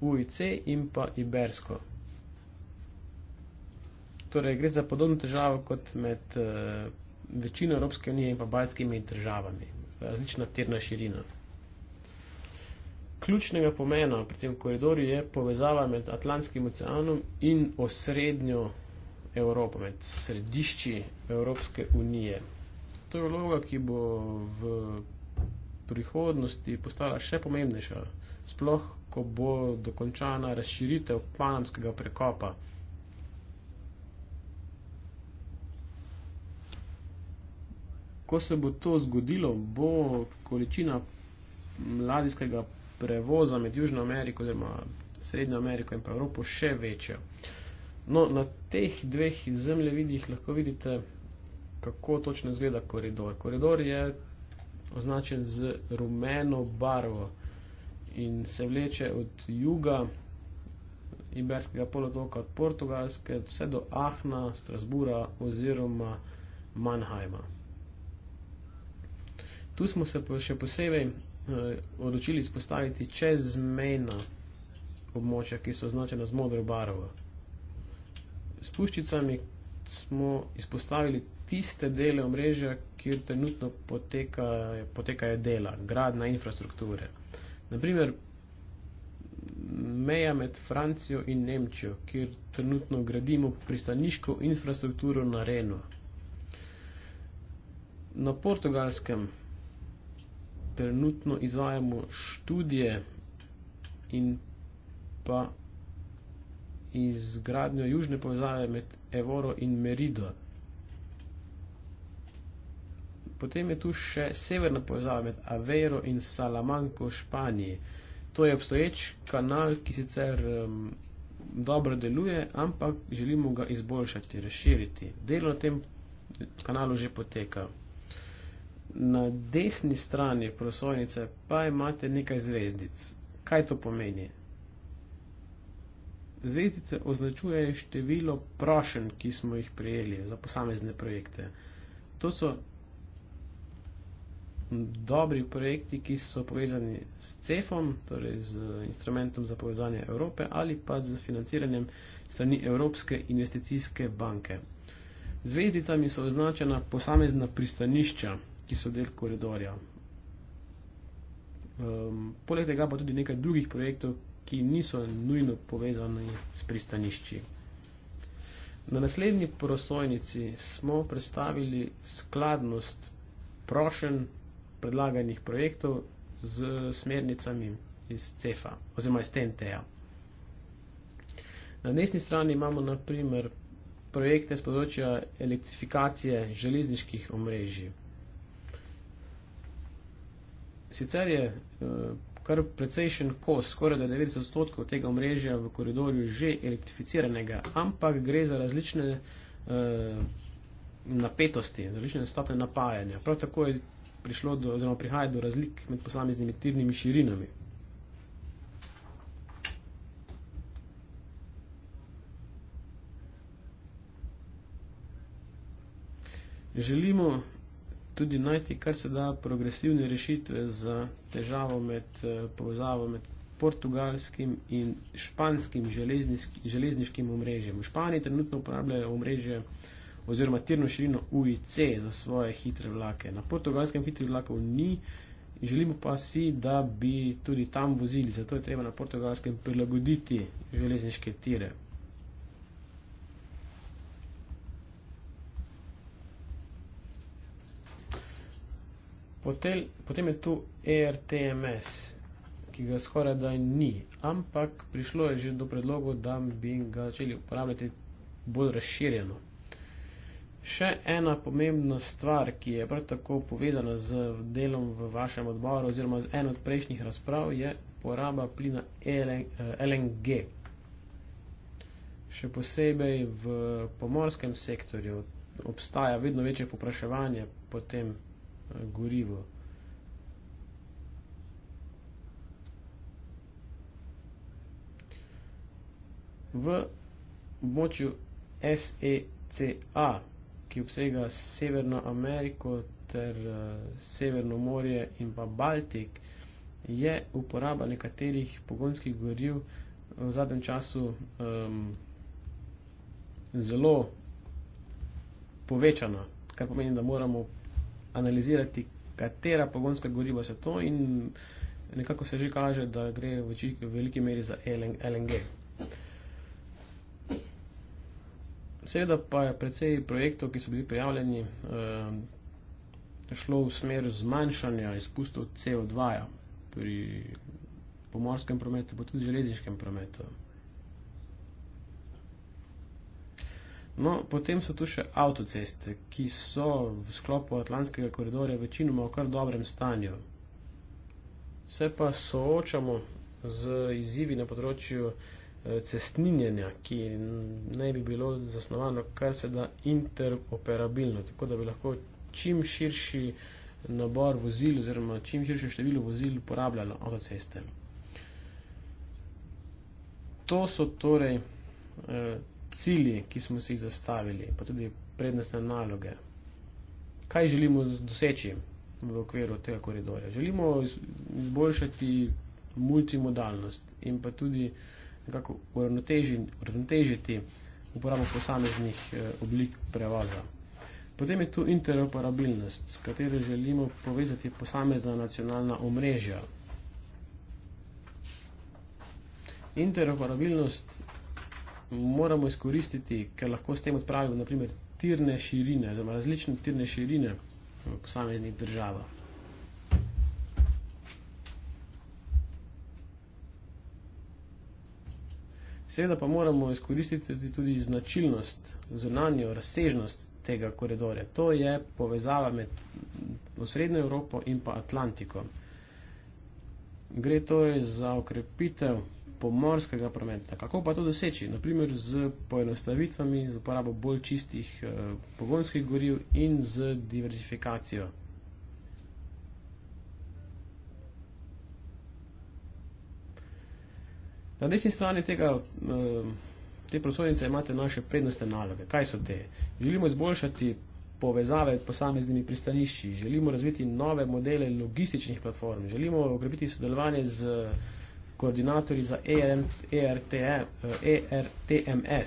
UIC in pa Ibersko. Torej, gre za podobno težavo kot med uh, večino Evropske unije in pa Baljskimi državami. Različna tirna širina ključnega pomena pri tem koridorju je povezava med Atlantskim oceanom in osrednjo Evropo, med središči Evropske unije. To je vloga, ki bo v prihodnosti postala še pomembnejša, sploh ko bo dokončana razširitev panamskega prekopa. Ko se bo to zgodilo, bo količina ladijskega prevoza med Južno Ameriko oziroma Srednjo Ameriko in pa Evropo še večja. No, na teh dveh zemljevidih lahko vidite, kako točno izgleda koridor. Koridor je označen z rumeno barvo in se vleče od juga Iberskega polotoka, od Portugalske, vse do Ahna, Strasbura oziroma Mannheima. Tu smo se še posebej Eh, odločili izpostaviti čezmejna območja, ki so označena z modro barvo. S puščicami smo izpostavili tiste dele omrežja, kjer trenutno potekajo poteka dela, gradna infrastrukture. Naprimer, meja med Francijo in Nemčijo, kjer trenutno gradimo pristaniško infrastrukturo na Renu. Na portugalskem trenutno izvajamo študije in pa izgradnjo južne povezave med Evoro in Merido. Potem je tu še severna povezava med Aveiro in Salamanko v Španiji. To je obstoječ kanal, ki sicer um, dobro deluje, ampak želimo ga izboljšati, razširiti. Delo na tem kanalu že poteka na desni strani prosojnice pa imate nekaj zvezdic. Kaj to pomeni? Zvezdice označujejo število prošenj, ki smo jih prijeli za posamezne projekte. To so dobri projekti, ki so povezani s CEF-om, torej z instrumentom za povezanje Evrope ali pa z financiranjem strani Evropske investicijske banke. Zvezdicami so označena posamezna pristanišča, ki so del koridorja. Um, poleg tega pa tudi nekaj drugih projektov, ki niso nujno povezani s pristanišči. Na naslednji prosojnici smo predstavili skladnost prošen predlaganih projektov z smernicami iz CEFA oziroma iz TNT-ja. Na desni strani imamo naprimer projekte z področja elektrifikacije železniških omrežij sicer je eh, kar precejšen kos, skoraj da 90 odstotkov tega omrežja v koridorju že elektrificiranega, ampak gre za različne eh, napetosti, različne stopne napajanja. Prav tako je prišlo do, oziroma prihaja do razlik med posameznimi tirnimi širinami. Želimo tudi najti kar se da progresivne rešitve za težavo med eh, povezavo med portugalskim in španskim železniškim omrežjem. V Španiji trenutno uporabljajo omrežje oziroma tirno širino UIC za svoje hitre vlake. Na portugalskem hitrih vlakov ni, želimo pa si, da bi tudi tam vozili, zato je treba na portugalskem prilagoditi železniške tire. Potel, potem je tu ERTMS, ki ga skoraj da ni, ampak prišlo je že do predlogo, da bi ga začeli uporabljati bolj razširjeno. Še ena pomembna stvar, ki je prav tako povezana z delom v vašem odboru oziroma z eno od prejšnjih razprav, je poraba plina LNG. Eh, Še posebej v pomorskem sektorju obstaja vedno večje popraševanje po tem gorivo. V območju SECA, ki obsega Severno Ameriko ter eh, Severno morje in pa Baltik, je uporaba nekaterih pogonskih goriv eh, v zadnjem času um, zelo povečana, kar pomeni, da moramo analizirati, katera pogonska goriva so to in nekako se že kaže, da gre v, čik, v veliki meri za LNG. Seveda pa je predvsej projektov, ki so bili prijavljeni, eh, šlo v smer zmanjšanja izpustov CO2 pri pomorskem prometu, pa tudi železniškem prometu. No, potem so tu še avtoceste, ki so v sklopu Atlantskega koridorja večinoma v kar dobrem stanju. Se pa soočamo z izzivi na področju eh, cestninjenja, ki naj bi bilo zasnovano kar se da interoperabilno, tako da bi lahko čim širši nabor vozil oziroma čim širše število vozil uporabljalo avtoceste. To so torej. Eh, cilji, ki smo si jih zastavili, pa tudi prednostne naloge. Kaj želimo doseči v okviru tega koridorja? Želimo izboljšati multimodalnost in pa tudi nekako uravnotežiti uporabo posameznih eh, oblik prevoza. Potem je tu interoperabilnost, s katero želimo povezati posamezna nacionalna omrežja. Interoperabilnost moramo izkoristiti, ker lahko s tem odpravimo naprimer tirne širine, zelo različne tirne širine v posameznih državah. Seveda pa moramo izkoristiti tudi značilnost, zunanjo razsežnost tega koridorja. To je povezava med osrednjo Evropo in pa Atlantiko. Gre torej za okrepitev pomorskega prometa. Kako pa to doseči? Naprimer z poenostavitvami, z uporabo bolj čistih eh, pogonskih goriv in z diversifikacijo. Na desni strani tega, eh, te prosojnice imate naše prednostne naloge. Kaj so te? Želimo izboljšati povezave s posameznimi pristanišči, želimo razviti nove modele logističnih platform, želimo okrepiti sodelovanje z uh, koordinatorji za ERTMS. E e, eh, e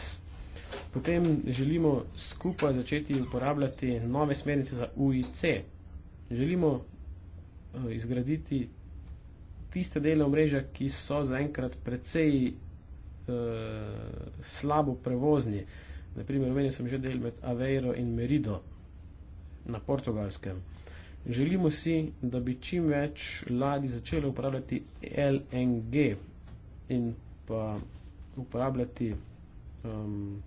Potem želimo skupaj začeti uporabljati nove smernice za UIC. Želimo eh, izgraditi tiste dele omrežja, ki so zaenkrat precej eh, slabo prevozni. Naprimer, omenil sem že del med Aveiro in Merido na portugalskem. Želimo si, da bi čim več ladi začelo uporabljati LNG in pa uporabljati um,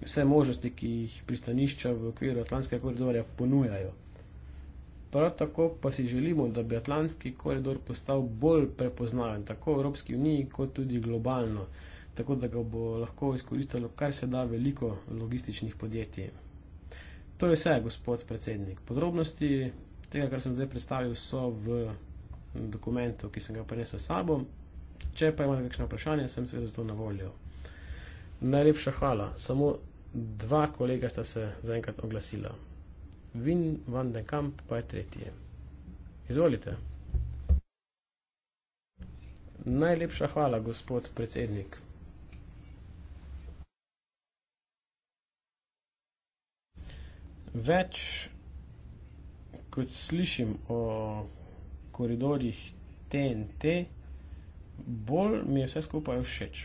vse možnosti, ki jih pristanišča v okviru Atlantskega koridorja ponujajo. Prav tako pa si želimo, da bi Atlantski koridor postal bolj prepoznaven, tako v Evropski uniji, kot tudi globalno, tako da ga bo lahko izkoristilo kar se da veliko logističnih podjetij. To je vse, gospod predsednik. Podrobnosti tega, kar sem zdaj predstavil, so v dokumentu, ki sem ga prinesel s sabo. Če pa imate kakšno vprašanje, sem seveda zato na voljo. Najlepša hvala. Samo dva kolega sta se zaenkrat oglasila. Vin van den Kamp pa je tretji. Izvolite. Najlepša hvala, gospod predsednik. več kot slišim o koridorjih TNT, bolj mi je vse skupaj všeč.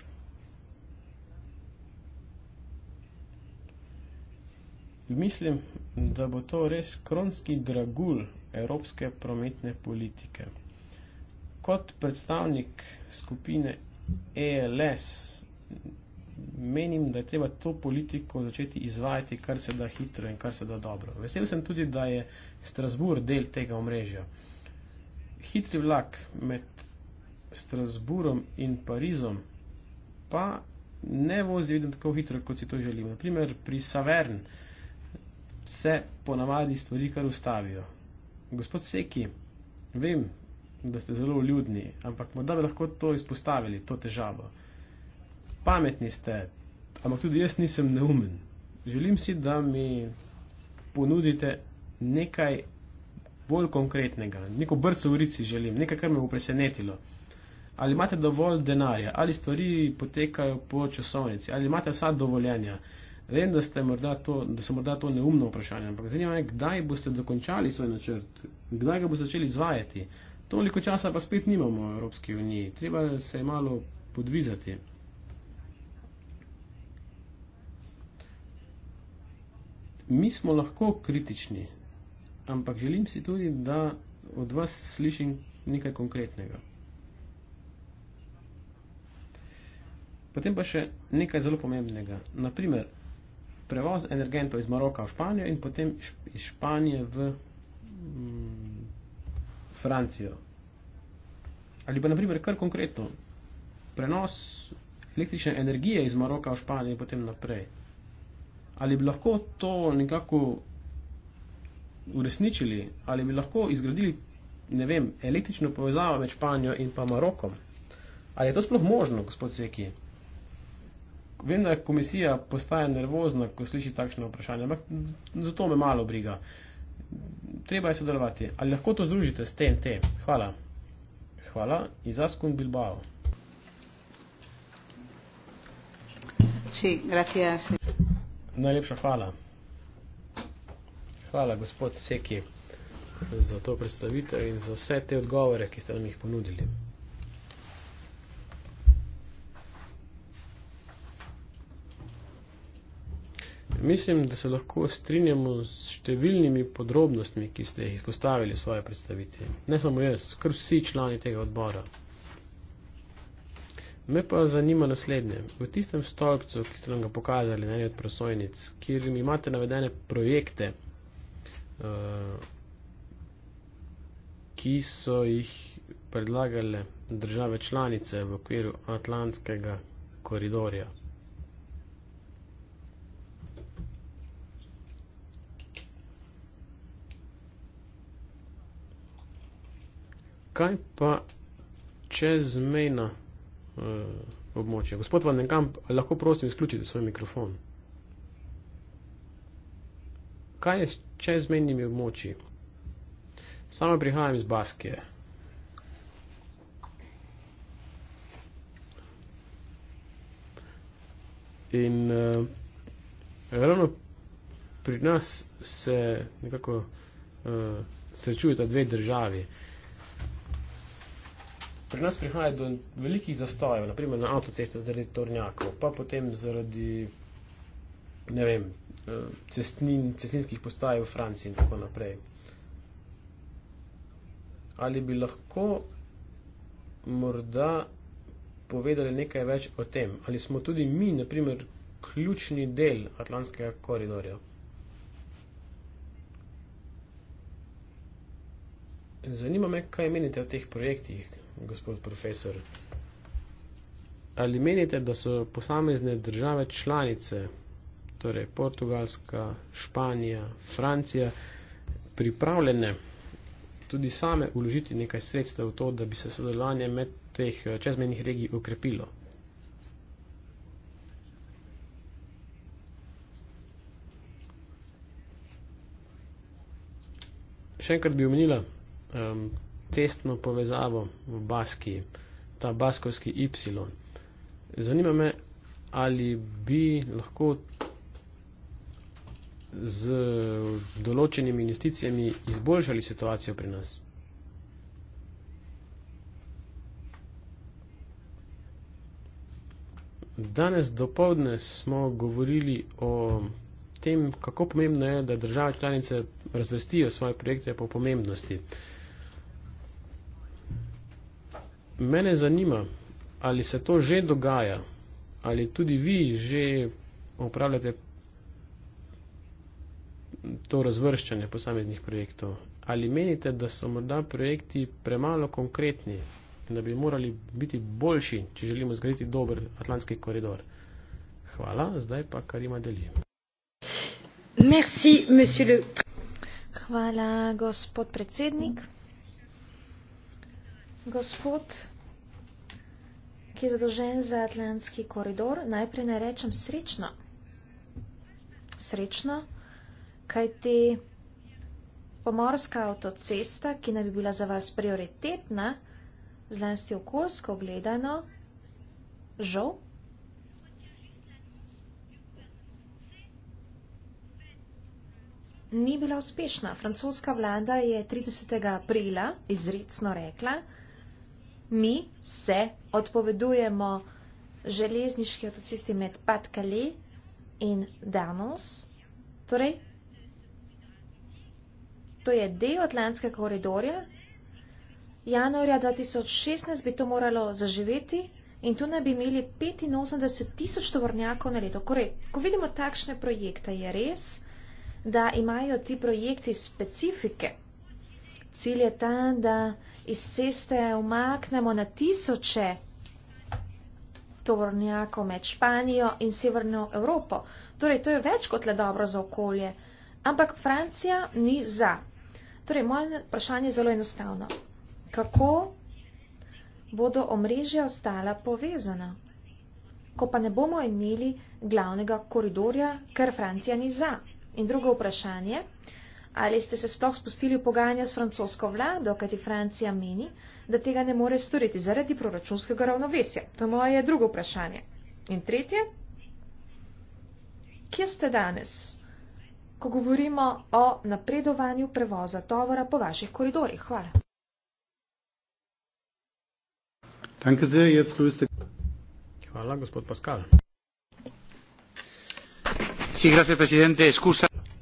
Mislim, da bo to res kronski dragulj evropske prometne politike. Kot predstavnik skupine ELS menim, da je treba to politiko začeti izvajati, kar se da hitro in kar se da dobro. Vesel sem tudi, da je Strasbourg del tega omrežja. Hitri vlak med Strasbourgom in Parizom pa ne vozi vedno tako hitro, kot si to želimo. Naprimer, pri Savern se ponavadi stvari kar ustavijo. Gospod Seki, vem, da ste zelo ljudni, ampak morda bi lahko to izpostavili, to težavo pametni ste, ampak tudi jaz nisem neumen. Želim si, da mi ponudite nekaj bolj konkretnega, neko brco v rici želim, nekaj, kar me bo presenetilo. Ali imate dovolj denarja, ali stvari potekajo po časovnici, ali imate vsa dovoljenja. Vem, da, to, da so morda to neumno vprašanje, ampak zanima me, kdaj boste dokončali svoj načrt, kdaj ga boste začeli izvajati. Toliko časa pa spet nimamo v Evropski uniji, treba se malo podvizati. mi smo lahko kritični, ampak želim si tudi, da od vas slišim nekaj konkretnega. Potem pa še nekaj zelo pomembnega. Naprimer, prevoz energentov iz Maroka v Španijo in potem iz Španije v mm, Francijo. Ali pa naprimer kar konkretno, prenos električne energije iz Maroka v Španijo in potem naprej ali bi lahko to nekako uresničili, ali bi lahko izgradili, ne vem, električno povezavo med Španijo in pa Marokom. Ali je to sploh možno, gospod Seki? Vem, da komisija postaja nervozna, ko sliši takšno vprašanje, ampak zato me malo briga. Treba je sodelovati. Ali lahko to združite s TNT? Hvala. Hvala. Izaskun Bilbao. Sí, gracias. Najlepša hvala. Hvala, gospod Seki, za to predstavitev in za vse te odgovore, ki ste nam jih ponudili. Mislim, da se lahko strinjamo s številnimi podrobnostmi, ki ste jih izpostavili v svoje predstavitvi. Ne samo jaz, kar vsi člani tega odbora. Me pa zanima naslednje. V tistem stolpcu, ki ste nam ga pokazali na eni od prosojnic, kjer imate navedene projekte, uh, ki so jih predlagale države članice v okviru Atlantskega koridorja. Kaj pa čezmejna? uh, eh, območje. Gospod Van den Kamp, lahko prosim izključite svoj mikrofon. Kaj je s čezmejnimi območji? Samo prihajam iz Baskije. In uh, ravno pri nas se nekako uh, srečujeta dve državi. Uh, pri nas prihaja do velikih zastojev, naprimer na avtocestah zaradi tornjakov, pa potem zaradi vem, eh, cestnin, cestninskih postaj v Franciji in tako naprej. Ali bi lahko morda povedali nekaj več o tem, ali smo tudi mi, naprimer, ključni del Atlantskega koridorja? Zanima me, kaj menite o teh projektih, gospod profesor. Ali menite, da so posamezne države članice, torej Portugalska, Španija, Francija, pripravljene tudi same uložiti nekaj sredstev v to, da bi se sodelovanje med teh eh, čezmejnih regij ukrepilo? Še enkrat bi omenila, ehm, cestno povezavo v Baskiji, ta Baskovski Ypsilon. Zanima me, ali bi lahko z določenimi investicijami izboljšali situacijo pri nas. Danes dopovdne smo govorili o tem, kako pomembno je, da države članice razvrstijo svoje projekte po pomembnosti. Mene zanima, ali se to že dogaja, ali tudi vi že upravljate to razvrščanje posameznih projektov. Ali menite, da so morda projekti premalo konkretni in da bi morali biti boljši, če želimo zgraditi dober Atlantski koridor? Hvala, zdaj pa Karima deli. Merci, monsieur le... Hvala, gospod predsednik. Hvala. Gospod, ki je zadolžen za Atlantski koridor, najprej ne rečem srečno. Srečno, kaj ti pomorska avtocesta, ki naj bi bila za vas prioritetna, zlasti okoljsko gledano, žal. Ni bila uspešna. Francoska vlada je 30. aprila izredno rekla, mi se odpovedujemo železniški avtocesti med Patkali in Danos. Torej, to je del Atlantskega koridorja. Januarja 2016 bi to moralo zaživeti in tu naj bi imeli 85 tisoč tovornjakov na leto. Torej, ko vidimo takšne projekte, je res, da imajo ti projekti specifike. Cilj je ta, da iz ceste umaknemo na tisoče tovornjakov med Španijo in Severno Evropo. Torej, to je več kot le dobro za okolje. Ampak Francija ni za. Torej, moje vprašanje je zelo enostavno. Kako bodo omrežja ostala povezana, ko pa ne bomo imeli glavnega koridorja, ker Francija ni za? In drugo vprašanje je, Ali ste se sploh spustili v pogajanja s francosko vlado, kajti Francija meni, da tega ne more storiti zaradi proračunskega ravnovesja? To je moje drugo vprašanje. In tretje, kje ste danes, ko govorimo o napredovanju prevoza tovora po vaših koridorjih? Hvala. Hvala, gospod Paskal.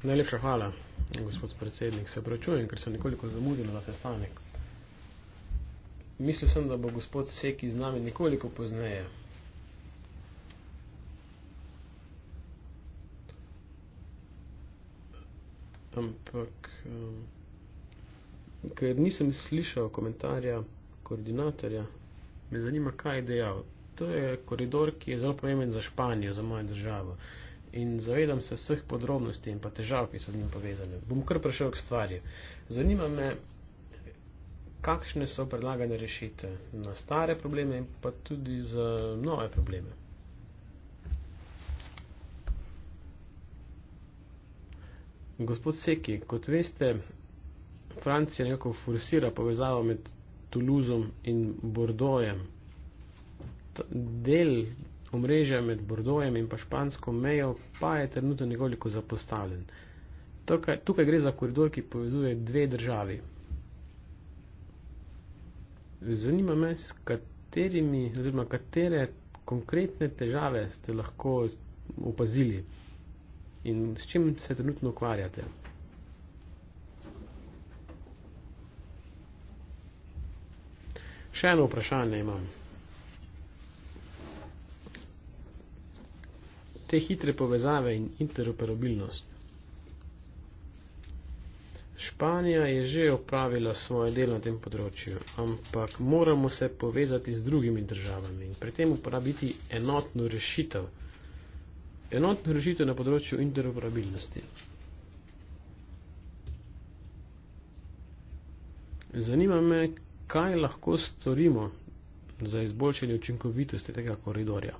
Najlepša hvala gospod predsednik, se pravčujem, ker sem nekoliko zamudil na sestanek. Mislil sem, da bo gospod Seki z nami nekoliko pozneje. Ampak, eh, ker nisem slišal komentarja koordinatorja, me zanima, kaj je dejal. To je koridor, ki je zelo pomemben za Španijo, za mojo državo in zavedam se vseh podrobnosti in pa težav, ki so z njim povezane. Bom kar prešel k stvari. Zanima me, kakšne so predlagane rešitve na stare probleme in pa tudi za nove probleme. Gospod Seki, kot veste, Francija nekako forsira povezavo med Toulouseom in Bordojem. Del omrežja med Bordojem in pa špansko mejo pa je trenutno nekoliko zapostavljen. Tukaj, tukaj gre za koridor, ki povezuje dve državi. Zanima me, s katerimi oziroma katere konkretne težave ste lahko opazili in s čim se trenutno ukvarjate. Še eno vprašanje imam. te hitre povezave in interoperabilnost. Španija je že opravila svoje delo na tem področju, ampak moramo se povezati z drugimi državami in pri tem uporabiti enotno rešitev. Enotno rešitev na področju interoperabilnosti. Zanima me, kaj lahko storimo za izboljšanje učinkovitosti tega koridorja.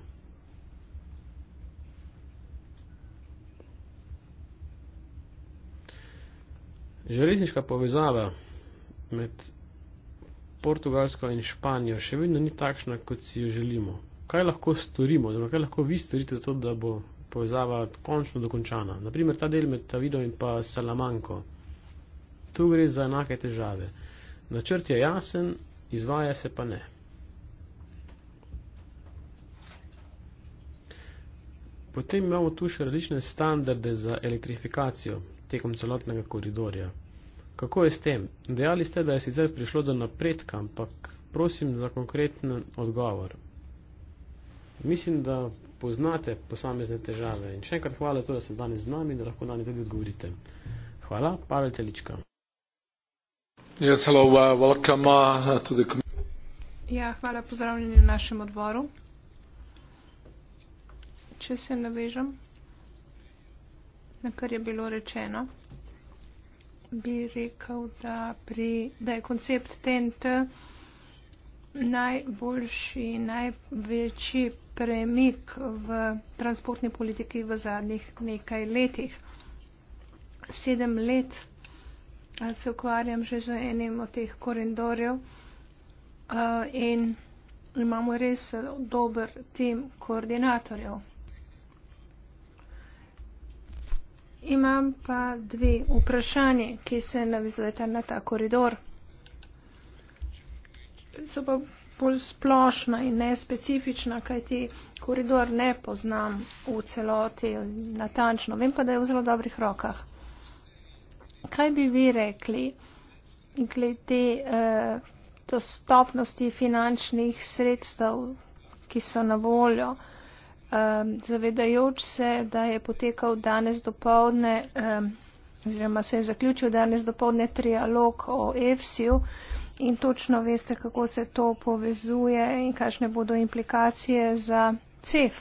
Železniška povezava med Portugalsko in Španijo še vedno ni takšna, kot si jo želimo. Kaj lahko storimo, oziroma kaj lahko vi storite za to, da bo povezava končno dokončana? Naprimer, ta del med Tavido in pa Salamanko. Tu gre za enake težave. Načrt je jasen, izvaja se pa ne. Potem imamo tu še različne standarde za elektrifikacijo tekom celotnega koridorja. Kako je s tem? Dejali ste, da je sicer prišlo do napredka, ampak prosim za konkreten odgovor. Mislim, da poznate posamezne težave in še enkrat hvala za to, da ste danes z nami in da lahko danes tudi odgovorite. Hvala, Pavel Telička. Yes, hello, uh, welcome, uh, to the ja, hvala, pozdravljeni v našem odboru. Če se navežem, na kar je bilo rečeno bi rekel, da, pri, da je koncept TNT najboljši, največji premik v transportni politiki v zadnjih nekaj letih. Sedem let se ukvarjam že z enim od teh korendorjev in imamo res dober tim koordinatorjev. Imam pa dve vprašanje, ki se navizujeta na ta koridor. So pa bolj splošna in nespecifična, kaj ti koridor ne poznam v celoti natančno. Vem pa, da je v zelo dobrih rokah. Kaj bi vi rekli glede eh, dostopnosti finančnih sredstev, ki so na voljo? um, zavedajoč se, da je potekal danes dopoldne, um, oziroma se je zaključil danes dopoldne trialog o EFSI-ju in točno veste, kako se to povezuje in kakšne bodo implikacije za CEF.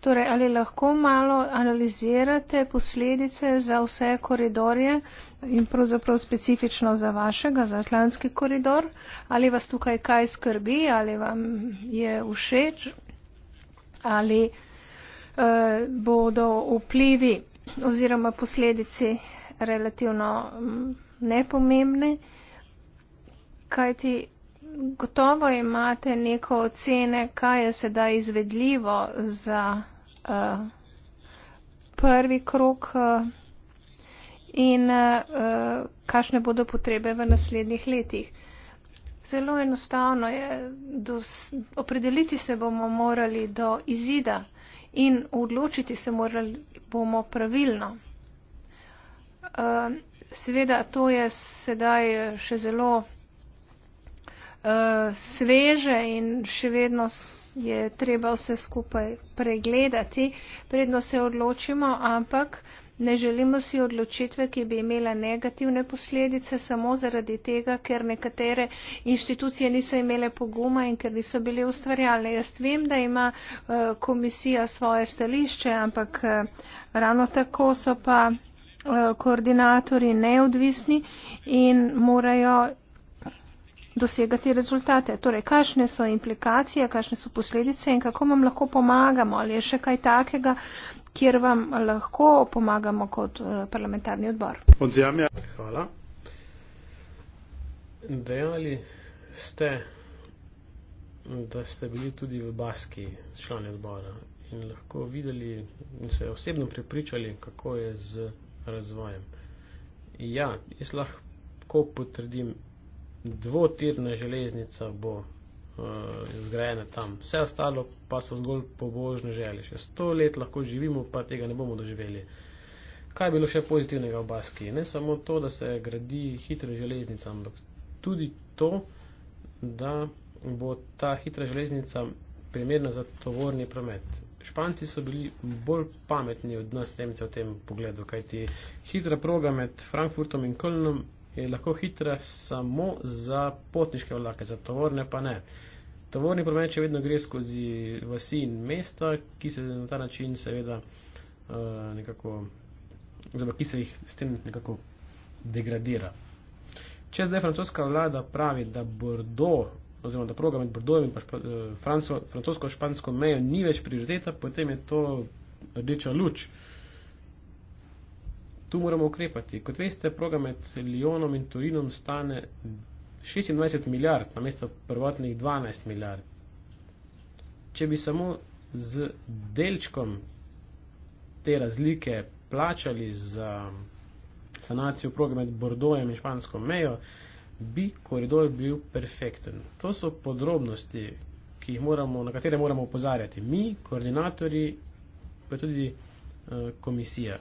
Torej, ali lahko malo analizirate posledice za vse koridorje in pravzaprav specifično za vašega, za atlantski koridor? Ali vas tukaj kaj skrbi, ali vam je všeč, ali eh, bodo vplivi oziroma posledici relativno mm, nepomembne, kajti gotovo imate neko ocene, kaj je sedaj izvedljivo za eh, prvi krok. Eh, in uh, kakšne bodo potrebe v naslednjih letih. Uh, Zelo enostavno je, dos, opredeliti se bomo morali do izida in odločiti se morali bomo pravilno. Ehm, seveda, to je sedaj eh, še zelo eh, sveže in še vedno je treba vse skupaj pregledati, predno se odločimo, ampak Ne želimo si odločitve, ki bi imela negativne posledice samo zaradi tega, ker nekatere inštitucije niso imele poguma in ker niso bile ustvarjalne. Jaz vem, da ima eh, komisija svoje stališče, ampak eh, ravno tako so pa eh, koordinatori neodvisni in morajo dosegati rezultate. Torej, kakšne so implikacije, kakšne so posledice in kako vam lahko pomagamo, ali je še kaj takega, kjer vam lahko pomagamo kot eh, parlamentarni odbor. Odzjamja. Hvala. Dejali ste, da ste bili tudi v Baski člani odbora in lahko videli in se osebno prepričali, kako je z razvojem. Ja, jaz lahko potrdim, dvotirna železnica bo Eh, zgrajene tam. Vse ostalo pa so zgolj pobožne želje. Še sto let lahko živimo, pa tega ne bomo doživeli. Kaj je bilo še pozitivnega v Baski? Ne samo to, da se gradi hitra železnica, ampak tudi to, da bo ta hitra železnica primerna za tovorni promet. Španci so bili bolj pametni od nas, Nemci, v tem pogledu, kajti hitra proga med Frankfurtom in Kölnom je lahko hitra samo za potniške vlake, za tovorne pa ne. Tovorni promet še vedno gre skozi vasi in mesta, ki se na ta način seveda uh, nekako, oziroma ki se jih s tem nekako degradira. Če zdaj francoska vlada pravi, da Bordeaux, oziroma da proga med Bordeaux in pa španco, eh, francosko-špansko mejo ni več prioriteta, potem je to rdeča luč. Uh, tu moramo ukrepati. Kot veste, proga med Lyonom in Turinom stane 26 milijard, namesto prvotnih 12 milijard. Če bi samo z delčkom te razlike plačali za sanacijo proge med Bordojem in špansko mejo, bi koridor bil perfekten. To so podrobnosti, ki jih moramo, na katere moramo opozarjati mi, koordinatorji, pa tudi uh, komisija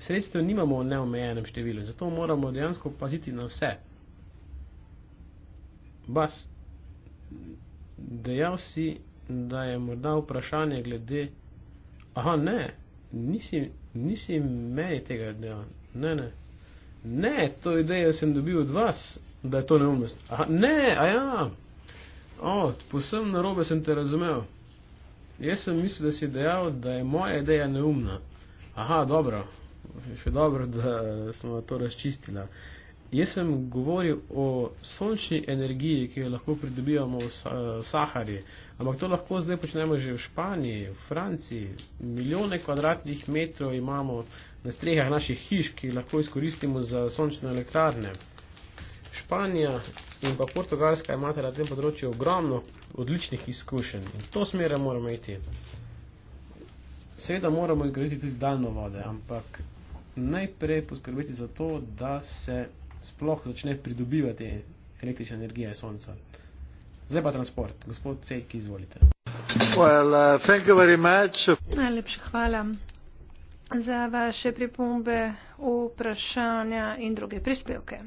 sredstev nimamo v neomejenem številu, zato moramo dejansko paziti na vse. Bas, dejal si, da je morda vprašanje glede. Aha, ne, nisi, nisi meni tega dejal. Ne, ne. Ne, to idejo sem dobil od vas, da je to neumnost. Aha, ne, a ja. O, posem narobe sem te razumel. Jaz sem mislil, da si dejal, da je moja ideja neumna. Aha, dobro, še dobro, da smo to razčistila. Jaz sem govoril o sončni energiji, ki jo lahko pridobivamo v Sahari, ampak to lahko zdaj počnemo že v Španiji, v Franciji. Milijone kvadratnih metrov imamo na strehah naših hiš, ki lahko izkoristimo za sončne elektrarne. Španija in pa Portugalska imata na tem področju ogromno odličnih izkušenj in to smer moramo iti. Seveda moramo izgraditi tudi daljno vode, ampak najprej poskrbeti za to, da se sploh začne pridobivati električna energija iz sonca. Zdaj pa transport. Gospod Cejk, izvolite. Well, uh, thank you very much. Najlepša hvala za vaše pripombe, vprašanja in druge prispevke.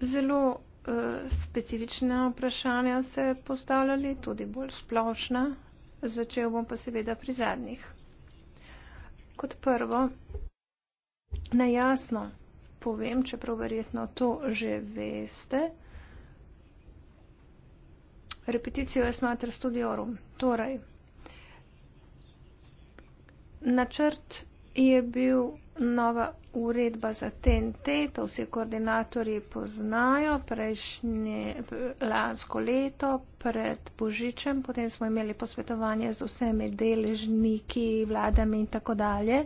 Zelo uh, specifična vprašanja se postavljali, tudi bolj splošna. Začel bom pa seveda pri zadnjih kot prvo, najjasno povem, čeprav verjetno to že veste, repeticijo je smatra studiorum. Torej, načrt je bil nova uredba za TNT, to vsi koordinatori poznajo, prejšnje lansko leto pred Božičem, potem smo imeli posvetovanje z vsemi deležniki, vladami in tako dalje.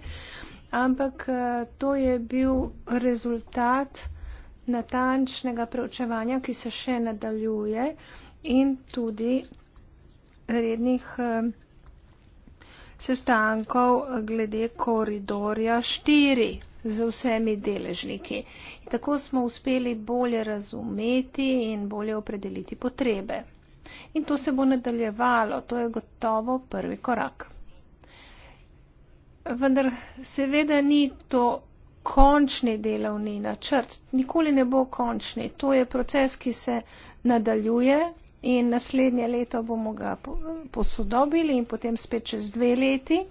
Ampak eh, to je bil rezultat natančnega preučevanja, ki se še nadaljuje in tudi rednih eh, sestankov glede koridorja 4 z vsemi deležniki. Tako smo uspeli bolje razumeti in bolje opredeliti potrebe. In to se bo nadaljevalo, to je gotovo prvi korak. Vendar seveda ni to končni delovni načrt, nikoli ne bo končni. To je proces, ki se nadaljuje in naslednje leto bomo ga posodobili in potem spet čez dve leti.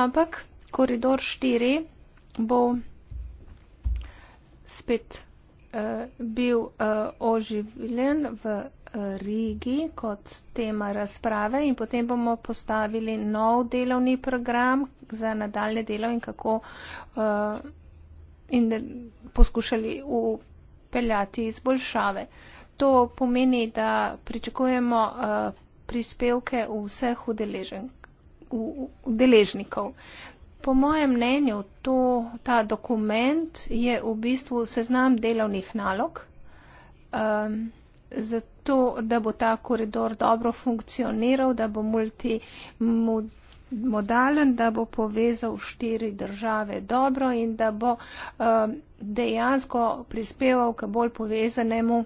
Ampak koridor 4 bo spet uh, bil uh, oživljen v eh, Rigi kot tema razprave in potem bomo postavili nov delovni program za nadaljne delo in kako uh, in poskušali upeljati izboljšave. Uh, to pomeni, da pričakujemo eh, prispevke vseh udeležnikov. Po mojem mnenju, to, ta dokument je v bistvu seznam delovnih nalog, um, zato da bo ta koridor dobro funkcioniral, da bo multimodalen, da bo povezal štiri države dobro in da bo um, dejansko prispeval k bolj povezanemu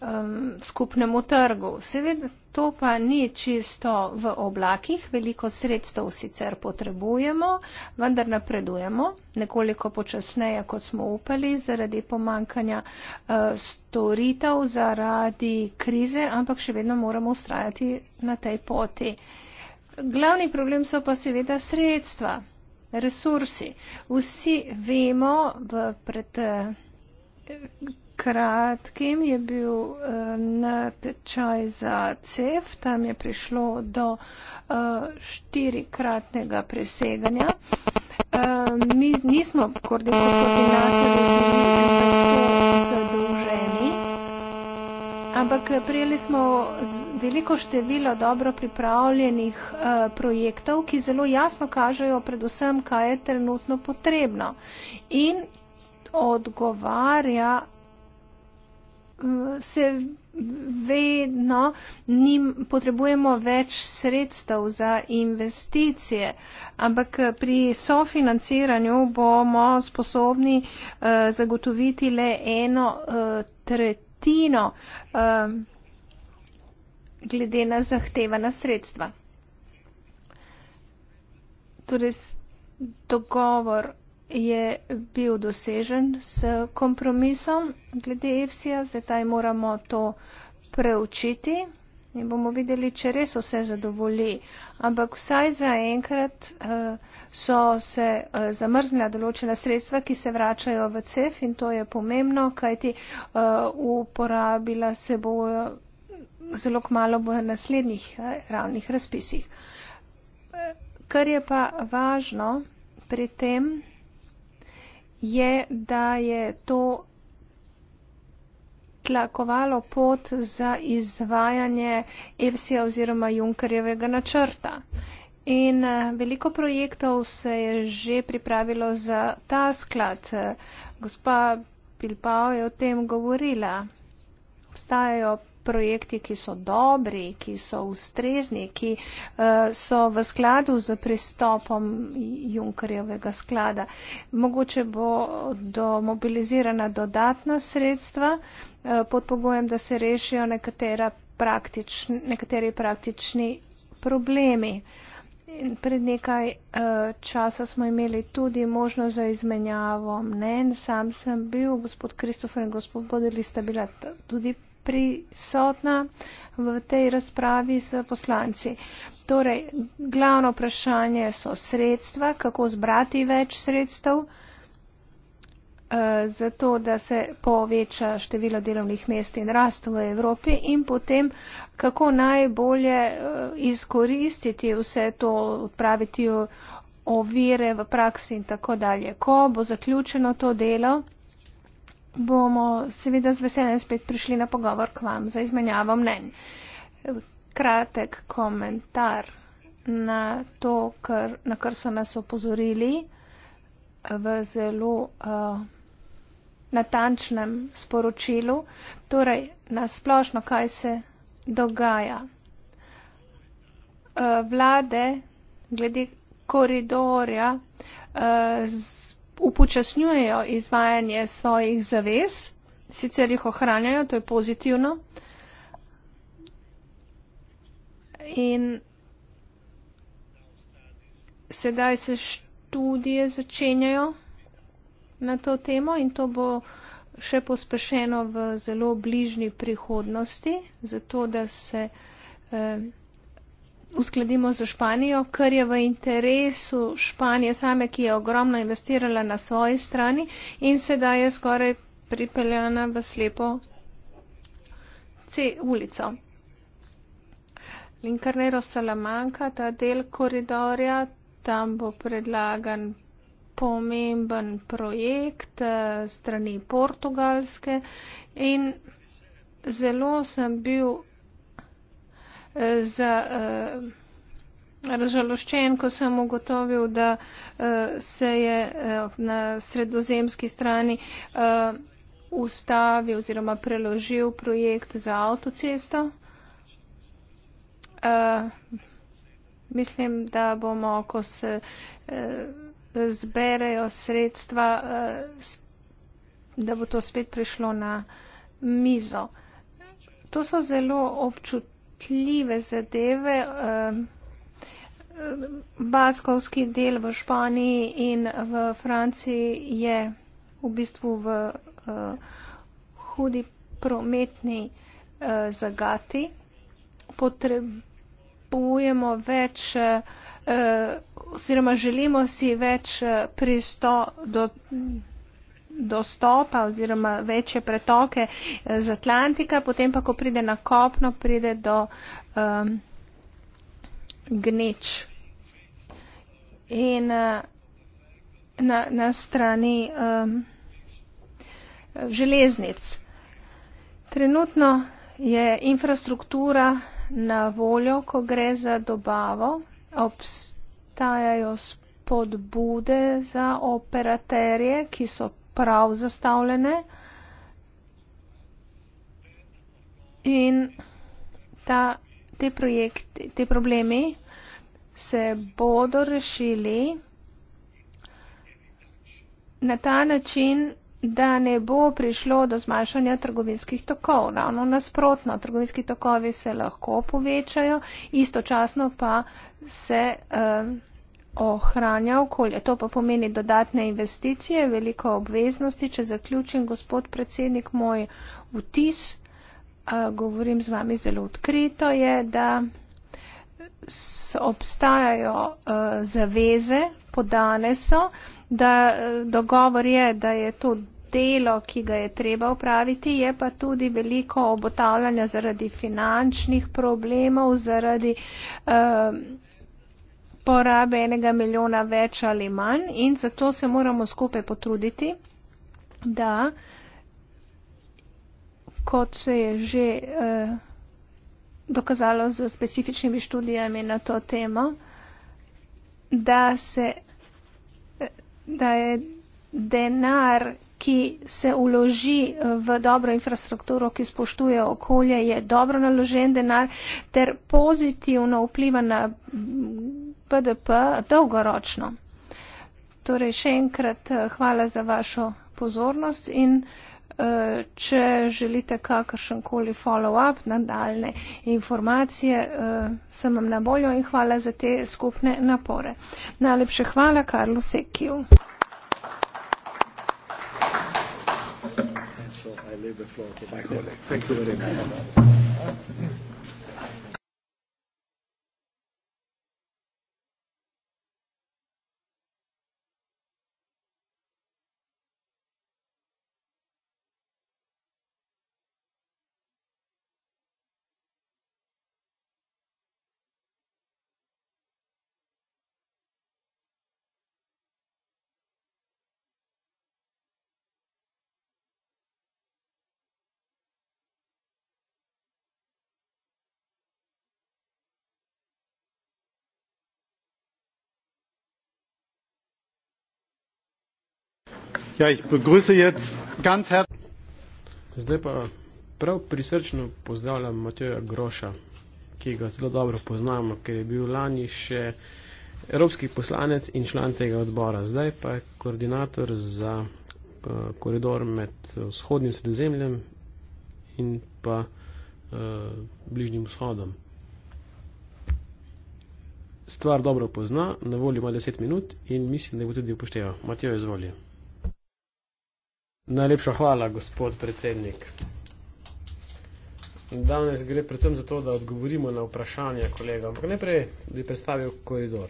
um, skupnemu trgu. Seveda to pa ni čisto v oblakih, veliko sredstev sicer potrebujemo, vendar napredujemo nekoliko počasneje, kot smo upali, zaradi pomankanja uh, storitev, zaradi krize, ampak še vedno moramo ustrajati na tej poti. Glavni problem so pa seveda sredstva, resursi. Vsi vemo v pred. Uh, kratkim je bil uh, natečaj za CEF, tam je prišlo do uh, štirikratnega preseganja. Uh, mi nismo koordinatorji za to zadolženi, ampak prijeli smo veliko število dobro pripravljenih uh, projektov, ki zelo jasno kažejo predvsem, kaj je trenutno potrebno. In odgovarja se vedno njim potrebujemo več sredstev za investicije, ampak pri sofinanciranju bomo sposobni eh, zagotoviti le eno eh, tretjino eh, glede na zahtevana sredstva. Torej, dogovor je bil dosežen s kompromisom glede EFSI-ja, zdaj moramo to preučiti in bomo videli, če res vse zadovolji. Ampak vsaj zaenkrat eh, so se eh, zamrznila določena sredstva, ki se vračajo v CEF in to je pomembno, kajti eh, uporabila se bo zelo kmalo v naslednjih ravnih razpisih. Kar je pa važno pri tem, je, da je to tlakovalo pot za izvajanje Elsija oziroma Junkerjevega načrta. In eh, veliko projektov se je že pripravilo za ta sklad. Gospa Pilpao je o tem govorila. Obstajajo projekti, ki so dobri, ki so ustrezni, ki uh, so v skladu z pristopom Junkerjevega sklada. Mogoče bo do mobilizirana dodatna sredstva uh, pod pogojem, da se rešijo praktič, nekateri praktični problemi. In pred nekaj uh, časa smo imeli tudi možnost za izmenjavo mnen. Sam sem bil, gospod Kristofer in gospod Bodeli sta bila tudi prisotna v tej razpravi z poslanci. Torej, glavno vprašanje so sredstva, kako zbrati več sredstev eh, za to, da se poveča število delovnih mest in rast v Evropi in potem, kako najbolje eh, izkoristiti vse to, odpraviti ovire v praksi in tako dalje. Ko bo zaključeno to delo, bomo seveda z veseljem spet prišli na pogovor k vam za izmenjavo mnenj. Kratek komentar na to, kar, na kar so nas opozorili v zelo uh, natančnem sporočilu. Torej, nasplošno, kaj se dogaja. Uh, vlade glede koridorja uh, eh, z upočasnjujejo izvajanje svojih zavez, sicer jih ohranjajo, to je pozitivno. In sedaj se študije začenjajo na to temo in to bo še pospešeno v zelo bližnji prihodnosti, zato da se. Eh, uskladimo z Španijo, kar je v interesu Španije same, ki je ogromno investirala na svoji strani in sedaj je skoraj pripeljana v slepo C ulico. Linkarnero Salamanca, ta del koridorja, tam bo predlagan pomemben projekt eh, strani Portugalske in zelo sem bil za, eh, razžaloščen, ko sem ugotovil, da eh, se je eh, na sredozemski strani ustavil oziroma preložil projekt za avtocesto. Mislim, da bomo, ko se zberejo sredstva, da bo to spet prišlo na mizo. To so zelo občutljivi občutljive zadeve. Um, baskovski del v Španiji in v Franciji je v bistvu v uh, hudi prometni uh, zagati. Potrebujemo več uh, oziroma želimo si več pristo do dostopa oziroma večje pretoke eh, z Atlantika, potem pa, ko pride na kopno, pride do um, gneč. In eh, na, na strani um, železnic. Trenutno je infrastruktura na voljo, ko gre za dobavo. Obstajajo spodbude za operaterje, ki so prav zastavljene. In ta, te projekti, te problemi se bodo rešili na ta način, da ne bo prišlo do zmanjšanja trgovinskih tokov. Ravno nasprotno, trgovinski tokovi se lahko povečajo, istočasno pa se. Uh, ohranja okolje. To pa pomeni dodatne investicije, veliko obveznosti. Če zaključim, gospod predsednik, moj vtis, govorim z vami zelo odkrito, je, da obstajajo zaveze, podane so, da dogovor je, da je to delo, ki ga je treba upraviti, je pa tudi veliko obotavljanja zaradi finančnih problemov, zaradi porabe enega milijona več ali manj in zato se moramo skupaj potruditi, da kot se je že eh, dokazalo z specifičnimi študijami na to temo, da, se, eh, da je denar ki se uloži eh, v dobro infrastrukturo, ki spoštuje okolje, je dobro naložen denar ter pozitivno vpliva na PDP mm, dolgoročno. Torej, še enkrat eh, hvala za vašo pozornost in eh, če želite kakršenkoli follow-up, nadaljne informacije, sem vam na voljo in hvala za te skupne napore. Najlepše hvala, Karlo Sekiju. I leave the floor to my colleague. Thank you very much. Ja, ich begrüße jetzt ganz Zdaj pa prav prisrčno pozdravljam Matjoja Groša, ki ga zelo dobro poznamo, ker je bil lani še evropski poslanec in član tega odbora. Zdaj pa je koordinator za eh, koridor med vzhodnim sredozemljem in pa eh, bližnjim vzhodom. Stvar dobro pozna, na volju ima 10 minut in mislim, da bo tudi upošteval. Matjo, izvolite. Najlepša hvala, gospod predsednik. In danes gre predvsem za to, da odgovorimo na vprašanje kolega. Ampak najprej bi predstavil koridor.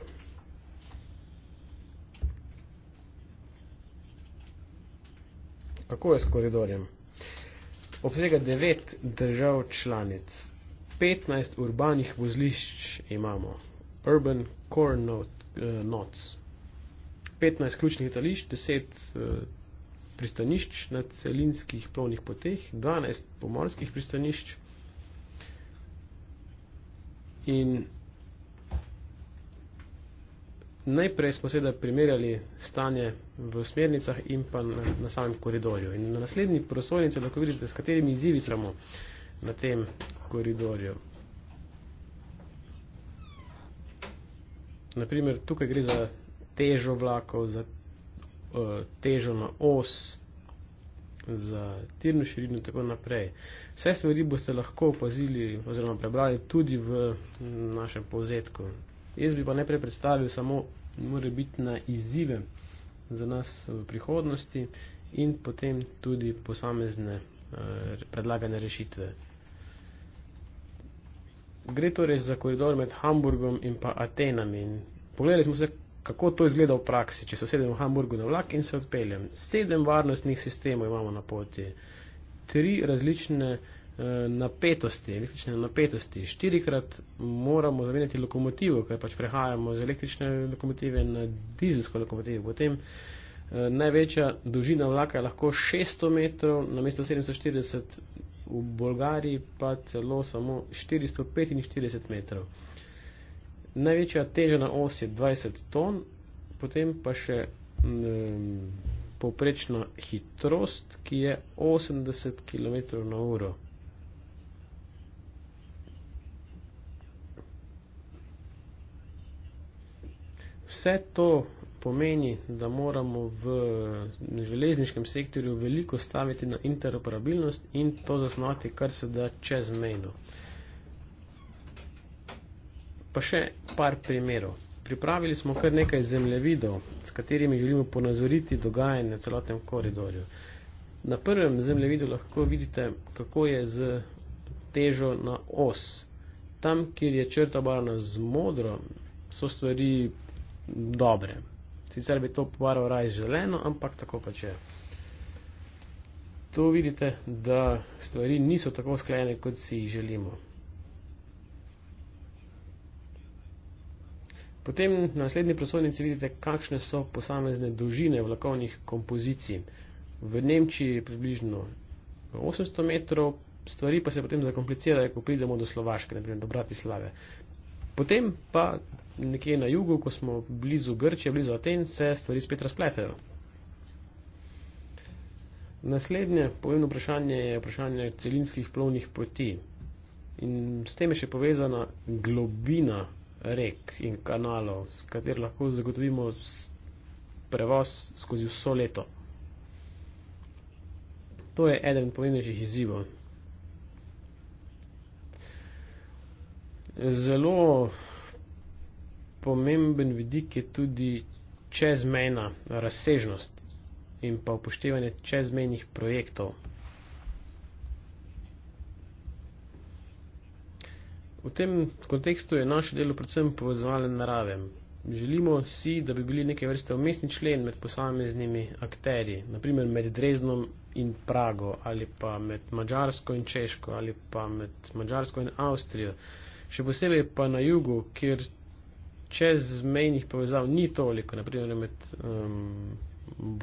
Kako je s koridorjem? Obsega devet držav članic. 15 urbanih vozlišč imamo. Urban core notes. Eh, 15 ključnih letališč, 10 uh, eh, pristanišč na celinskih plovnih poteh, 12 pomorskih pristanišč in najprej smo seveda primerjali stanje v smernicah in pa na, na samem koridorju. In na naslednji prosojnici lahko vidite, s katerimi izzivi sramo na tem koridorju. Naprimer, tukaj gre za težo vlakov, za Eh, težo na os, za tirno širino in tako naprej. Vse stvari boste lahko opazili oziroma prebrali tudi v našem povzetku. Jaz bi pa najprej predstavil samo mora biti na izzive za nas v prihodnosti in potem tudi posamezne eh, predlagane rešitve. Gre torej za koridor med Hamburgom in pa Atenami. Pogledali smo se, kako to izgleda v praksi, če se sedem v Hamburgu na vlak in se odpeljem. Sedem varnostnih sistemov imamo na poti, tri različne eh, napetosti, električne napetosti, štirikrat moramo zamenjati lokomotivo, ker pač prehajamo z električne lokomotive na dizelsko lokomotivo. Potem eh, največja dolžina vlaka je lahko 600 metrov, na mesto 740 v Bolgariji pa celo samo 445 metrov največja teža na os je 20 ton, potem pa še um, mm, poprečna hitrost, ki je 80 km na uro. Vse to pomeni, da moramo v železniškem sektorju veliko staviti na interoperabilnost in to zasnovati, kar se da čezmejno. Pa še par primerov. Pripravili smo kar nekaj zemljevidov, s katerimi želimo ponazoriti dogajanje na celotnem koridorju. Na prvem zemljevidu lahko vidite, kako je z težo na os. Tam, kjer je črta barvna z modro, so stvari dobre. Sicer bi to barvo raj zeleno, ampak tako pač je. To vidite, da stvari niso tako sklene, kot si jih želimo. Potem na naslednji prosojnici vidite, kakšne so posamezne dolžine vlakovnih kompozicij. V Nemčiji je približno 800 metrov, stvari pa se potem zakomplicirajo, ko pridemo do Slovaške, naprimer do Bratislave. Potem pa nekje na jugu, ko smo blizu Grče, blizu Aten, se stvari spet razpletajo. Naslednje pomembno vprašanje je vprašanje celinskih plovnih poti. In s tem je še povezana globina rek in kanalov, s katerimi lahko zagotovimo prevoz skozi vso leto. To je eden pomembnejših izzivov. Zelo pomemben vidik je tudi čezmejna razsežnost in pa upoštevanje čezmejnih projektov. V tem kontekstu je naše delo predvsem povezovalen narave. Želimo si, da bi bili neke vrste umestni člen med posameznimi akteri, naprimer med Dreznom in Prago ali pa med Mačarsko in Češko ali pa med Mačarsko in Avstrijo. Še posebej pa na jugu, kjer čez mejnih povezav ni toliko, naprimer med um,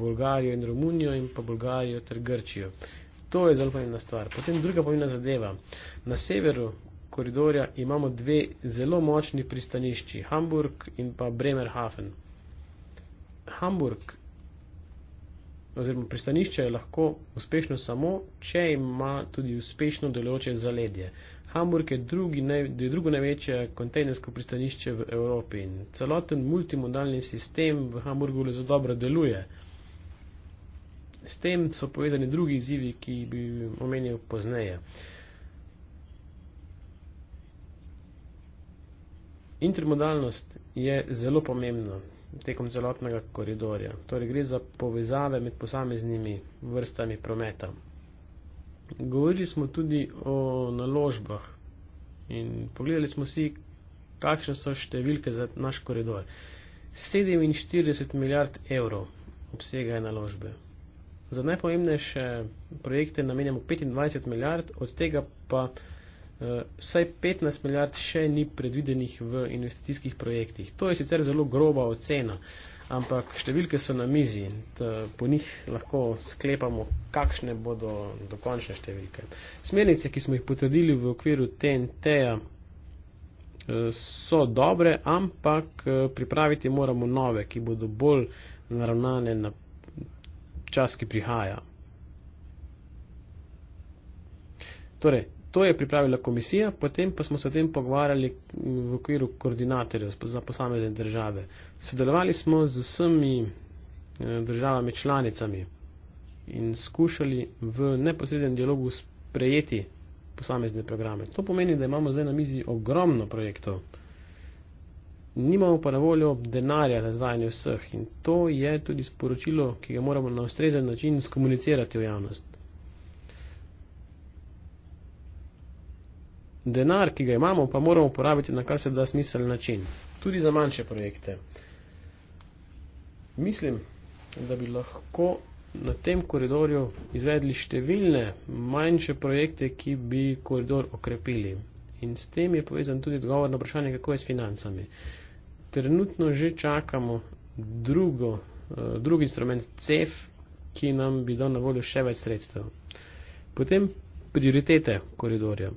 Bolgarijo in Romunijo in pa Bolgarijo ter Grčijo. To je zelo pomembna stvar. Potem druga pomembna zadeva. Na severu koridorja imamo dve zelo močni pristanišči, Hamburg in pa Bremerhaven. Hamburg oziroma pristanišče je lahko uspešno samo, če ima tudi uspešno delujoče zaledje. Hamburg je, drugi, ne, je drugo največje kontejnersko pristanišče v Evropi in celoten multimodalni sistem v Hamburgu le zelo dobro deluje. S tem so povezani drugi izzivi, ki bi omenil pozneje. Uh, Intermodalnost je zelo pomembna tekom celotnega koridorja, torej gre za povezave med posameznimi vrstami prometa. Govorili smo tudi o naložbah in pogledali smo si, kakšne so številke za naš koridor. 47 milijard evrov obsega je naložbe. Za najpomembnejše projekte namenjamo 25 milijard, od tega pa Eh, vsaj 15 milijard še ni predvidenih v investicijskih projektih. To je sicer zelo groba ocena, ampak številke so na mizi in eh, po njih lahko sklepamo, kakšne bodo dokončne številke. Smernice, ki smo jih potrdili v okviru TNT-ja, eh, so dobre, ampak pripraviti moramo nove, ki bodo bolj naravnane na čas, ki prihaja. Torej, to je pripravila komisija, potem pa smo se o tem pogovarjali v okviru koordinatorjev za posamezne države. Sodelovali smo z vsemi eh, državami članicami in skušali v neposreden dialogu sprejeti posamezne programe. To pomeni, da imamo zdaj na mizi ogromno projektov. Nimamo pa na voljo denarja za izvajanje vseh in to je tudi sporočilo, ki ga moramo na ustrezen način skomunicirati v javnost. denar, ki ga imamo, pa moramo uporabiti na kar se da smiseln način. Tudi za manjše projekte. Mislim, da bi lahko na tem koridorju izvedli številne manjše projekte, ki bi koridor okrepili. In s tem je povezan tudi odgovor na vprašanje, kako je s financami. Trenutno že čakamo drugo, eh, drug instrument CEF, ki nam bi dal na voljo še več sredstev. Potem prioritete koridorja.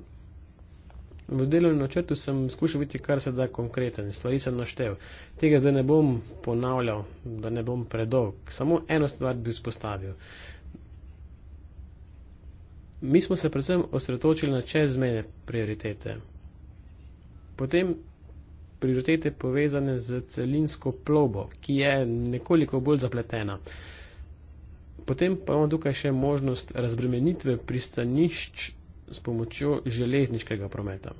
V delovnem načrtu sem skušal biti kar se da konkreten, stvari sem naštel. Tega zdaj ne bom ponavljal, da ne bom predolg. Samo eno stvar bi spostavil. Mi smo se predvsem osredotočili na čezmene prioritete. Potem prioritete povezane z celinsko plobo, ki je nekoliko bolj zapletena. Potem pa imamo tukaj še možnost razbremenitve pristanišč s pomočjo železniškega prometa.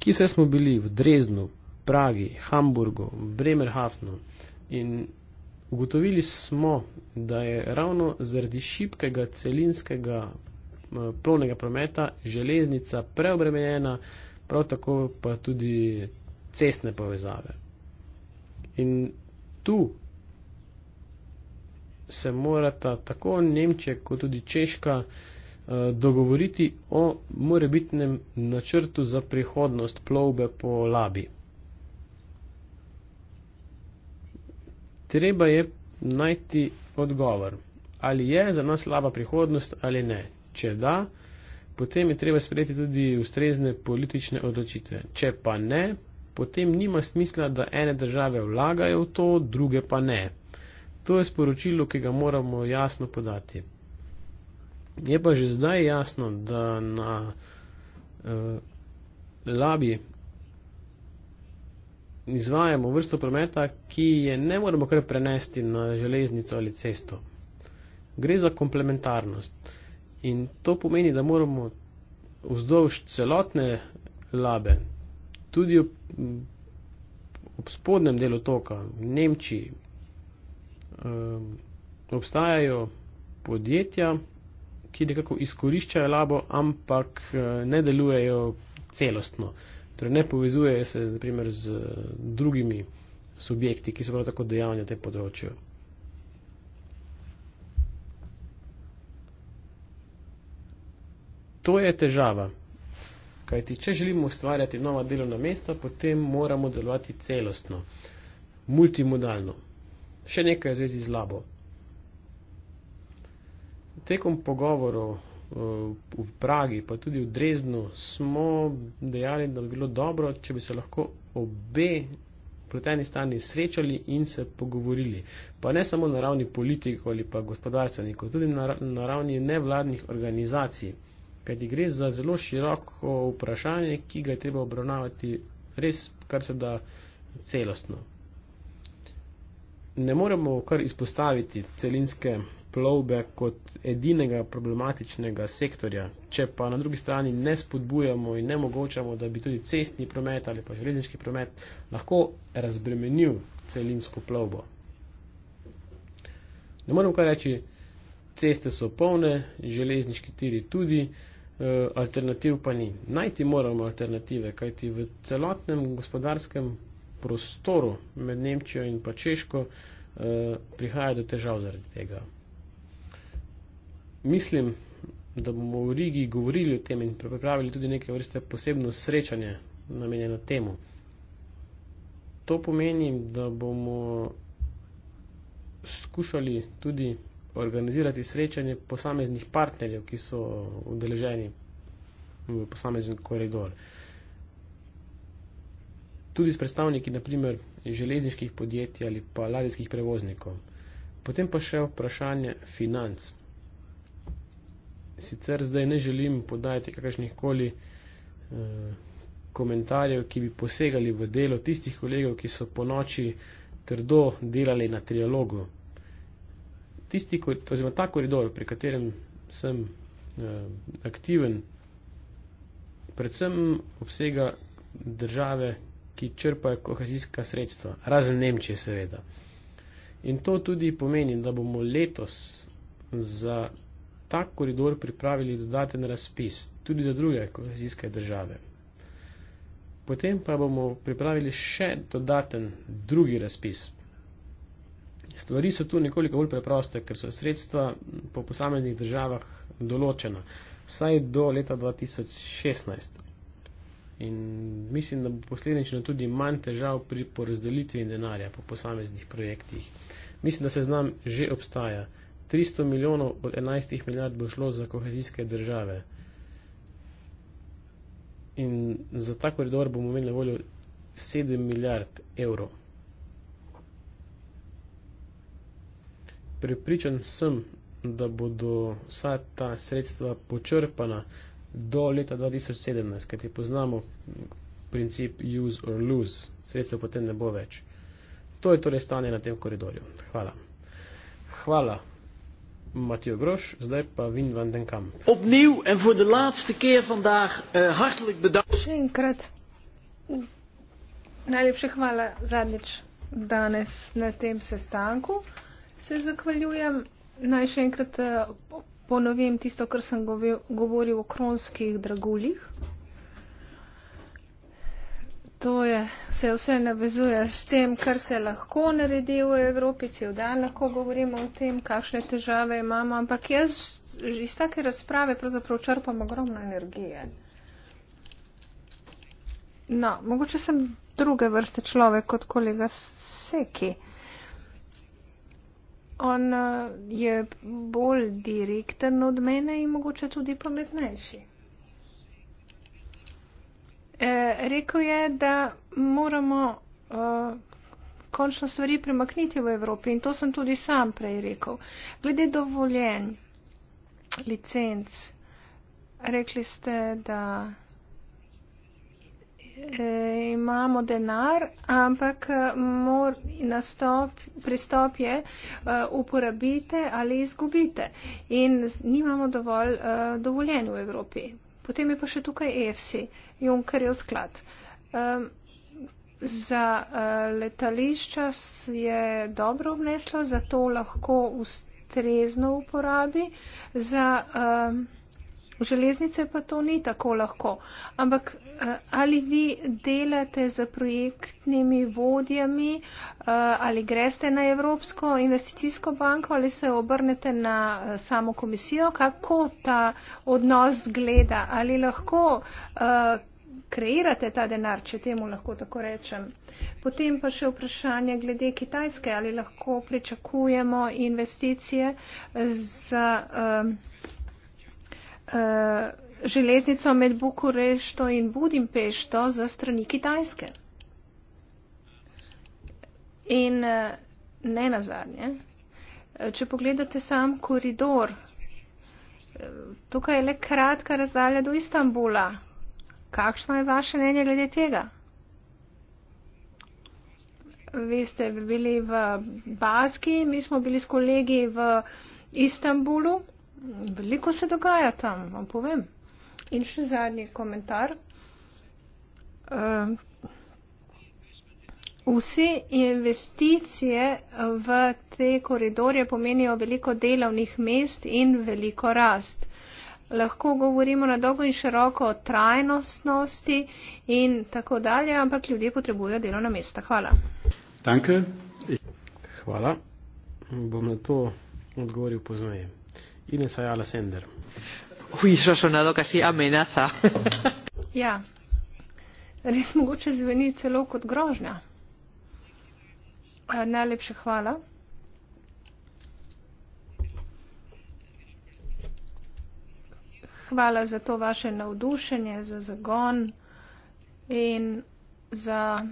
Ki vse smo bili v Dreznu, Pragi, Hamburgu, Bremerhafnu in ugotovili smo, da je ravno zaradi šibkega celinskega plovnega prometa železnica preobremenjena, prav tako pa tudi cestne povezave. In tu se morata tako Nemčija kot tudi Češka. Eh, dogovoriti o morebitnem načrtu za prihodnost plovbe po labi. Treba je najti odgovor, ali je za nas slaba prihodnost ali ne. Če da, potem je treba sprejeti tudi ustrezne politične odločitve. Če pa ne, potem nima smisla, da ene države vlagajo v to, druge pa ne. To je sporočilo, ki ga moramo jasno podati. Je pa že zdaj jasno, da na uh, labi izvajamo vrsto prometa, ki je ne moremo kar prenesti na železnico ali cesto. Gre za komplementarnost in to pomeni, da moramo vzdolž celotne labe, tudi ob, ob spodnem delu toka, v Nemčiji, um, obstajajo podjetja, ki nekako izkoriščajo labo, ampak eh, ne delujejo celostno. Torej ne povezujejo se naprimer, z eh, drugimi subjekti, ki so prav tako dejavni na tem področju. To je težava. Kajti, če želimo ustvarjati nova delovna mesta, potem moramo delovati celostno, multimodalno. Še nekaj v zvezi z labo tekom pogovorov eh, v Pragi, pa tudi v Dreznu, smo dejali, da bi bilo dobro, če bi se lahko obe pleteni strani srečali in se pogovorili. Pa ne samo na ravni politikov ali pa gospodarstvenikov, tudi na ravni nevladnih organizacij. Kajti gre za zelo široko vprašanje, ki ga je treba obravnavati res, kar se da celostno. Ne moremo kar izpostaviti celinske plovbe kot edinega problematičnega sektorja. Če pa na drugi strani ne spodbujamo in ne mogočamo, da bi tudi cestni promet ali pa železniški promet lahko razbremenil celinsko plovbo. Ne morem kaj reči, ceste so polne, železniški tiri tudi, eh, alternativ pa ni. Najti moramo alternative, kajti v celotnem gospodarskem prostoru med Nemčijo in pa Češko eh, prihaja do težav zaradi tega mislim, da bomo v Rigi govorili o tem in pripravili tudi neke vrste posebno srečanje namenjeno temu. To pomeni, da bomo skušali tudi organizirati srečanje posameznih partnerjev, ki so udeleženi v posamezen koridor. Tudi s predstavniki, naprimer, železniških podjetij ali pa ladijskih prevoznikov. Potem pa še vprašanje financ sicer zdaj ne želim podajati kakršnih koli eh, komentarjev, ki bi posegali v delo tistih kolegov, ki so po noči trdo delali na trialogu. Tisti, oziroma ta koridor, pri katerem sem eh, aktiven, predvsem obsega države, ki črpajo kohezijska sredstva, razen Nemčije seveda. In to tudi pomeni, da bomo letos za tak koridor pripravili dodaten razpis tudi za druge kohezijske države. Potem pa bomo pripravili še dodaten drugi razpis. Stvari so tu nekoliko bolj preproste, ker so sredstva po posameznih državah določena, vsaj do leta 2016. In mislim, da bo posledično tudi manj težav pri porazdelitvi denarja po posameznih projektih. Mislim, da se znam že obstaja. 300 milijonov od 11 milijard bo šlo za kohezijske države. In za ta koridor bomo imeli na voljo 7 milijard evrov. Pripričan sem, da bodo vsa ta sredstva počrpana do leta 2017, kajti poznamo princip use or lose, sredstva potem ne bo več. To je torej stanje na tem koridorju. Hvala. Hvala. Mathieu Grosch, zdaj pa Wim van den Kamp. Opnieuw en voor de laatste keer vandaag uh, hartelijk bedankt. Še enkrat. Najlepša hvala zadnjič danes na tem sestanku. Se zahvaljujem. Naj še enkrat uh, ponovim tisto, kar sem govil, govoril o kronskih draguljih to je, se vse navezuje s tem, kar se lahko naredi v Evropi, cel dan lahko govorimo o tem, kakšne težave imamo, ampak jaz iz take razprave pravzaprav črpam ogromno energije. No, mogoče sem druge vrste človek kot kolega Seki. On eh, je bolj direkten od mene in mogoče tudi pametnejši. Eh, rekel je, da moramo uh, končno stvari premakniti v Evropi in to sem tudi sam prej rekel. Glede dovoljen, licenc, rekli ste, da uh, imamo denar, ampak mor, nastop, pristop je uh, uporabite ali izgubite in nimamo dovolj uh, dovoljen v Evropi. Potem je pa še tukaj EFC, Junkerjev sklad. Um, Za eh, letališča je dobro obneslo, zato lahko ustrezno uporabi. Za, um železnice pa to ni tako lahko. Ampak eh, ali vi delate z projektnimi vodjami, eh, ali greste na Evropsko investicijsko banko, ali se obrnete na eh, samo komisijo, kako ta odnos zgleda, ali lahko kreirate ta denar, če temu lahko tako rečem. Potem pa še vprašanje glede Kitajske, ali lahko pričakujemo investicije za. Eh, železnico med Bukurešto in Budimpešto za strani Kitajske. In eh, ne nazadnje, eh, če pogledate sam koridor, tukaj je le kratka razdalja do Istanbula. Kakšno je vaše mnenje glede tega? Vi ste bili v Baski, mi smo bili s kolegi v Istanbulu veliko se dogaja tam, vam povem. In še zadnji komentar. Eh, vsi investicije v te koridorje pomenijo veliko delovnih mest in veliko rast. Lahko govorimo na dolgo in široko o trajnostnosti in tako dalje, ampak ljudje potrebujejo delovna mesta. Hvala. Danke. Hvala. Bom na to odgovoril poznajem. Ines Ayala Sender. Uy, eso ha sonado casi amenaza. ya. Ja. Res mogoče zveni celo kot grožnja. E, eh, najlepša hvala. Hvala za to vaše navdušenje, za zagon in za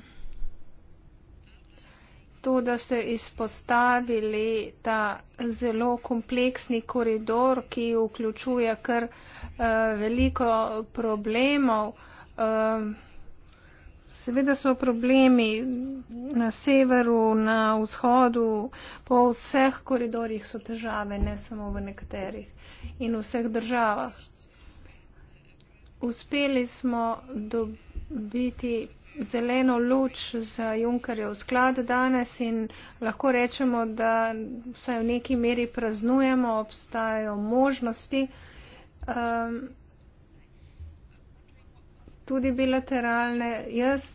to, da ste izpostavili ta zelo kompleksni koridor, ki vključuje kar uh, veliko problemov. Uh, seveda so problemi na severu, na vzhodu, po vseh koridorjih so težave, ne samo v nekaterih in v vseh državah. Uspeli smo dobiti zeleno luč za Junkerjev sklad danes in lahko rečemo, da vsaj v neki meri praznujemo, obstajajo možnosti. Um, tudi bilateralne. Jaz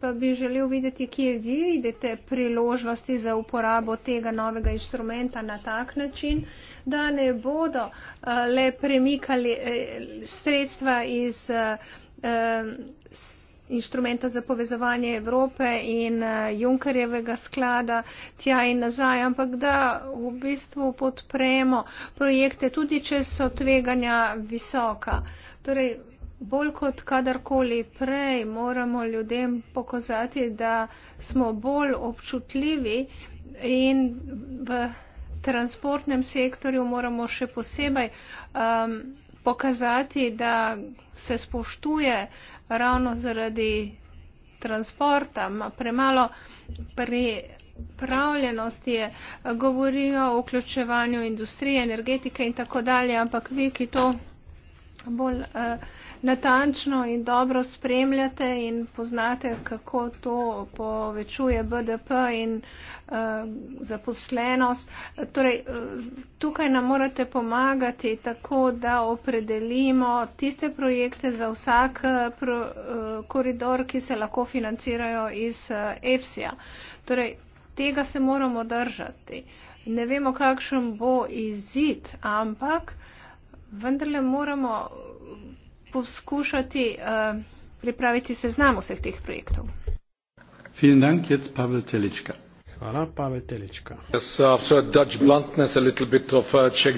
pa bi želel videti, kje vi vidite priložnosti za uporabo tega novega inštrumenta na tak način, da ne bodo uh, le premikali eh, sredstva iz. Uh, eh, eh inštrumenta za povezovanje Evrope in eh, Junkerjevega sklada tja in nazaj, ampak da v bistvu podpremo projekte, tudi če so tveganja visoka. Torej, bolj kot kadarkoli prej moramo ljudem pokazati, da smo bolj občutljivi in v transportnem sektorju moramo še posebej um, pokazati, da se spoštuje uh, ravno zaradi transporta, premalo pripravljenosti je, govorijo o vključevanju industrije, energetike in tako dalje, ampak vi, ki to bolj uh, natančno in dobro spremljate in poznate, kako to povečuje BDP in uh, zaposlenost. Torej, eh, tukaj nam morate pomagati tako, da opredelimo tiste projekte za vsak pro, uh, koridor, ki se lahko financirajo iz uh, EFSI-ja. Torej, tega se moramo držati. Ne vemo, kakšen bo izid, ampak uh, vendarle moramo poskušati uh, pripraviti seznam vseh teh projektov. Dank, Pavel Hvala, Pavel Telička. Yes, uh, bluntness, a bit of, uh, Czech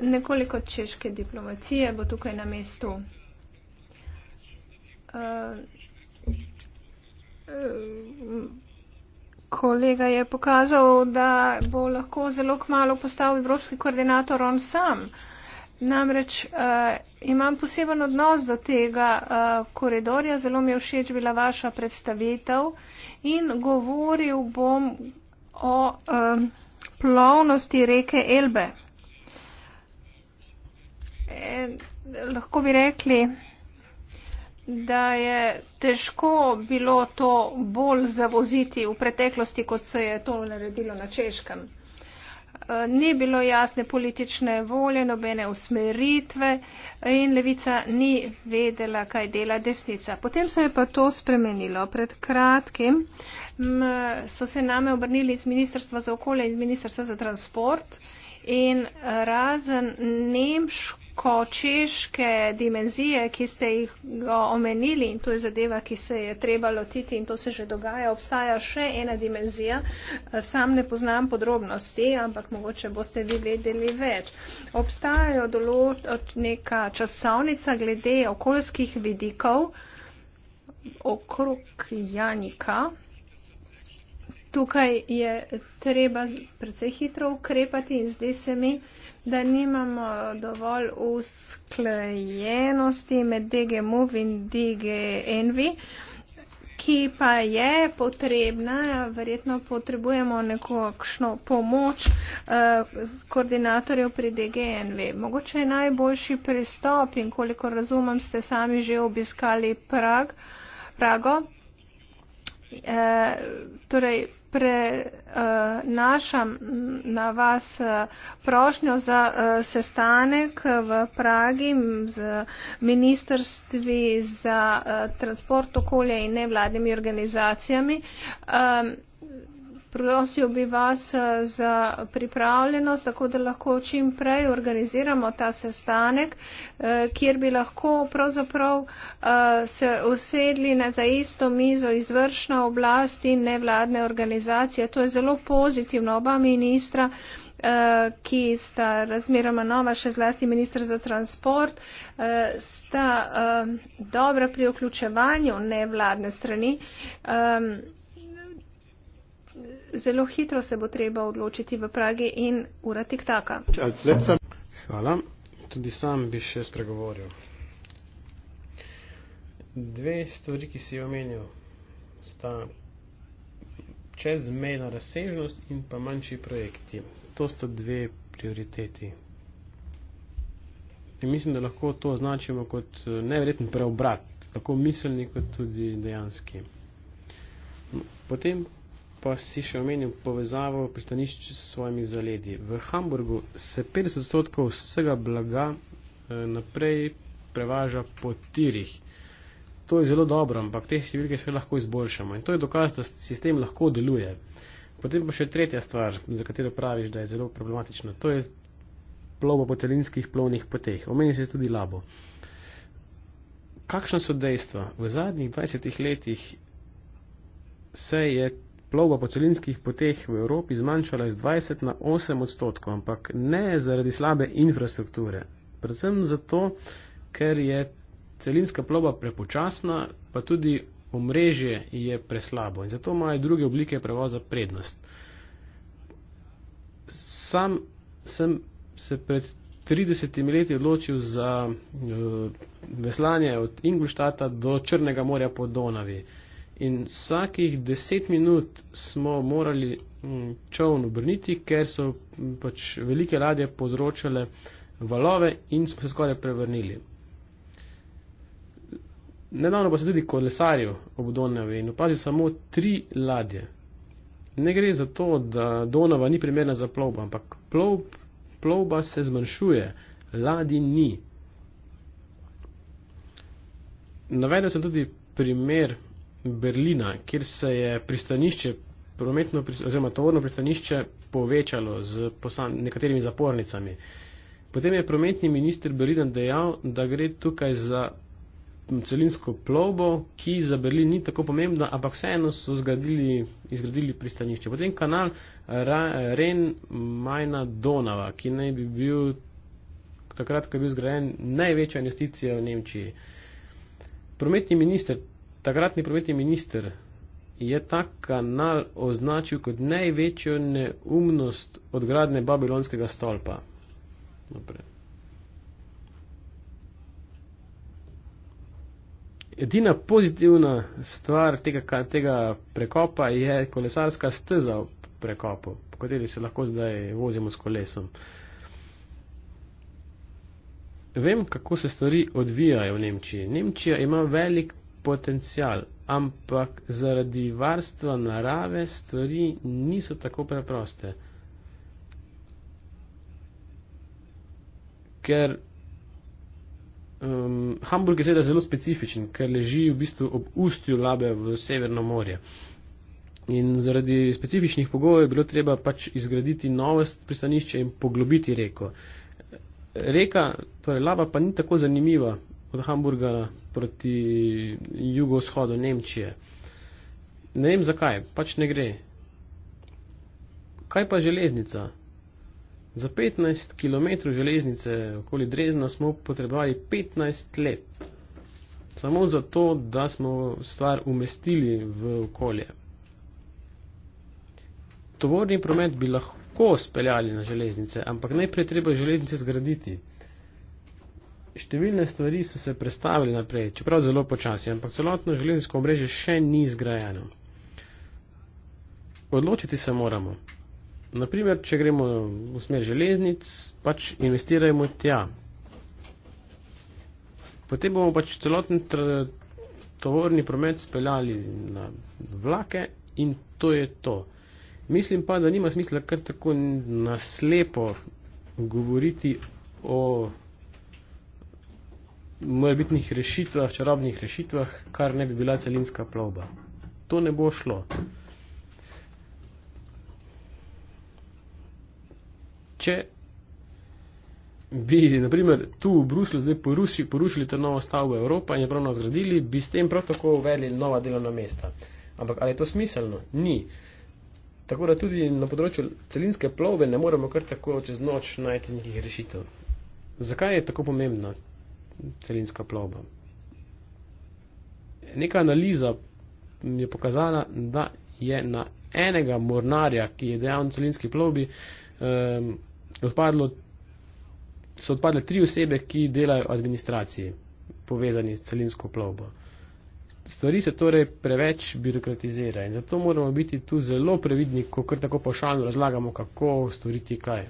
Nekoliko češke diplomacije bo tukaj na mestu. Uh, Kolega je pokazal, da bo lahko zelo kmalo postal evropski koordinator on sam. Uh, Namreč uh, imam poseben odnos do tega uh, koridorja, zelo mi je všeč bila vaša predstavitev in govoril bom o um, plovnosti reke Elbe. E, lahko bi rekli, da je težko bilo to bolj zavoziti v preteklosti, kot se je to naredilo na češkem. Eh, ni bilo jasne politične volje, nobene usmeritve in levica ni vedela, kaj dela desnica. Potem se je pa to spremenilo. Pred kratkim so se name obrnili iz Ministrstva za okolje in Ministrstva za transport in eh, razen nemško preko češke dimenzije, ki ste jih omenili in to je zadeva, ki se je treba lotiti in to se že dogaja, obstaja še ena dimenzija. E, sam ne poznam podrobnosti, ampak mogoče boste vi vedeli več. Obstajajo določena časovnica glede okoljskih vidikov okrog Janika tukaj je treba precej hitro ukrepati in zdi se mi, da nimamo dovolj usklajenosti med DG Move in DG Envy, ki pa je potrebna, verjetno potrebujemo nekakšno pomoč eh, koordinatorjev pri DG Envy. Mogoče je najboljši pristop in koliko razumem, ste sami že obiskali Prag, Prago. Eh, torej, prenašam na vas eh, prošnjo za eh, sestanek eh, v Pragi z ministrstvi za transport, okolje in nevladnimi organizacijami. Prosil bi vas eh, za pripravljenost, tako da lahko čim prej organiziramo ta sestanek, eh, kjer bi lahko pravzaprav eh, se usedli na ta isto mizo izvršna oblast in nevladne organizacije. To je zelo pozitivno. Oba ministra, ki sta razmeroma nova, še zlasti ministr za transport, sta dobra pri vključevanju nevladne strani zelo hitro se bo treba odločiti v Pragi in ura tik taka. Hvala. Tudi sam bi še spregovoril. Dve stvari, ki si omenil, sta čezmejna razsežnost in pa manjši projekti. To sta dve prioriteti. In mislim, da lahko to označimo kot eh, nevreten preobrat, tako miselni kot tudi dejanski. Potem pa si še omenil povezavo pristanišč s svojimi zaledji. V Hamburgu se 50% vsega blaga eh, naprej prevaža po tirih. To je zelo dobro, ampak te številke še lahko izboljšamo in to je dokaz, da sistem lahko deluje. Potem pa še tretja stvar, za katero praviš, da je zelo problematična, to je plovba po telinskih plovnih poteh. Omenil si tudi labo. Kakšna so dejstva? V zadnjih 20 letih se je plovba po celinskih poteh v Evropi zmanjšala iz 20 na 8 odstotkov, ampak ne zaradi slabe infrastrukture. Predvsem zato, ker je celinska plovba prepočasna, pa tudi omrežje je preslabo in zato imajo druge oblike prevoza prednost. Sam sem se pred 30 leti odločil za uh, veslanje od Ingolštata do Črnega morja po Donavi. Uh, In vsakih deset minut smo morali mm, čovn obrniti, ker so mm, pač velike ladje povzročale valove in smo se skoraj prevrnili. Nedavno pa sem tudi kolesaril ob Donavi in opazil samo tri ladje. Ne gre za to, da Donava ni primerna za plovbo, ampak plov, plovba se zmanjšuje, ladji ni. Navedel sem tudi primer, Berlina, kjer se je pristanišče, prometno oziroma tovorno pristanišče povečalo z posan, nekaterimi zapornicami. Potem je prometni minister Berlina dejal, da gre tukaj za celinsko plovbo, ki za Berlin ni tako pomembna, ampak vseeno so zgradili, izgradili pristanišče. Potem kanal Ren-Majna-Donava, ki naj bi bil takrat, ko je bil zgrajen, največja investicija v Nemčiji. Prometni minister takratni prometni minister je ta kanal označil kot največjo neumnost od gradne babilonskega stolpa. Naprej. Edina pozitivna stvar tega, tega prekopa je kolesarska steza v prekopu, po kateri se lahko zdaj vozimo s kolesom. Vem, kako se stvari odvijajo v Nemčiji. Nemčija ima velik potencial, ampak zaradi varstva narave stvari niso tako preproste. Ker um, Hamburg je seveda zelo specifičen, ker leži v bistvu ob ustju Labe v Severno morje. In zaradi specifičnih pogojev je bilo treba pač izgraditi novo pristanišče in poglobiti reko. Reka, torej Laba, pa ni tako zanimiva od Hamburga proti jugovzhodu Nemčije. Ne vem zakaj, pač ne gre. Kaj pa železnica? Za 15 km železnice okoli Drezna smo potrebovali 15 let. Samo zato, da smo stvar umestili v okolje. Tovorni promet bi lahko speljali na železnice, ampak najprej treba železnice zgraditi številne stvari so se predstavili naprej, čeprav zelo počasi, ampak celotno železniško obrežje še ni zgrajeno. Odločiti se moramo. Naprimer, če gremo v smer železnic, pač investirajmo tja. Potem bomo pač celoten tovorni promet speljali na vlake in to je to. Mislim pa, da nima smisla kar tako naslepo govoriti o morebitnih rešitvah, čarobnih rešitvah, kar ne bi bila celinska plovba. To ne bo šlo. Če bi, naprimer, tu v Bruslju zdaj porušili to novo stavbo Evropa in je pravno zgradili, bi s tem prav tako uvedli nova delovna mesta. Ampak ali je to smiselno? Ni. Tako da tudi na področju celinske plove ne moremo kar tako čez noč najti nekih rešitev. Zakaj je tako pomembno? celinska ploba. Neka analiza je pokazala, da je na enega mornarja, ki je dejal na celinski plobi, um, odpadlo, so odpadle tri osebe, ki delajo v administraciji, povezani s celinsko plobo. Stvari se torej preveč birokratizirajo in zato moramo biti tu zelo previdni, ko kar tako pošalno razlagamo, kako storiti kaj.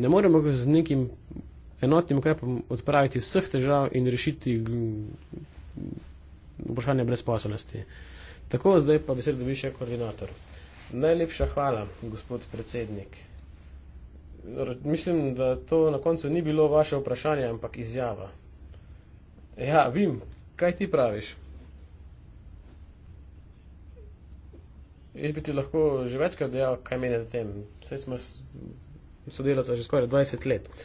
Ne moremo z nekim enotnim ukrepom odpraviti vseh težav in rešiti vprašanje brezposobnosti. Tako, zdaj pa besedo dobi še koordinator. Najlepša hvala, gospod predsednik. Mislim, da to na koncu ni bilo vaše vprašanje, ampak izjava. Ja, vim, kaj ti praviš? Jaz bi ti lahko že večkrat dejal, kaj meni na tem. Vse smo sodelavca že skoraj 20 let. Uh,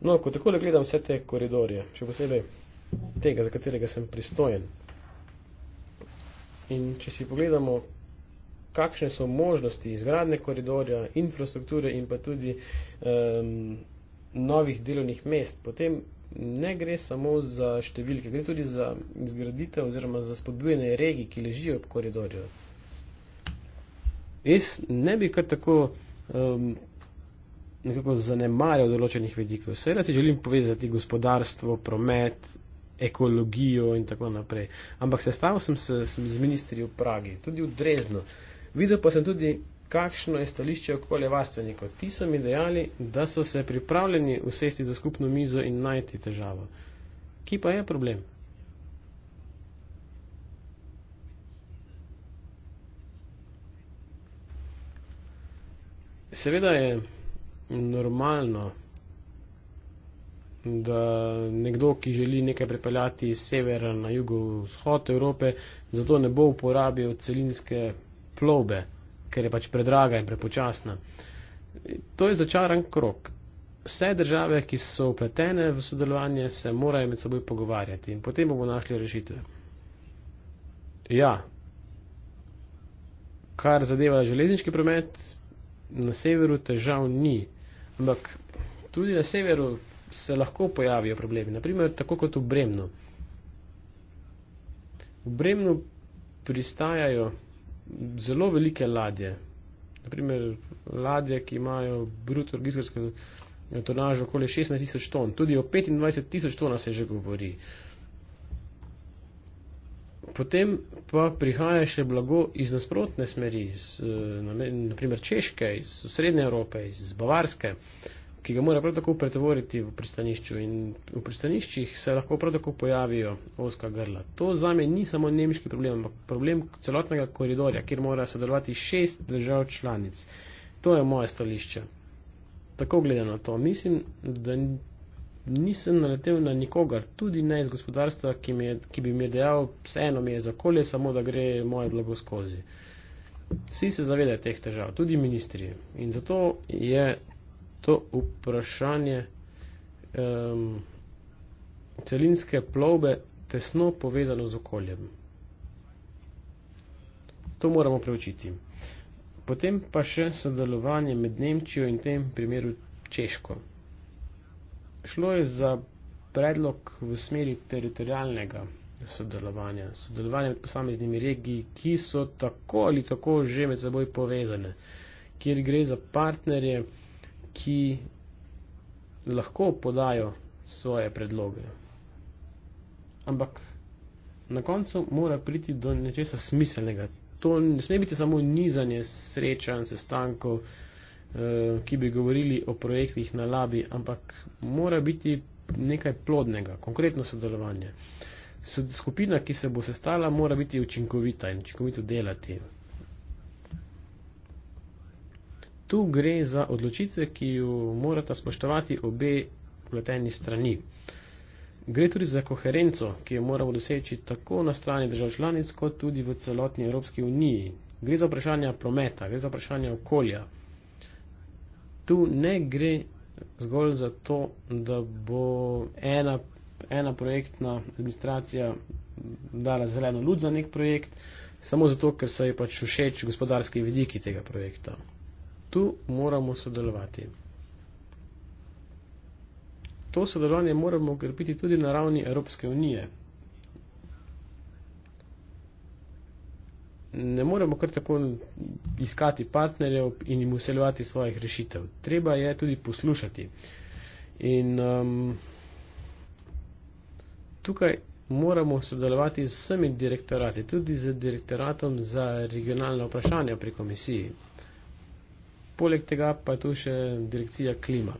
No, ko tako gledam vse te koridorje, še posebej tega, za katerega sem pristojen. In če si pogledamo, kakšne so možnosti izgradne koridorja, infrastrukture in pa tudi um, novih delovnih mest, potem ne gre samo za številke, gre tudi za izgraditev oziroma za spodbujene regije, ki ležijo ob koridorju. Jaz ne bi kar tako. Um, nekako zanemarjal določenih vedikov. Seveda si želim povezati gospodarstvo, promet, ekologijo in tako naprej. Ampak sestavil sem se sem z ministri v Pragi, tudi v Drezno. Videl pa sem tudi, kakšno je stališče okoljevarstvenikov. Ti so mi dejali, da so se pripravljeni usesti za skupno mizo in najti težavo. Kje pa je problem? Seveda je normalno, da nekdo, ki želi nekaj prepeljati iz severa na jugovzhod Evrope, zato ne bo uporabil celinske plovbe, ker je pač predraga in prepočasna. To je začaran krok. Vse države, ki so upletene v sodelovanje, se morajo med seboj pogovarjati in potem bomo našli rešitve. Ja, kar zadeva železniški promet, na severu težav ni, Ampak tudi na severu se lahko pojavijo problemi, naprimer tako kot v Bremnu. V Bremnu pristajajo zelo velike ladje, naprimer ladje, ki imajo bruto registrsko tonažo okoli 16 tisoč ton, tudi o 25 tisoč tona se že govori. Uh, potem pa prihaja še blago iz nasprotne smeri, iz, eh, naprimer Češke, iz Srednje Evrope, iz Bavarske, ki ga mora prav tako pretvoriti v pristanišču. In v pristaniščih se lahko prav tako pojavijo oska grla. To za me ni samo nemški problem, ampak problem celotnega koridorja, kjer mora sodelovati šest držav članic. To je moje stališče. Tako gledano to, mislim, da nisem naletel na nikogar, tudi ne iz gospodarstva, ki, je, ki bi mi je dejal, vseeno mi je za okolje, samo da gre moje blago skozi. Vsi se zavedajo teh težav, tudi ministri. In zato je to vprašanje um, celinske plovbe tesno povezano z okoljem. To moramo preučiti. Potem pa še sodelovanje med Nemčijo in tem primeru Češko. Šlo je za predlog v smeri teritorijalnega sodelovanja, sodelovanja med posameznimi regiji, ki so tako ali tako že med seboj povezane, kjer gre za partnerje, ki lahko podajo svoje predloge. Ampak na koncu mora priti do nečesa smiselnega. To ne sme biti samo nizanje srečanj, sestankov, Eh, ki bi govorili o projektih na labi, ampak mora biti nekaj plodnega, konkretno sodelovanje. Skupina, ki se bo sestala, mora biti učinkovita in učinkovito delati. Tu gre za odločitve, ki jo morata spoštovati obe vleteni strani. Gre tudi za koherenco, ki jo moramo doseči tako na strani držav članic, kot tudi v celotni Evropski uniji. Gre za vprašanja prometa, gre za vprašanja okolja tu ne gre zgolj za to, da bo ena, ena projektna administracija dala zeleno luč za nek projekt, samo zato, ker so ji pač všeč gospodarski vidiki tega projekta. Tu moramo sodelovati. To sodelovanje moramo okrepiti tudi na ravni Evropske unije. ne moremo kar tako iskati partnerjev in jim useljevati svojih rešitev. Treba je tudi poslušati. In um, tukaj moramo sodelovati z vsemi direktorati, tudi z direktoratom za regionalne vprašanja pri komisiji. Poleg tega pa je tu še direkcija klima.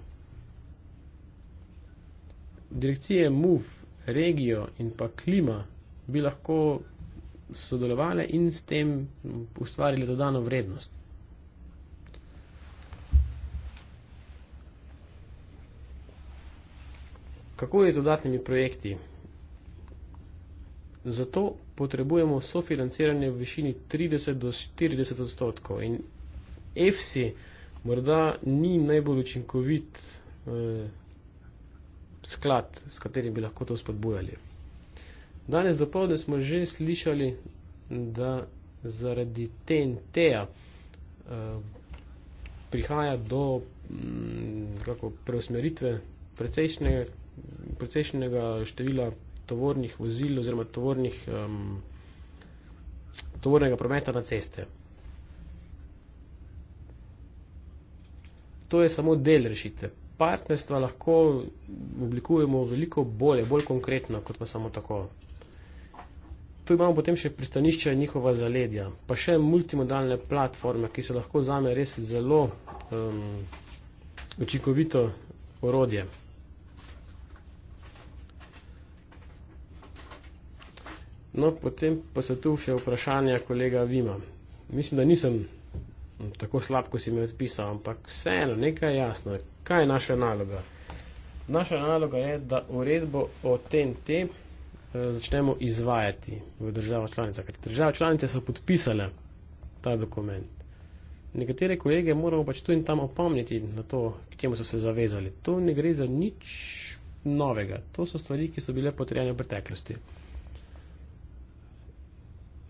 Direkcije MUV, regijo in pa klima bi lahko sodelovali in s tem ustvarili dodano vrednost. Kako je z dodatnimi projekti? Zato potrebujemo sofinanciranje v višini 30 do 40 odstotkov. In EFSI morda ni najbolj učinkovit eh, sklad, s katerim bi lahko to spodbujali. Danes dopoledne smo že slišali, da zaradi TNT-ja eh, prihaja do mm, kako, preusmeritve precejšnjega, precejšnjega števila tovornih vozil oziroma tovornih, um, tovornega prometa na ceste. To je samo del rešitve. Partnerstva lahko oblikujemo veliko bolje, bolj konkretno, kot pa samo tako tu imamo potem še pristanišče njihova zaledja, pa še multimodalne platforme, ki so lahko zame res zelo um, učinkovito orodje. No, potem pa se tu še vprašanja kolega Vima. Mislim, da nisem mm, tako slab, ko si mi odpisal, ampak vseeno, nekaj jasno. Kaj je naša naloga? Naša naloga je, da uredbo o TNT Eh, začnemo izvajati v državah članicah. Države članice so podpisale ta dokument. Nekatere kolege moramo pač tu in tam opomniti na to, k čemu so se zavezali. To ne gre za nič novega. To so stvari, ki so bile potrejene v preteklosti.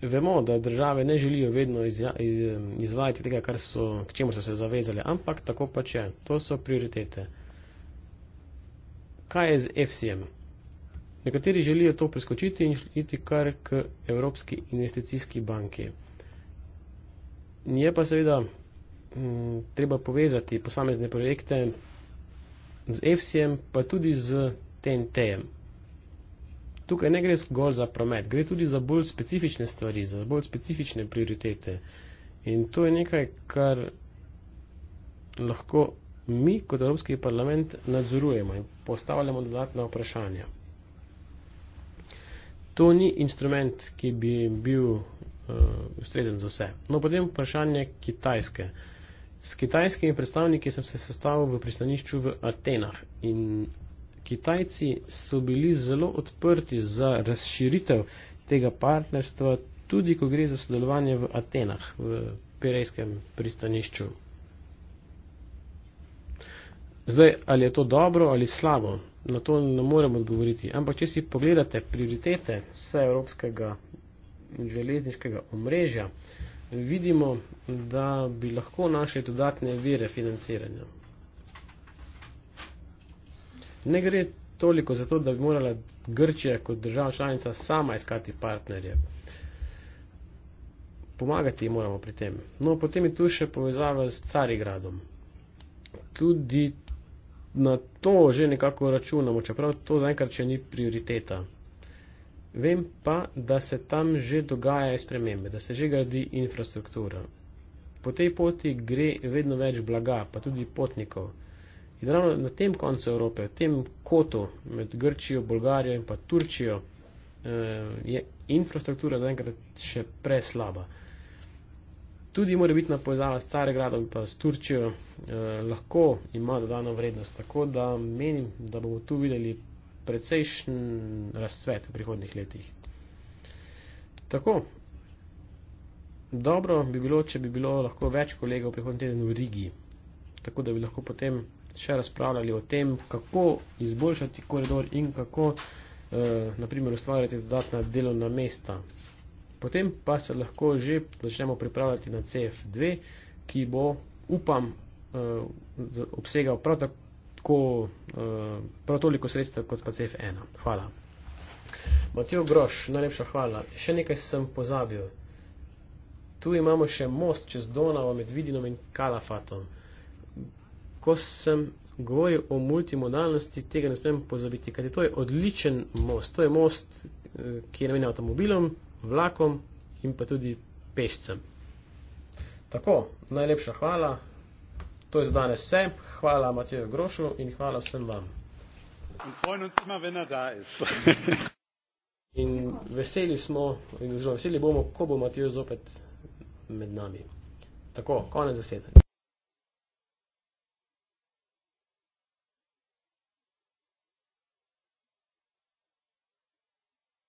Vemo, da države ne želijo vedno izvajati tega, kar so, k čemu so se zavezali, ampak tako pač je. To so prioritete. Kaj je z FCM? -em? Nekateri želijo to preskočiti in iti kar k Evropski investicijski banki. Nije pa seveda m, mm, treba povezati posamezne projekte z EFSI-jem, pa tudi z TNT-jem. Tukaj ne gre zgolj za promet, gre tudi za bolj specifične stvari, za bolj specifične prioritete. In to je nekaj, kar lahko mi kot Evropski parlament nadzorujemo in postavljamo dodatna vprašanja to ni instrument, ki bi bil uh, ustrezen za vse. No, potem vprašanje Kitajske. S kitajskimi predstavniki sem se sestavil v pristanišču v Atenah in Kitajci so bili zelo odprti za razširitev tega partnerstva, tudi ko gre za sodelovanje v Atenah, v Pirejskem pristanišču. Zdaj, ali je to dobro ali slabo, na to ne morem odgovoriti. Ampak, če si pogledate prioritete vse evropskega železniškega omrežja, vidimo, da bi lahko našli dodatne vire financiranja. Ne gre toliko za to, da bi morala Grčija kot država članica sama iskati partnerje. Pomagati moramo pri tem. No, potem je tu še povezava z Carigradom. Tudi na to že nekako računamo, čeprav to zaenkrat še ni prioriteta. Vem pa, da se tam že dogajajo spremembe, da se že gradi infrastruktura. Po tej poti gre vedno več blaga, pa tudi potnikov. In ravno na tem koncu Evrope, v tem kotu med Grčijo, Bolgarijo in pa Turčijo, eh, je infrastruktura zaenkrat še preslaba tudi mora biti na povezava s Caregradom in pa s Turčijo, eh, lahko ima dodano vrednost. Tako da menim, da bomo tu videli precejšen razcvet v prihodnih letih. Tako, dobro bi bilo, če bi bilo lahko več kolegov prihodnji teden v Rigi, tako da bi lahko potem še razpravljali o tem, kako izboljšati koridor in kako eh, naprimer ustvarjati dodatna delovna mesta Potem pa se lahko že začnemo pripravljati na CF2, ki bo, upam, uh, obsegal prav, tako, uh, prav toliko sredstev kot pa CF1. Hvala. Matijo Groš, najlepša hvala. Še nekaj sem pozabil. Tu imamo še most čez Donavo med Vidinom in Kalafatom. Ko sem govoril o multimodalnosti, tega ne smem pozabiti, kajti to je odličen most. To je most, eh, ki je namenjen avtomobilom, vlakom in pa tudi pešcem. Tako, najlepša hvala. To je za danes vse. Hvala Matijo Grošu in hvala vsem vam. Er in veseli smo in zelo veseli bomo, ko bo Matijo zopet med nami. Tako, konec zasedanja.